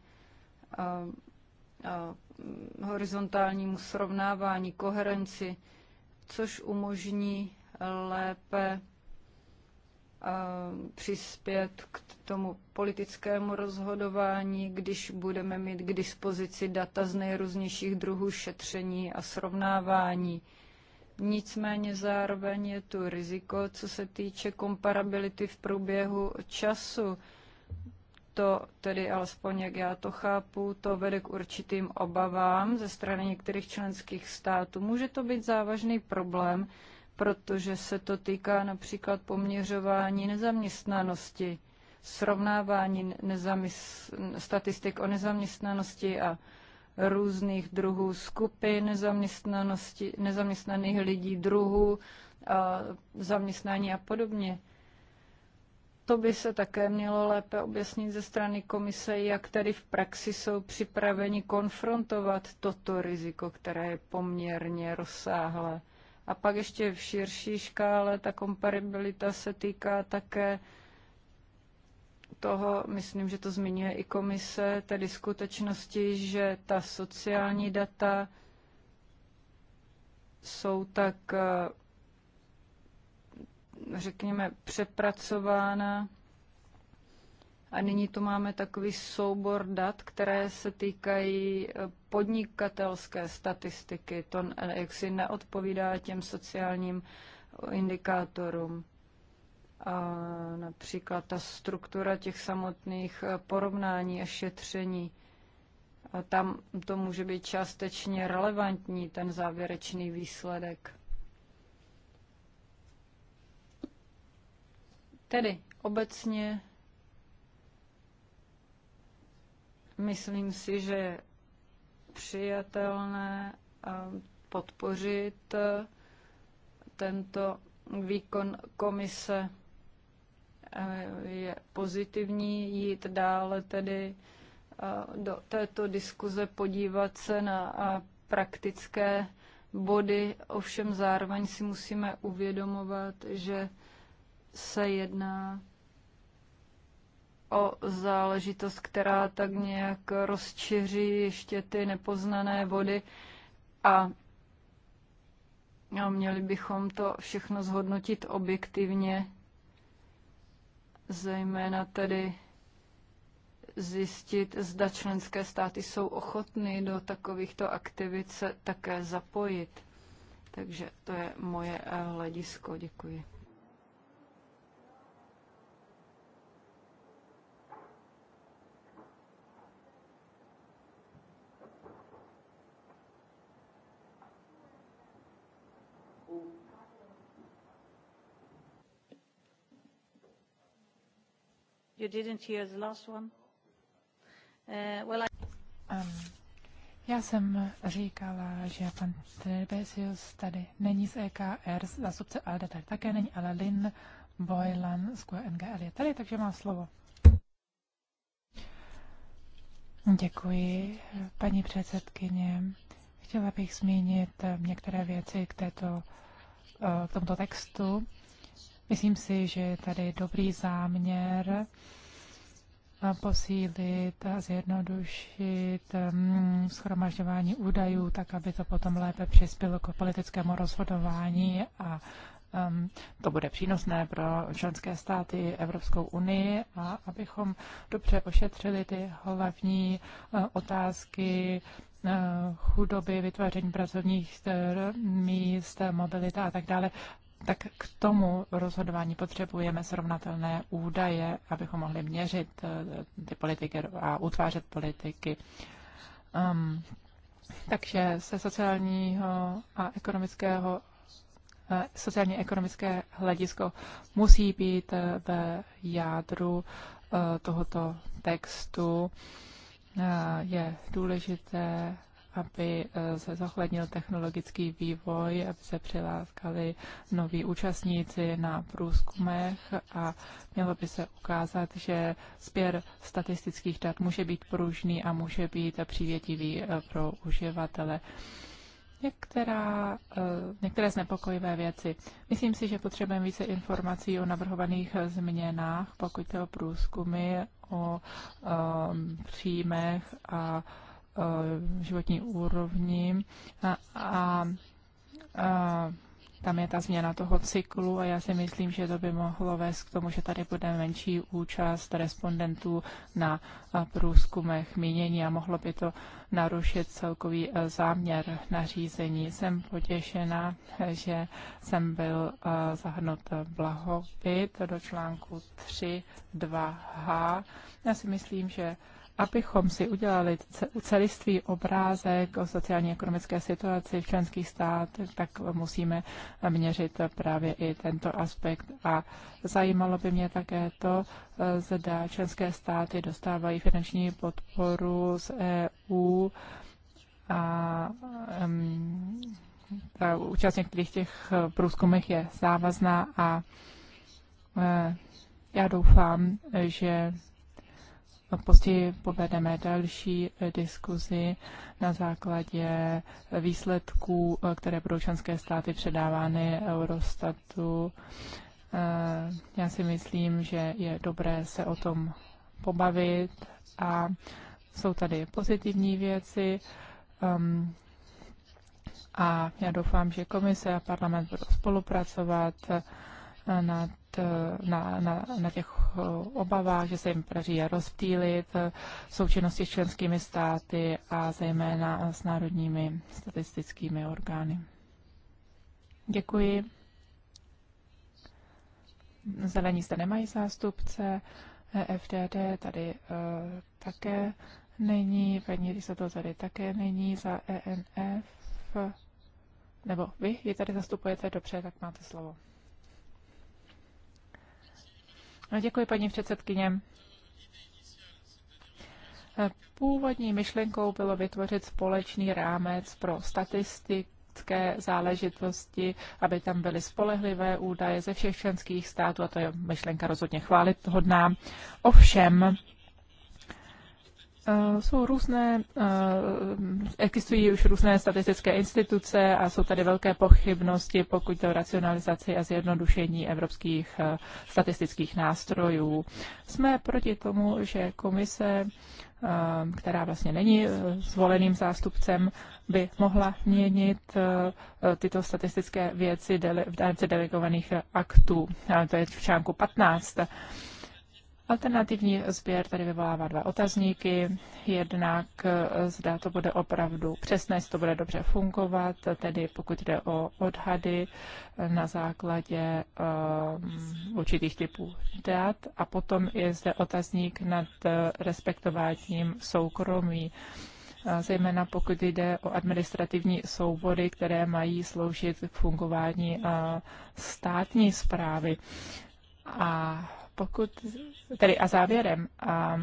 horizontálnímu srovnávání, koherenci, což umožní lépe přispět k tomu politickému rozhodování, když budeme mít k dispozici data z nejrůznějších druhů šetření a srovnávání. Nicméně zároveň je tu riziko, co se týče komparability v průběhu času. To tedy, alespoň jak já to chápu, to vede k určitým obavám ze strany některých členských států. Může to být závažný problém, protože se to týká například poměřování nezaměstnanosti, srovnávání nezaměst... statistik o nezaměstnanosti a různých druhů skupin nezaměstnanosti, nezaměstnaných lidí, druhů a zaměstnání a podobně. To by se také mělo lépe objasnit ze strany komise, jak tedy v praxi jsou připraveni konfrontovat toto riziko, které je poměrně rozsáhlé. A pak ještě v širší škále ta komparabilita se týká také toho, myslím, že to zmiňuje i komise, tedy skutečnosti, že ta sociální data jsou tak, eh, řekněme, přepracována a nyní tu máme takový soubor dat, které se týkají eh, podnikatelské statistiky. To eh, jaksi neodpovídá těm sociálním indikátorům. A například ta struktura těch samotných eh, porovnání a šetření. A tam to může být částečně relevantní, ten závěrečný výsledek. Tedy obecně Myslím si, že je přijatelné eh, podpořit eh, tento výkon komise. Eh, je pozitivní jít dále tedy do této diskuze podívat se na praktické body, ovšem zároveň si musíme uvědomovat, že se jedná o záležitost, která tak nějak rozčiří ještě ty nepoznané vody a no, měli bychom to všechno zhodnotit objektivně, zejména tedy zjistit, zda členské státy jsou ochotny do takovýchto aktivit se také zapojit. Takže to je moje eh, hledisko. Děkuji. You didn't hear the last one? Uh, well, I... já jsem říkala, že pan Trebesius tady není z EKR, zastupce ALDE tady také není, ale Lynn Boylan z QNGL je tady, takže má slovo. Děkuji, paní předsedkyně. Chtěla bych zmínit eh, některé věci k, této, eh, k tomuto textu. Myslím si, že je tady dobrý záměr posílit a zjednodušit mm, schromažďování údajů, tak aby to potom lépe přispělo k politickému rozhodování a um, to bude přínosné pro členské státy Evropskou unii a abychom dobře ošetřili ty hlavní uh, otázky uh, chudoby, vytváření pracovních e, míst, mobilita a tak dále tak k tomu rozhodování potřebujeme srovnatelné údaje, abychom mohli měřit eh, ty politiky a utvářet politiky. Um, takže se sociálního a ekonomického eh, sociálně ekonomické hledisko musí být eh, ve jádru tohoto textu. Je důležité, aby eh, se zohlednil technologický vývoj, aby se přiláskali noví účastníci na průzkumech a mělo by se ukázat, že sběr statistických dat může být pružný a může být přívětivý eh, pro uživatele. Některá, eh, některé znepokojivé věci. Myslím si, že potřebujeme více informací o navrhovaných změnách, pokud je o průzkumy, o o příjmech a Eh, životní úrovni a, a, a tam je ta změna toho cyklu a já si myslím, že to by mohlo vést k tomu, že tady bude menší účast respondentů na průzkumech mínění a mohlo by to narušit celkový eh, záměr nařízení. Jsem potěšena, že jsem byl eh, zahrnut blahobyt do článku 3.2h. Já si myslím, že abychom si udělali celistvý obrázek o sociální ekonomické situaci v členských státech, tak musíme měřit právě i tento aspekt. A zajímalo by mě také to, zda členské státy dostávají finanční podporu z EU a um, ta účast některých těch průzkumech je závazná a eh, já doufám, že Později povedeme další eh, diskuzi na základě výsledků, eh, které budou členské státy předávány Eurostatu. Eh, já si myslím, že je dobré se o tom pobavit a jsou tady pozitivní věci. Ehm, a já doufám, že komise a parlament budou spolupracovat na, na, na, na těch obavách, že se jim podaří je rozptýlit v součinnosti s členskými státy a zejména s národními statistickými orgány. Děkuji. Zelení zde nemají zástupce, e FDD tady uh, také není, paní Risato tady také není, za ENF, nebo vy ji tady zastupujete, dobře, tak máte slovo. No, děkuji, paní předsedkyně. Eh, původní myšlenkou bylo vytvořit společný rámec pro statistické záležitosti, aby tam byly spolehlivé údaje ze všech členských států, a to je myšlenka rozhodně chválit hodná. Ovšem, Eh, jsou různé, eh, existují už různé statistické instituce a jsou tady velké pochybnosti, pokud o racionalizaci a zjednodušení evropských eh, statistických nástrojů. Jsme proti tomu, že komise, která vlastně není zvoleným zástupcem, by mohla měnit tyto statistické věci v rámci delegovaných aktů. To je v článku 15. Alternativní sběr tady vyvolává dva otazníky. Jednak eh, zda to bude opravdu přesné, jestli to bude dobře fungovat, tedy pokud jde o odhady eh, na základě um, určitých typů dat. A potom je zde otazník nad respektováním soukromí zejména pokud jde o administrativní soubory, které mají sloužit k fungování státní zprávy. A pokud, tedy a závěrem, a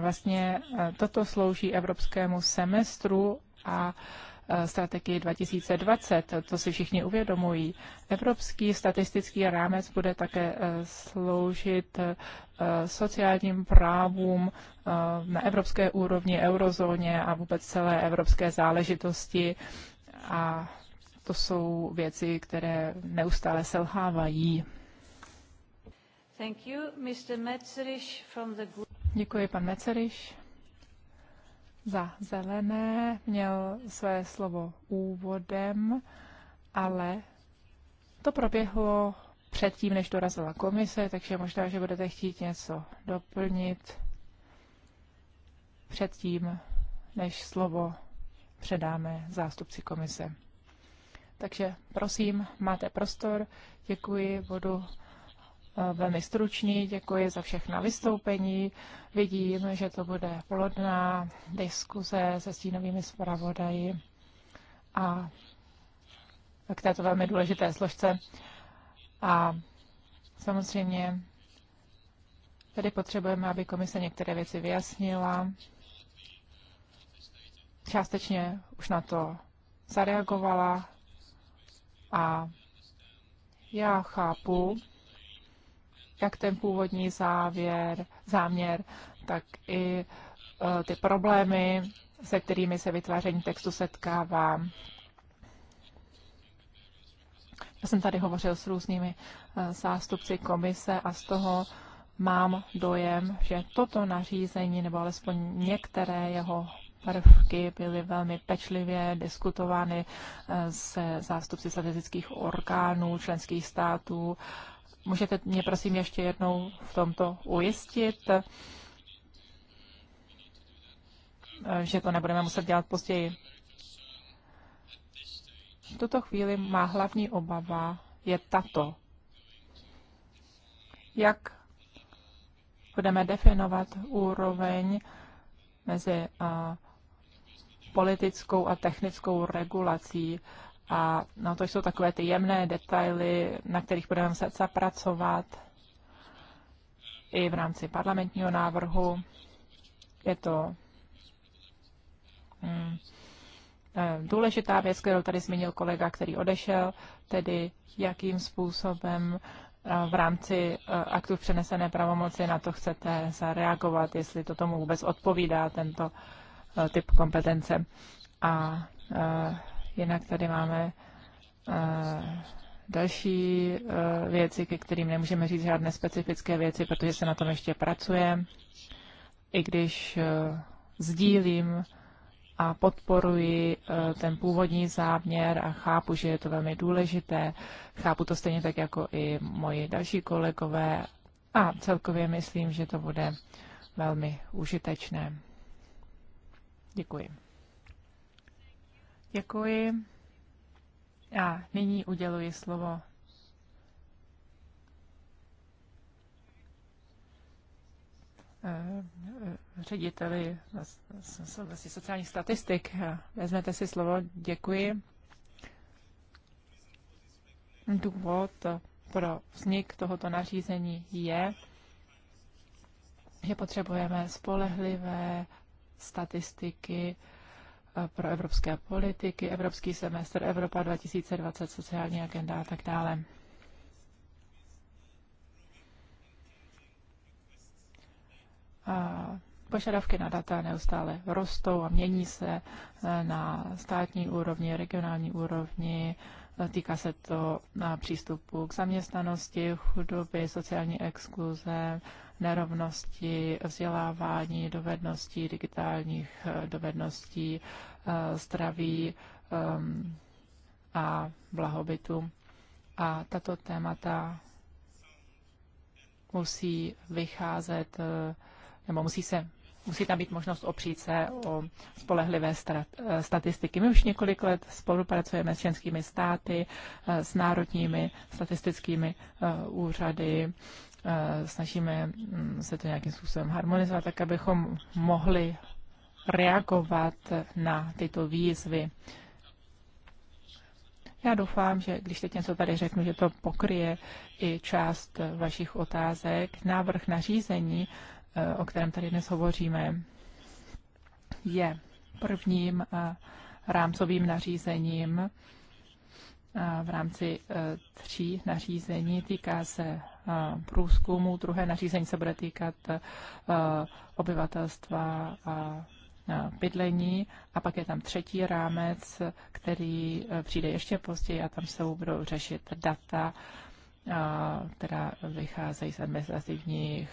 vlastně e, toto slouží evropskému semestru a e, strategii 2020, to si všichni uvědomují. Evropský statistický rámec bude také e, sloužit sociálním právům na evropské úrovni, eurozóně a vůbec celé evropské záležitosti. A to jsou věci, které neustále selhávají. Thank you, Mr. from the... Děkuji, pan Meceriš. Za zelené měl své slovo úvodem, ale to proběhlo předtím, než dorazila komise, takže možná, že budete chtít něco doplnit předtím, než slovo předáme zástupci komise. Takže prosím, máte prostor. Děkuji, budu Eh, velmi stručný, Děkuji za všechna vystoupení. Vidím, že to bude plodná diskuze se stínovými zpravodaji a k této velmi důležité složce. A samozřejmě tady potřebujeme, aby komise některé věci vyjasnila. Částečně už na to zareagovala a já chápu, jak ten původní závěr, záměr, tak i eh, ty problémy, se kterými se vytváření textu setkává. Já jsem tady hovořil s různými eh, zástupci komise a z toho mám dojem, že toto nařízení, nebo alespoň některé jeho prvky byly velmi pečlivě diskutovány eh, se zástupci statistických orgánů členských států Můžete mě prosím ještě jednou v tomto ujistit, že to nebudeme muset dělat později. V tuto chvíli má hlavní obava je tato. Jak budeme definovat úroveň mezi politickou a technickou regulací. A no, to jsou takové ty jemné detaily, na kterých budeme muset zapracovat i v rámci parlamentního návrhu. Je to hmm, důležitá věc, kterou tady zmínil kolega, který odešel, tedy jakým způsobem eh, v rámci eh, aktu přenesené pravomoci na to chcete zareagovat, jestli to tomu vůbec odpovídá tento typ kompetence. A Jinak tady máme eh, další eh, věci, ke kterým nemůžeme říct žádné specifické věci, protože se na tom ještě pracuje. I když eh, sdílím a podporuji ten původní záměr a chápu, že je to velmi důležité. Chápu to stejně tak jako i moji další kolegové a celkově myslím, že to bude velmi užitečné. Děkuji. Děkuji. A nyní uděluji slovo eh, řediteli sociálních statistik. Vezmete si slovo. Děkuji. Důvod pro vznik tohoto nařízení je, že potřebujeme spolehlivé statistiky pro evropské politiky, evropský semestr, Evropa 2020, sociální agenda a tak dále. A požadavky na data neustále rostou a mění se eh, na státní úrovni, regionální úrovni, Týká se to přístupu k zaměstnanosti, chudoby, sociální exkluze, nerovnosti, vzdělávání, dovedností, digitálních e, dovedností, e, zdraví a blahobytu. A tato témata musí vycházet e, nebo musí se musí tam být možnost opřít se o spolehlivé eh, statistiky. My už několik let spolupracujeme s členskými státy, eh, s národními statistickými eh, úřady, snažíme mm, se to nějakým způsobem harmonizovat, tak abychom mohli reagovat na tyto výzvy. Já doufám, že když teď něco tady řeknu, že to pokryje i část vašich otázek. Návrh na řízení o kterém tady dnes hovoříme, je prvním eh, rámcovým nařízením eh, v rámci eh, tří nařízení. Týká se průzkumu, druhé nařízení se bude týkat obyvatelstva a bydlení a pak je tam třetí rámec, který přijde ještě později a tam se budou řešit data, která vycházejí z administrativních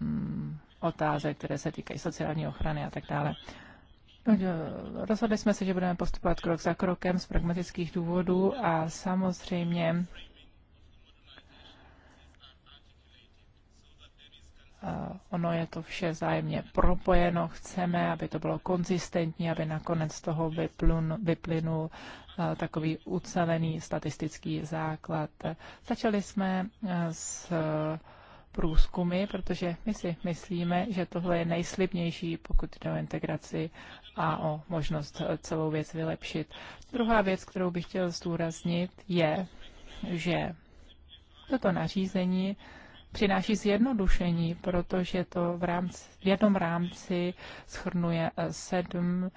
Mm, otázek, které se týkají sociální ochrany a tak dále. Eh, rozhodli jsme se, že budeme postupovat krok za krokem z pragmatických důvodů a samozřejmě eh, ono je to vše zájemně propojeno, chceme, aby to bylo konzistentní, aby nakonec z toho vyplun, vyplynul eh, takový ucelený statistický základ. Začali jsme s průzkumy, protože my si myslíme, že tohle je nejslibnější, pokud jde o integraci a o možnost celou věc vylepšit. Druhá věc, kterou bych chtěl zdůraznit, je, že toto nařízení přináší zjednodušení, protože to v, rámci, v jednom rámci schrnuje eh, sedm uh,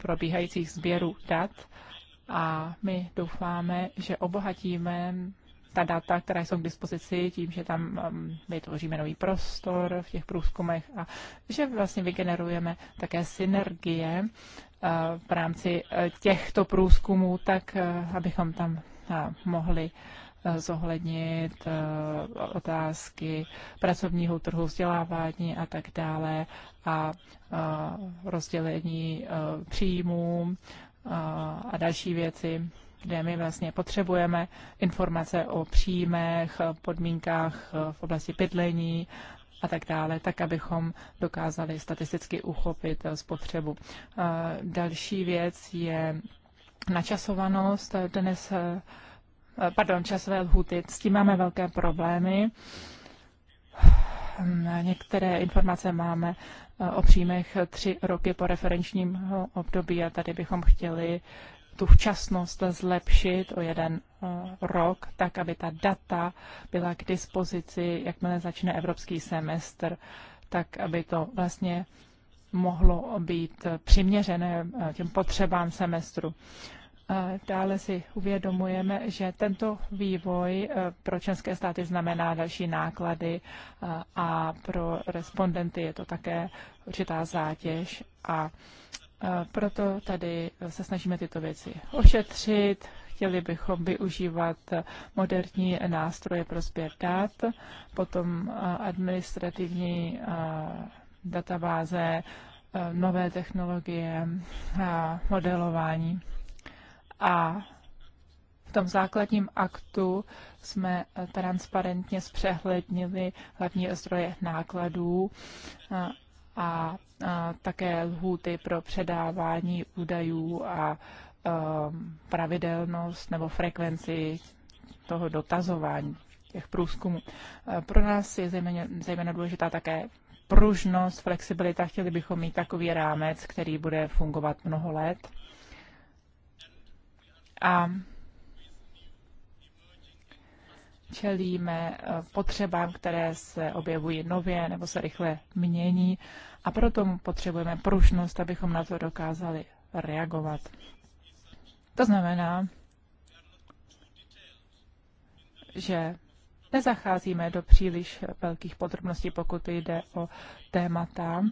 probíhajících sběrů dat a my doufáme, že obohatíme ta data, která jsou k dispozici, tím, že tam vytvoříme um, nový prostor v těch průzkumech a že vlastně vygenerujeme také synergie uh, v rámci uh, těchto průzkumů, tak uh, abychom tam mohli zohlednit otázky pracovního trhu, vzdělávání a tak dále a rozdělení příjmů a další věci kde my vlastně potřebujeme informace o příjmech, podmínkách eh, v oblasti bydlení a tak dále, tak abychom dokázali statisticky uchopit eh, spotřebu. Eh, další věc je načasovanost. Dnes, pardon, časové lhuty. S tím máme velké problémy. Některé informace máme o příjmech tři roky po referenčním období a tady bychom chtěli tu včasnost zlepšit o jeden eh, rok, tak aby ta data byla k dispozici, jakmile začne evropský semestr, tak aby to vlastně mohlo být přiměřené eh, těm potřebám semestru. Eh, dále si uvědomujeme, že tento vývoj pro české státy znamená další náklady a pro respondenty je to také určitá zátěž a proto tady se snažíme tyto věci ošetřit. Chtěli bychom využívat moderní nástroje pro sběr dat, potom administrativní databáze, nové technologie, modelování. A v tom základním aktu jsme transparentně zpřehlednili hlavní zdroje nákladů a, a také lhůty pro předávání údajů a pravidelnost nebo frekvenci toho dotazování těch průzkumů. Pro nás je zejména, zejména důležitá také pružnost, flexibilita. Chtěli bychom mít takový rámec, který bude fungovat mnoho let. A čelíme eh, potřebám, které se objevují nově nebo se rychle mění a proto potřebujeme pružnost, abychom na to dokázali reagovat. To znamená, že nezacházíme do příliš velkých podrobností, pokud jde o témata.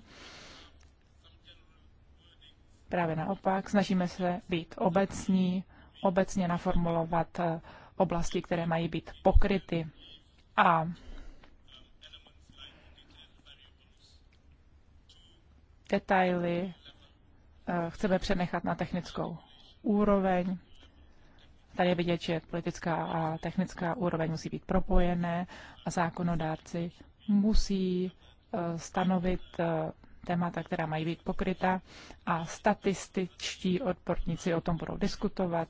Právě naopak, snažíme se být obecní, obecně naformulovat eh, oblasti, které mají být pokryty. A detaily eh, chceme přenechat na technickou úroveň. Tady je vidět, že politická a technická úroveň musí být propojené a zákonodárci musí eh, stanovit eh, témata, která mají být pokryta a statističtí odborníci o tom budou diskutovat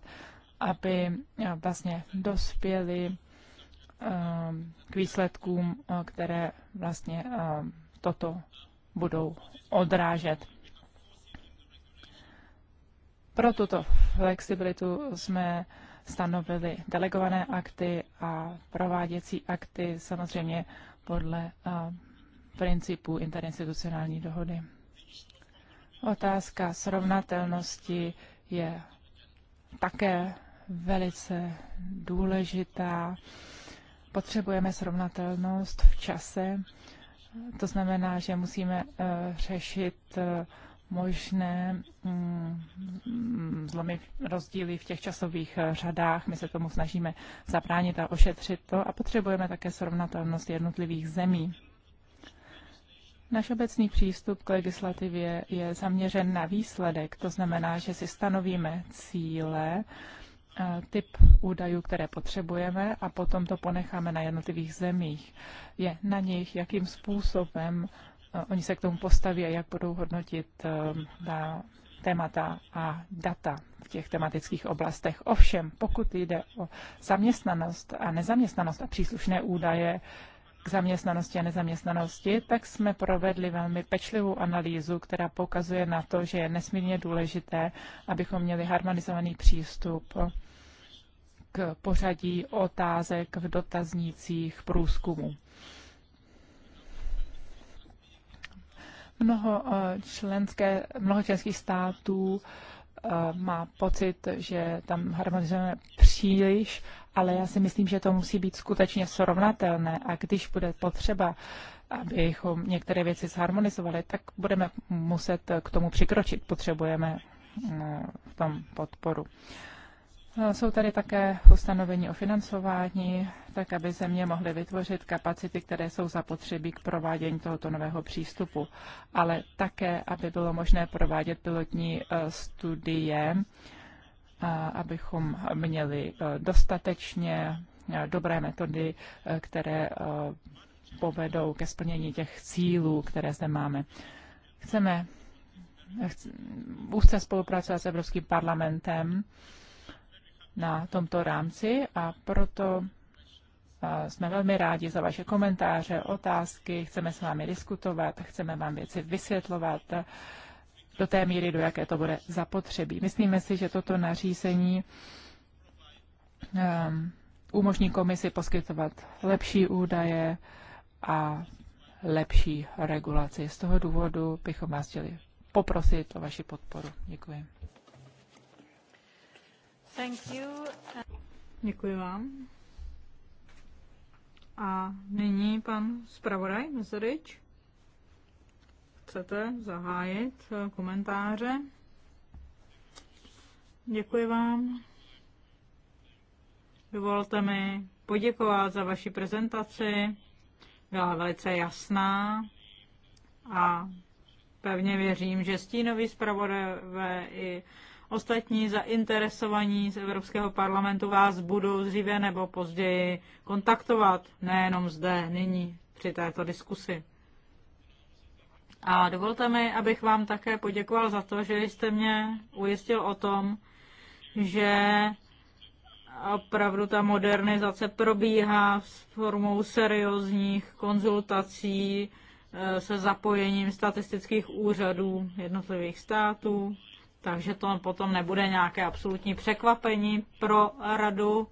aby eh, vlastně dospěli ehm, k výsledkům, eh, které vlastně ehm, toto budou odrážet. Pro tuto flexibilitu jsme stanovili delegované akty a prováděcí akty, samozřejmě podle ehm, principů interinstitucionální dohody. Otázka srovnatelnosti je také velice důležitá. Potřebujeme srovnatelnost v čase, to znamená, že musíme eh, řešit eh, možné mm, zlomy rozdíly v těch časových eh, řadách. My se tomu snažíme zabránit a ošetřit to a potřebujeme také srovnatelnost jednotlivých zemí. Náš obecný přístup k legislativě je zaměřen na výsledek, to znamená, že si stanovíme cíle, Eh, typ údajů, které potřebujeme a potom to ponecháme na jednotlivých zemích. Je na nich, jakým způsobem eh, oni se k tomu postaví a jak budou hodnotit eh, ta témata a data v těch tematických oblastech. Ovšem, pokud jde o zaměstnanost a nezaměstnanost a příslušné údaje, k zaměstnanosti a nezaměstnanosti, tak jsme provedli velmi pečlivou analýzu, která poukazuje na to, že je nesmírně důležité, abychom měli harmonizovaný přístup k pořadí otázek v dotaznících průzkumu. Mnoho, eh, členské, mnoho členských států eh, má pocit, že tam harmonizujeme příliš ale já si myslím, že to musí být skutečně srovnatelné a když bude potřeba, abychom některé věci zharmonizovali, tak budeme muset k tomu přikročit. Potřebujeme no, v tom podporu. No, jsou tady také ustanovení o financování, tak aby země mohly vytvořit kapacity, které jsou zapotřebí k provádění tohoto nového přístupu, ale také, aby bylo možné provádět pilotní eh, studie abychom měli e, dostatečně e, dobré metody, e, které povedou ke splnění těch cílů, které zde máme. Chceme úzce spolupracovat s Evropským parlamentem na tomto rámci a proto jsme velmi rádi za vaše komentáře, otázky, chceme s vámi diskutovat, chceme vám věci vysvětlovat do té míry, do jaké to bude zapotřebí. Myslíme si, že toto nařízení ehm, umožní komisi poskytovat lepší údaje a lepší regulaci. Z toho důvodu bychom vás chtěli poprosit o vaši podporu. Děkuji. Thank you. Děkuji vám. A nyní pan zpravodaj Mezerič chcete zahájit eh, komentáře. Děkuji vám. Dovolte mi poděkovat za vaši prezentaci. Byla velice jasná a pevně věřím, že stínoví zpravodajové i ostatní zainteresovaní z Evropského parlamentu vás budou dříve nebo později kontaktovat, nejenom zde, nyní při této diskusi. A dovolte mi, abych vám také poděkoval za to, že jste mě ujistil o tom, že opravdu ta modernizace probíhá s formou seriózních konzultací e, se zapojením statistických úřadů jednotlivých států, takže to potom nebude nějaké absolutní překvapení pro radu,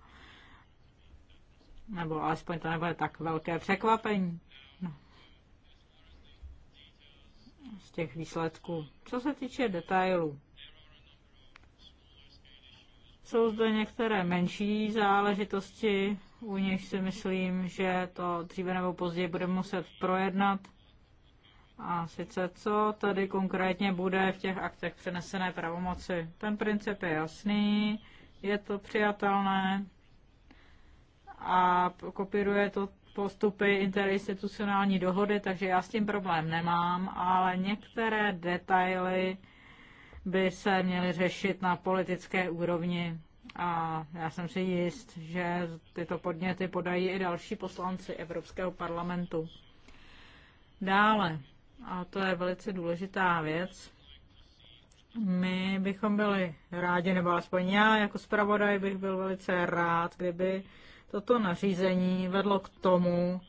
nebo alespoň to nebude tak velké překvapení. z těch výsledků. Co se týče detailů, jsou zde některé menší záležitosti, u nich si myslím, že to dříve nebo později budeme muset projednat. A sice co tady konkrétně bude v těch aktech přenesené pravomoci. Ten princip je jasný, je to přijatelné a kopíruje to postupy interinstitucionální dohody, takže já s tím problém nemám, ale některé detaily by se měly řešit na politické úrovni. A já jsem si jist, že tyto podněty podají i další poslanci Evropského parlamentu. Dále, a to je velice důležitá věc, my bychom byli rádi, nebo aspoň já jako zpravodaj bych byl velice rád, kdyby Toto nařízení vedlo k tomu,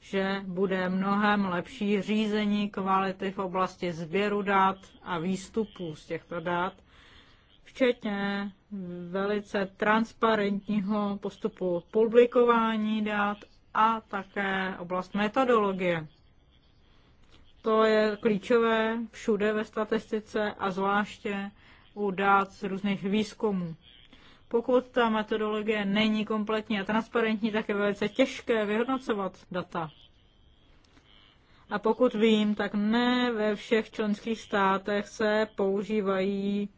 že bude mnohem lepší řízení kvality v oblasti sběru dat a výstupů z těchto dat, včetně velice transparentního postupu publikování dat a také oblast metodologie. To je klíčové všude ve statistice a zvláště u dát z různých výzkumů. Pokud ta metodologie není kompletní a transparentní, tak je velice těžké vyhodnocovat data. A pokud vím, tak ne ve všech členských státech se používají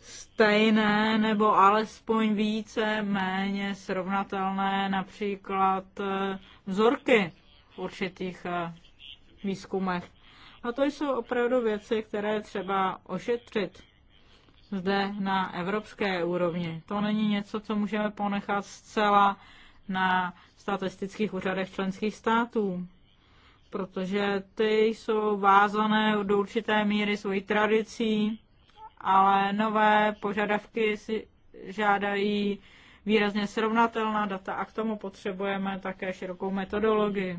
stejné nebo alespoň více méně srovnatelné například eh, vzorky v určitých eh, výzkumech. A to jsou opravdu věci, které třeba ošetřit zde na evropské úrovni. To není něco, co můžeme ponechat zcela na statistických úřadech členských států, protože ty jsou vázané do určité míry svojí tradicí, ale nové požadavky si žádají výrazně srovnatelná data a k tomu potřebujeme také širokou metodologii.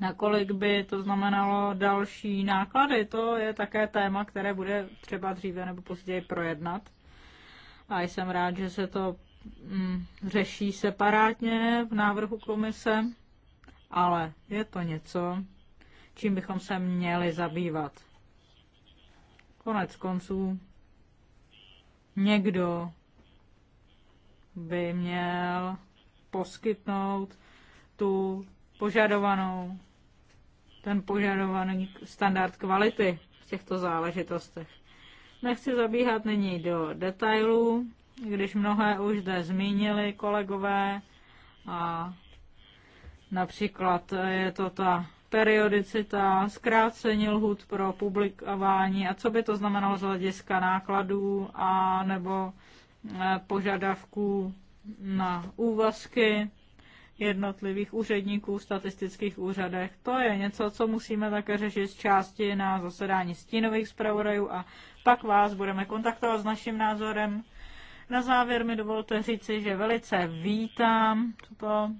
Nakolik by to znamenalo další náklady, to je také téma, které bude třeba dříve nebo později projednat. A jsem rád, že se to mm, řeší separátně v návrhu komise, ale je to něco, čím bychom se měli zabývat. Konec konců někdo by měl poskytnout tu požadovanou ten požadovaný standard kvality v těchto záležitostech. Nechci zabíhat nyní do detailů, když mnohé už zde zmínili kolegové a například je to ta periodicita, zkrácení lhůt pro publikování a co by to znamenalo z hlediska nákladů a nebo eh, požadavků na úvazky jednotlivých úředníků v statistických úřadech. To je něco, co musíme také řešit z části na zasedání stínových zpravodajů a pak vás budeme kontaktovat s naším názorem. Na závěr mi dovolte říci, že velice vítám toto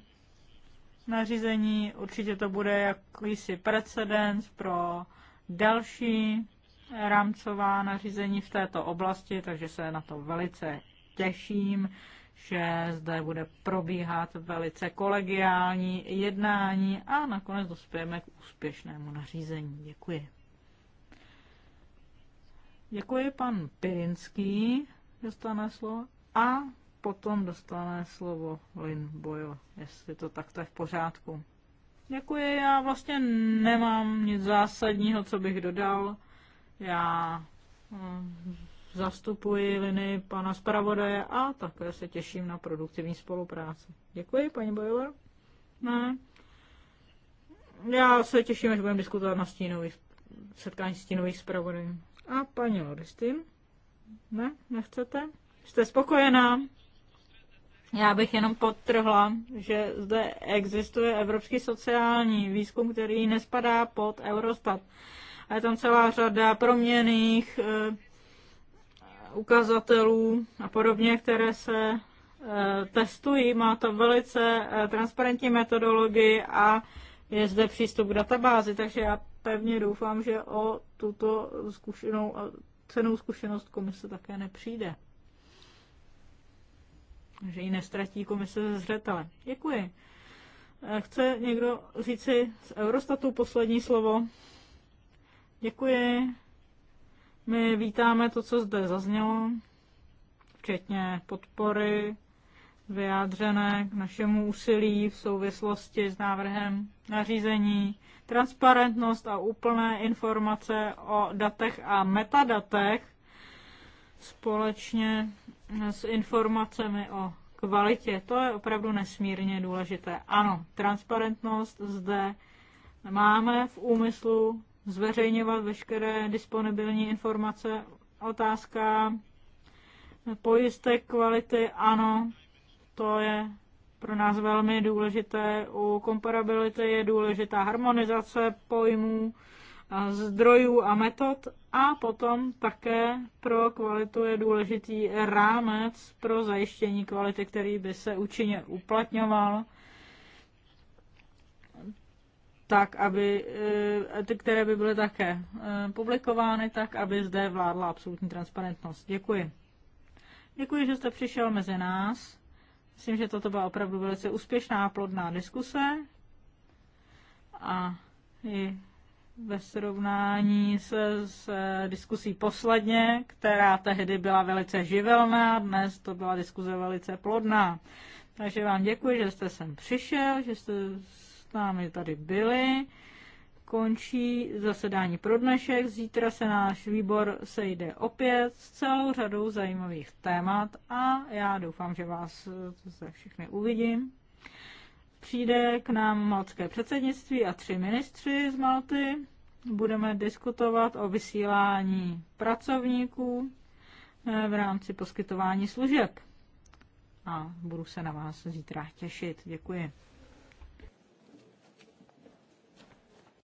nařízení. Určitě to bude jakýsi precedens pro další rámcová nařízení v této oblasti, takže se na to velice těším že zde bude probíhat velice kolegiální jednání a nakonec dospějeme k úspěšnému nařízení. Děkuji. Děkuji pan Pirinský, dostane slovo a potom dostane slovo Lin Boyle, jestli to takto je v pořádku. Děkuji, já vlastně nemám nic zásadního, co bych dodal. Já hm, zastupuji liny pana zpravodaje a také se těším na produktivní spolupráci. Děkuji, paní Bojler. Ne. Já se těším, až budeme diskutovat na stínových, setkání stínových zpravodajů. A paní Loristin? Ne, nechcete? Jste spokojená? Já bych jenom podtrhla, že zde existuje Evropský sociální výzkum, který nespadá pod Eurostat. A je tam celá řada proměných, e, ukazatelů a podobně, které se eh, testují. Má to velice eh, transparentní metodologii a je zde přístup k databázi, takže já pevně doufám, že o tuto zkušenou, eh, cenou zkušenost komise také nepřijde. Že ji nestratí komise ze zřetele. Děkuji. Chce někdo říci z Eurostatu poslední slovo? Děkuji. My vítáme to, co zde zaznělo, včetně podpory vyjádřené k našemu úsilí v souvislosti s návrhem nařízení, transparentnost a úplné informace o datech a metadatech společně s informacemi o kvalitě. To je opravdu nesmírně důležité. Ano, transparentnost zde máme v úmyslu zveřejňovat veškeré disponibilní informace. Otázka pojistek kvality, ano, to je pro nás velmi důležité. U komparability je důležitá harmonizace pojmů, zdrojů a metod a potom také pro kvalitu je důležitý rámec pro zajištění kvality, který by se účinně uplatňoval tak, aby, eh, ty, které by byly také eh, publikovány, tak, aby zde vládla absolutní transparentnost. Děkuji. Děkuji, že jste přišel mezi nás. Myslím, že toto byla opravdu velice úspěšná a plodná diskuse. A i ve srovnání se s diskusí posledně, která tehdy byla velice živelná, dnes to byla diskuze velice plodná. Takže vám děkuji, že jste sem přišel, že jste s námi tady byli. Končí zasedání pro dnešek. Zítra se náš výbor sejde opět s celou řadou zajímavých témat a já doufám, že vás zde všechny uvidím. Přijde k nám maltské předsednictví a tři ministři z Malty. Budeme diskutovat o vysílání pracovníků eh, v rámci poskytování služeb a budu se na vás zítra těšit. Děkuji.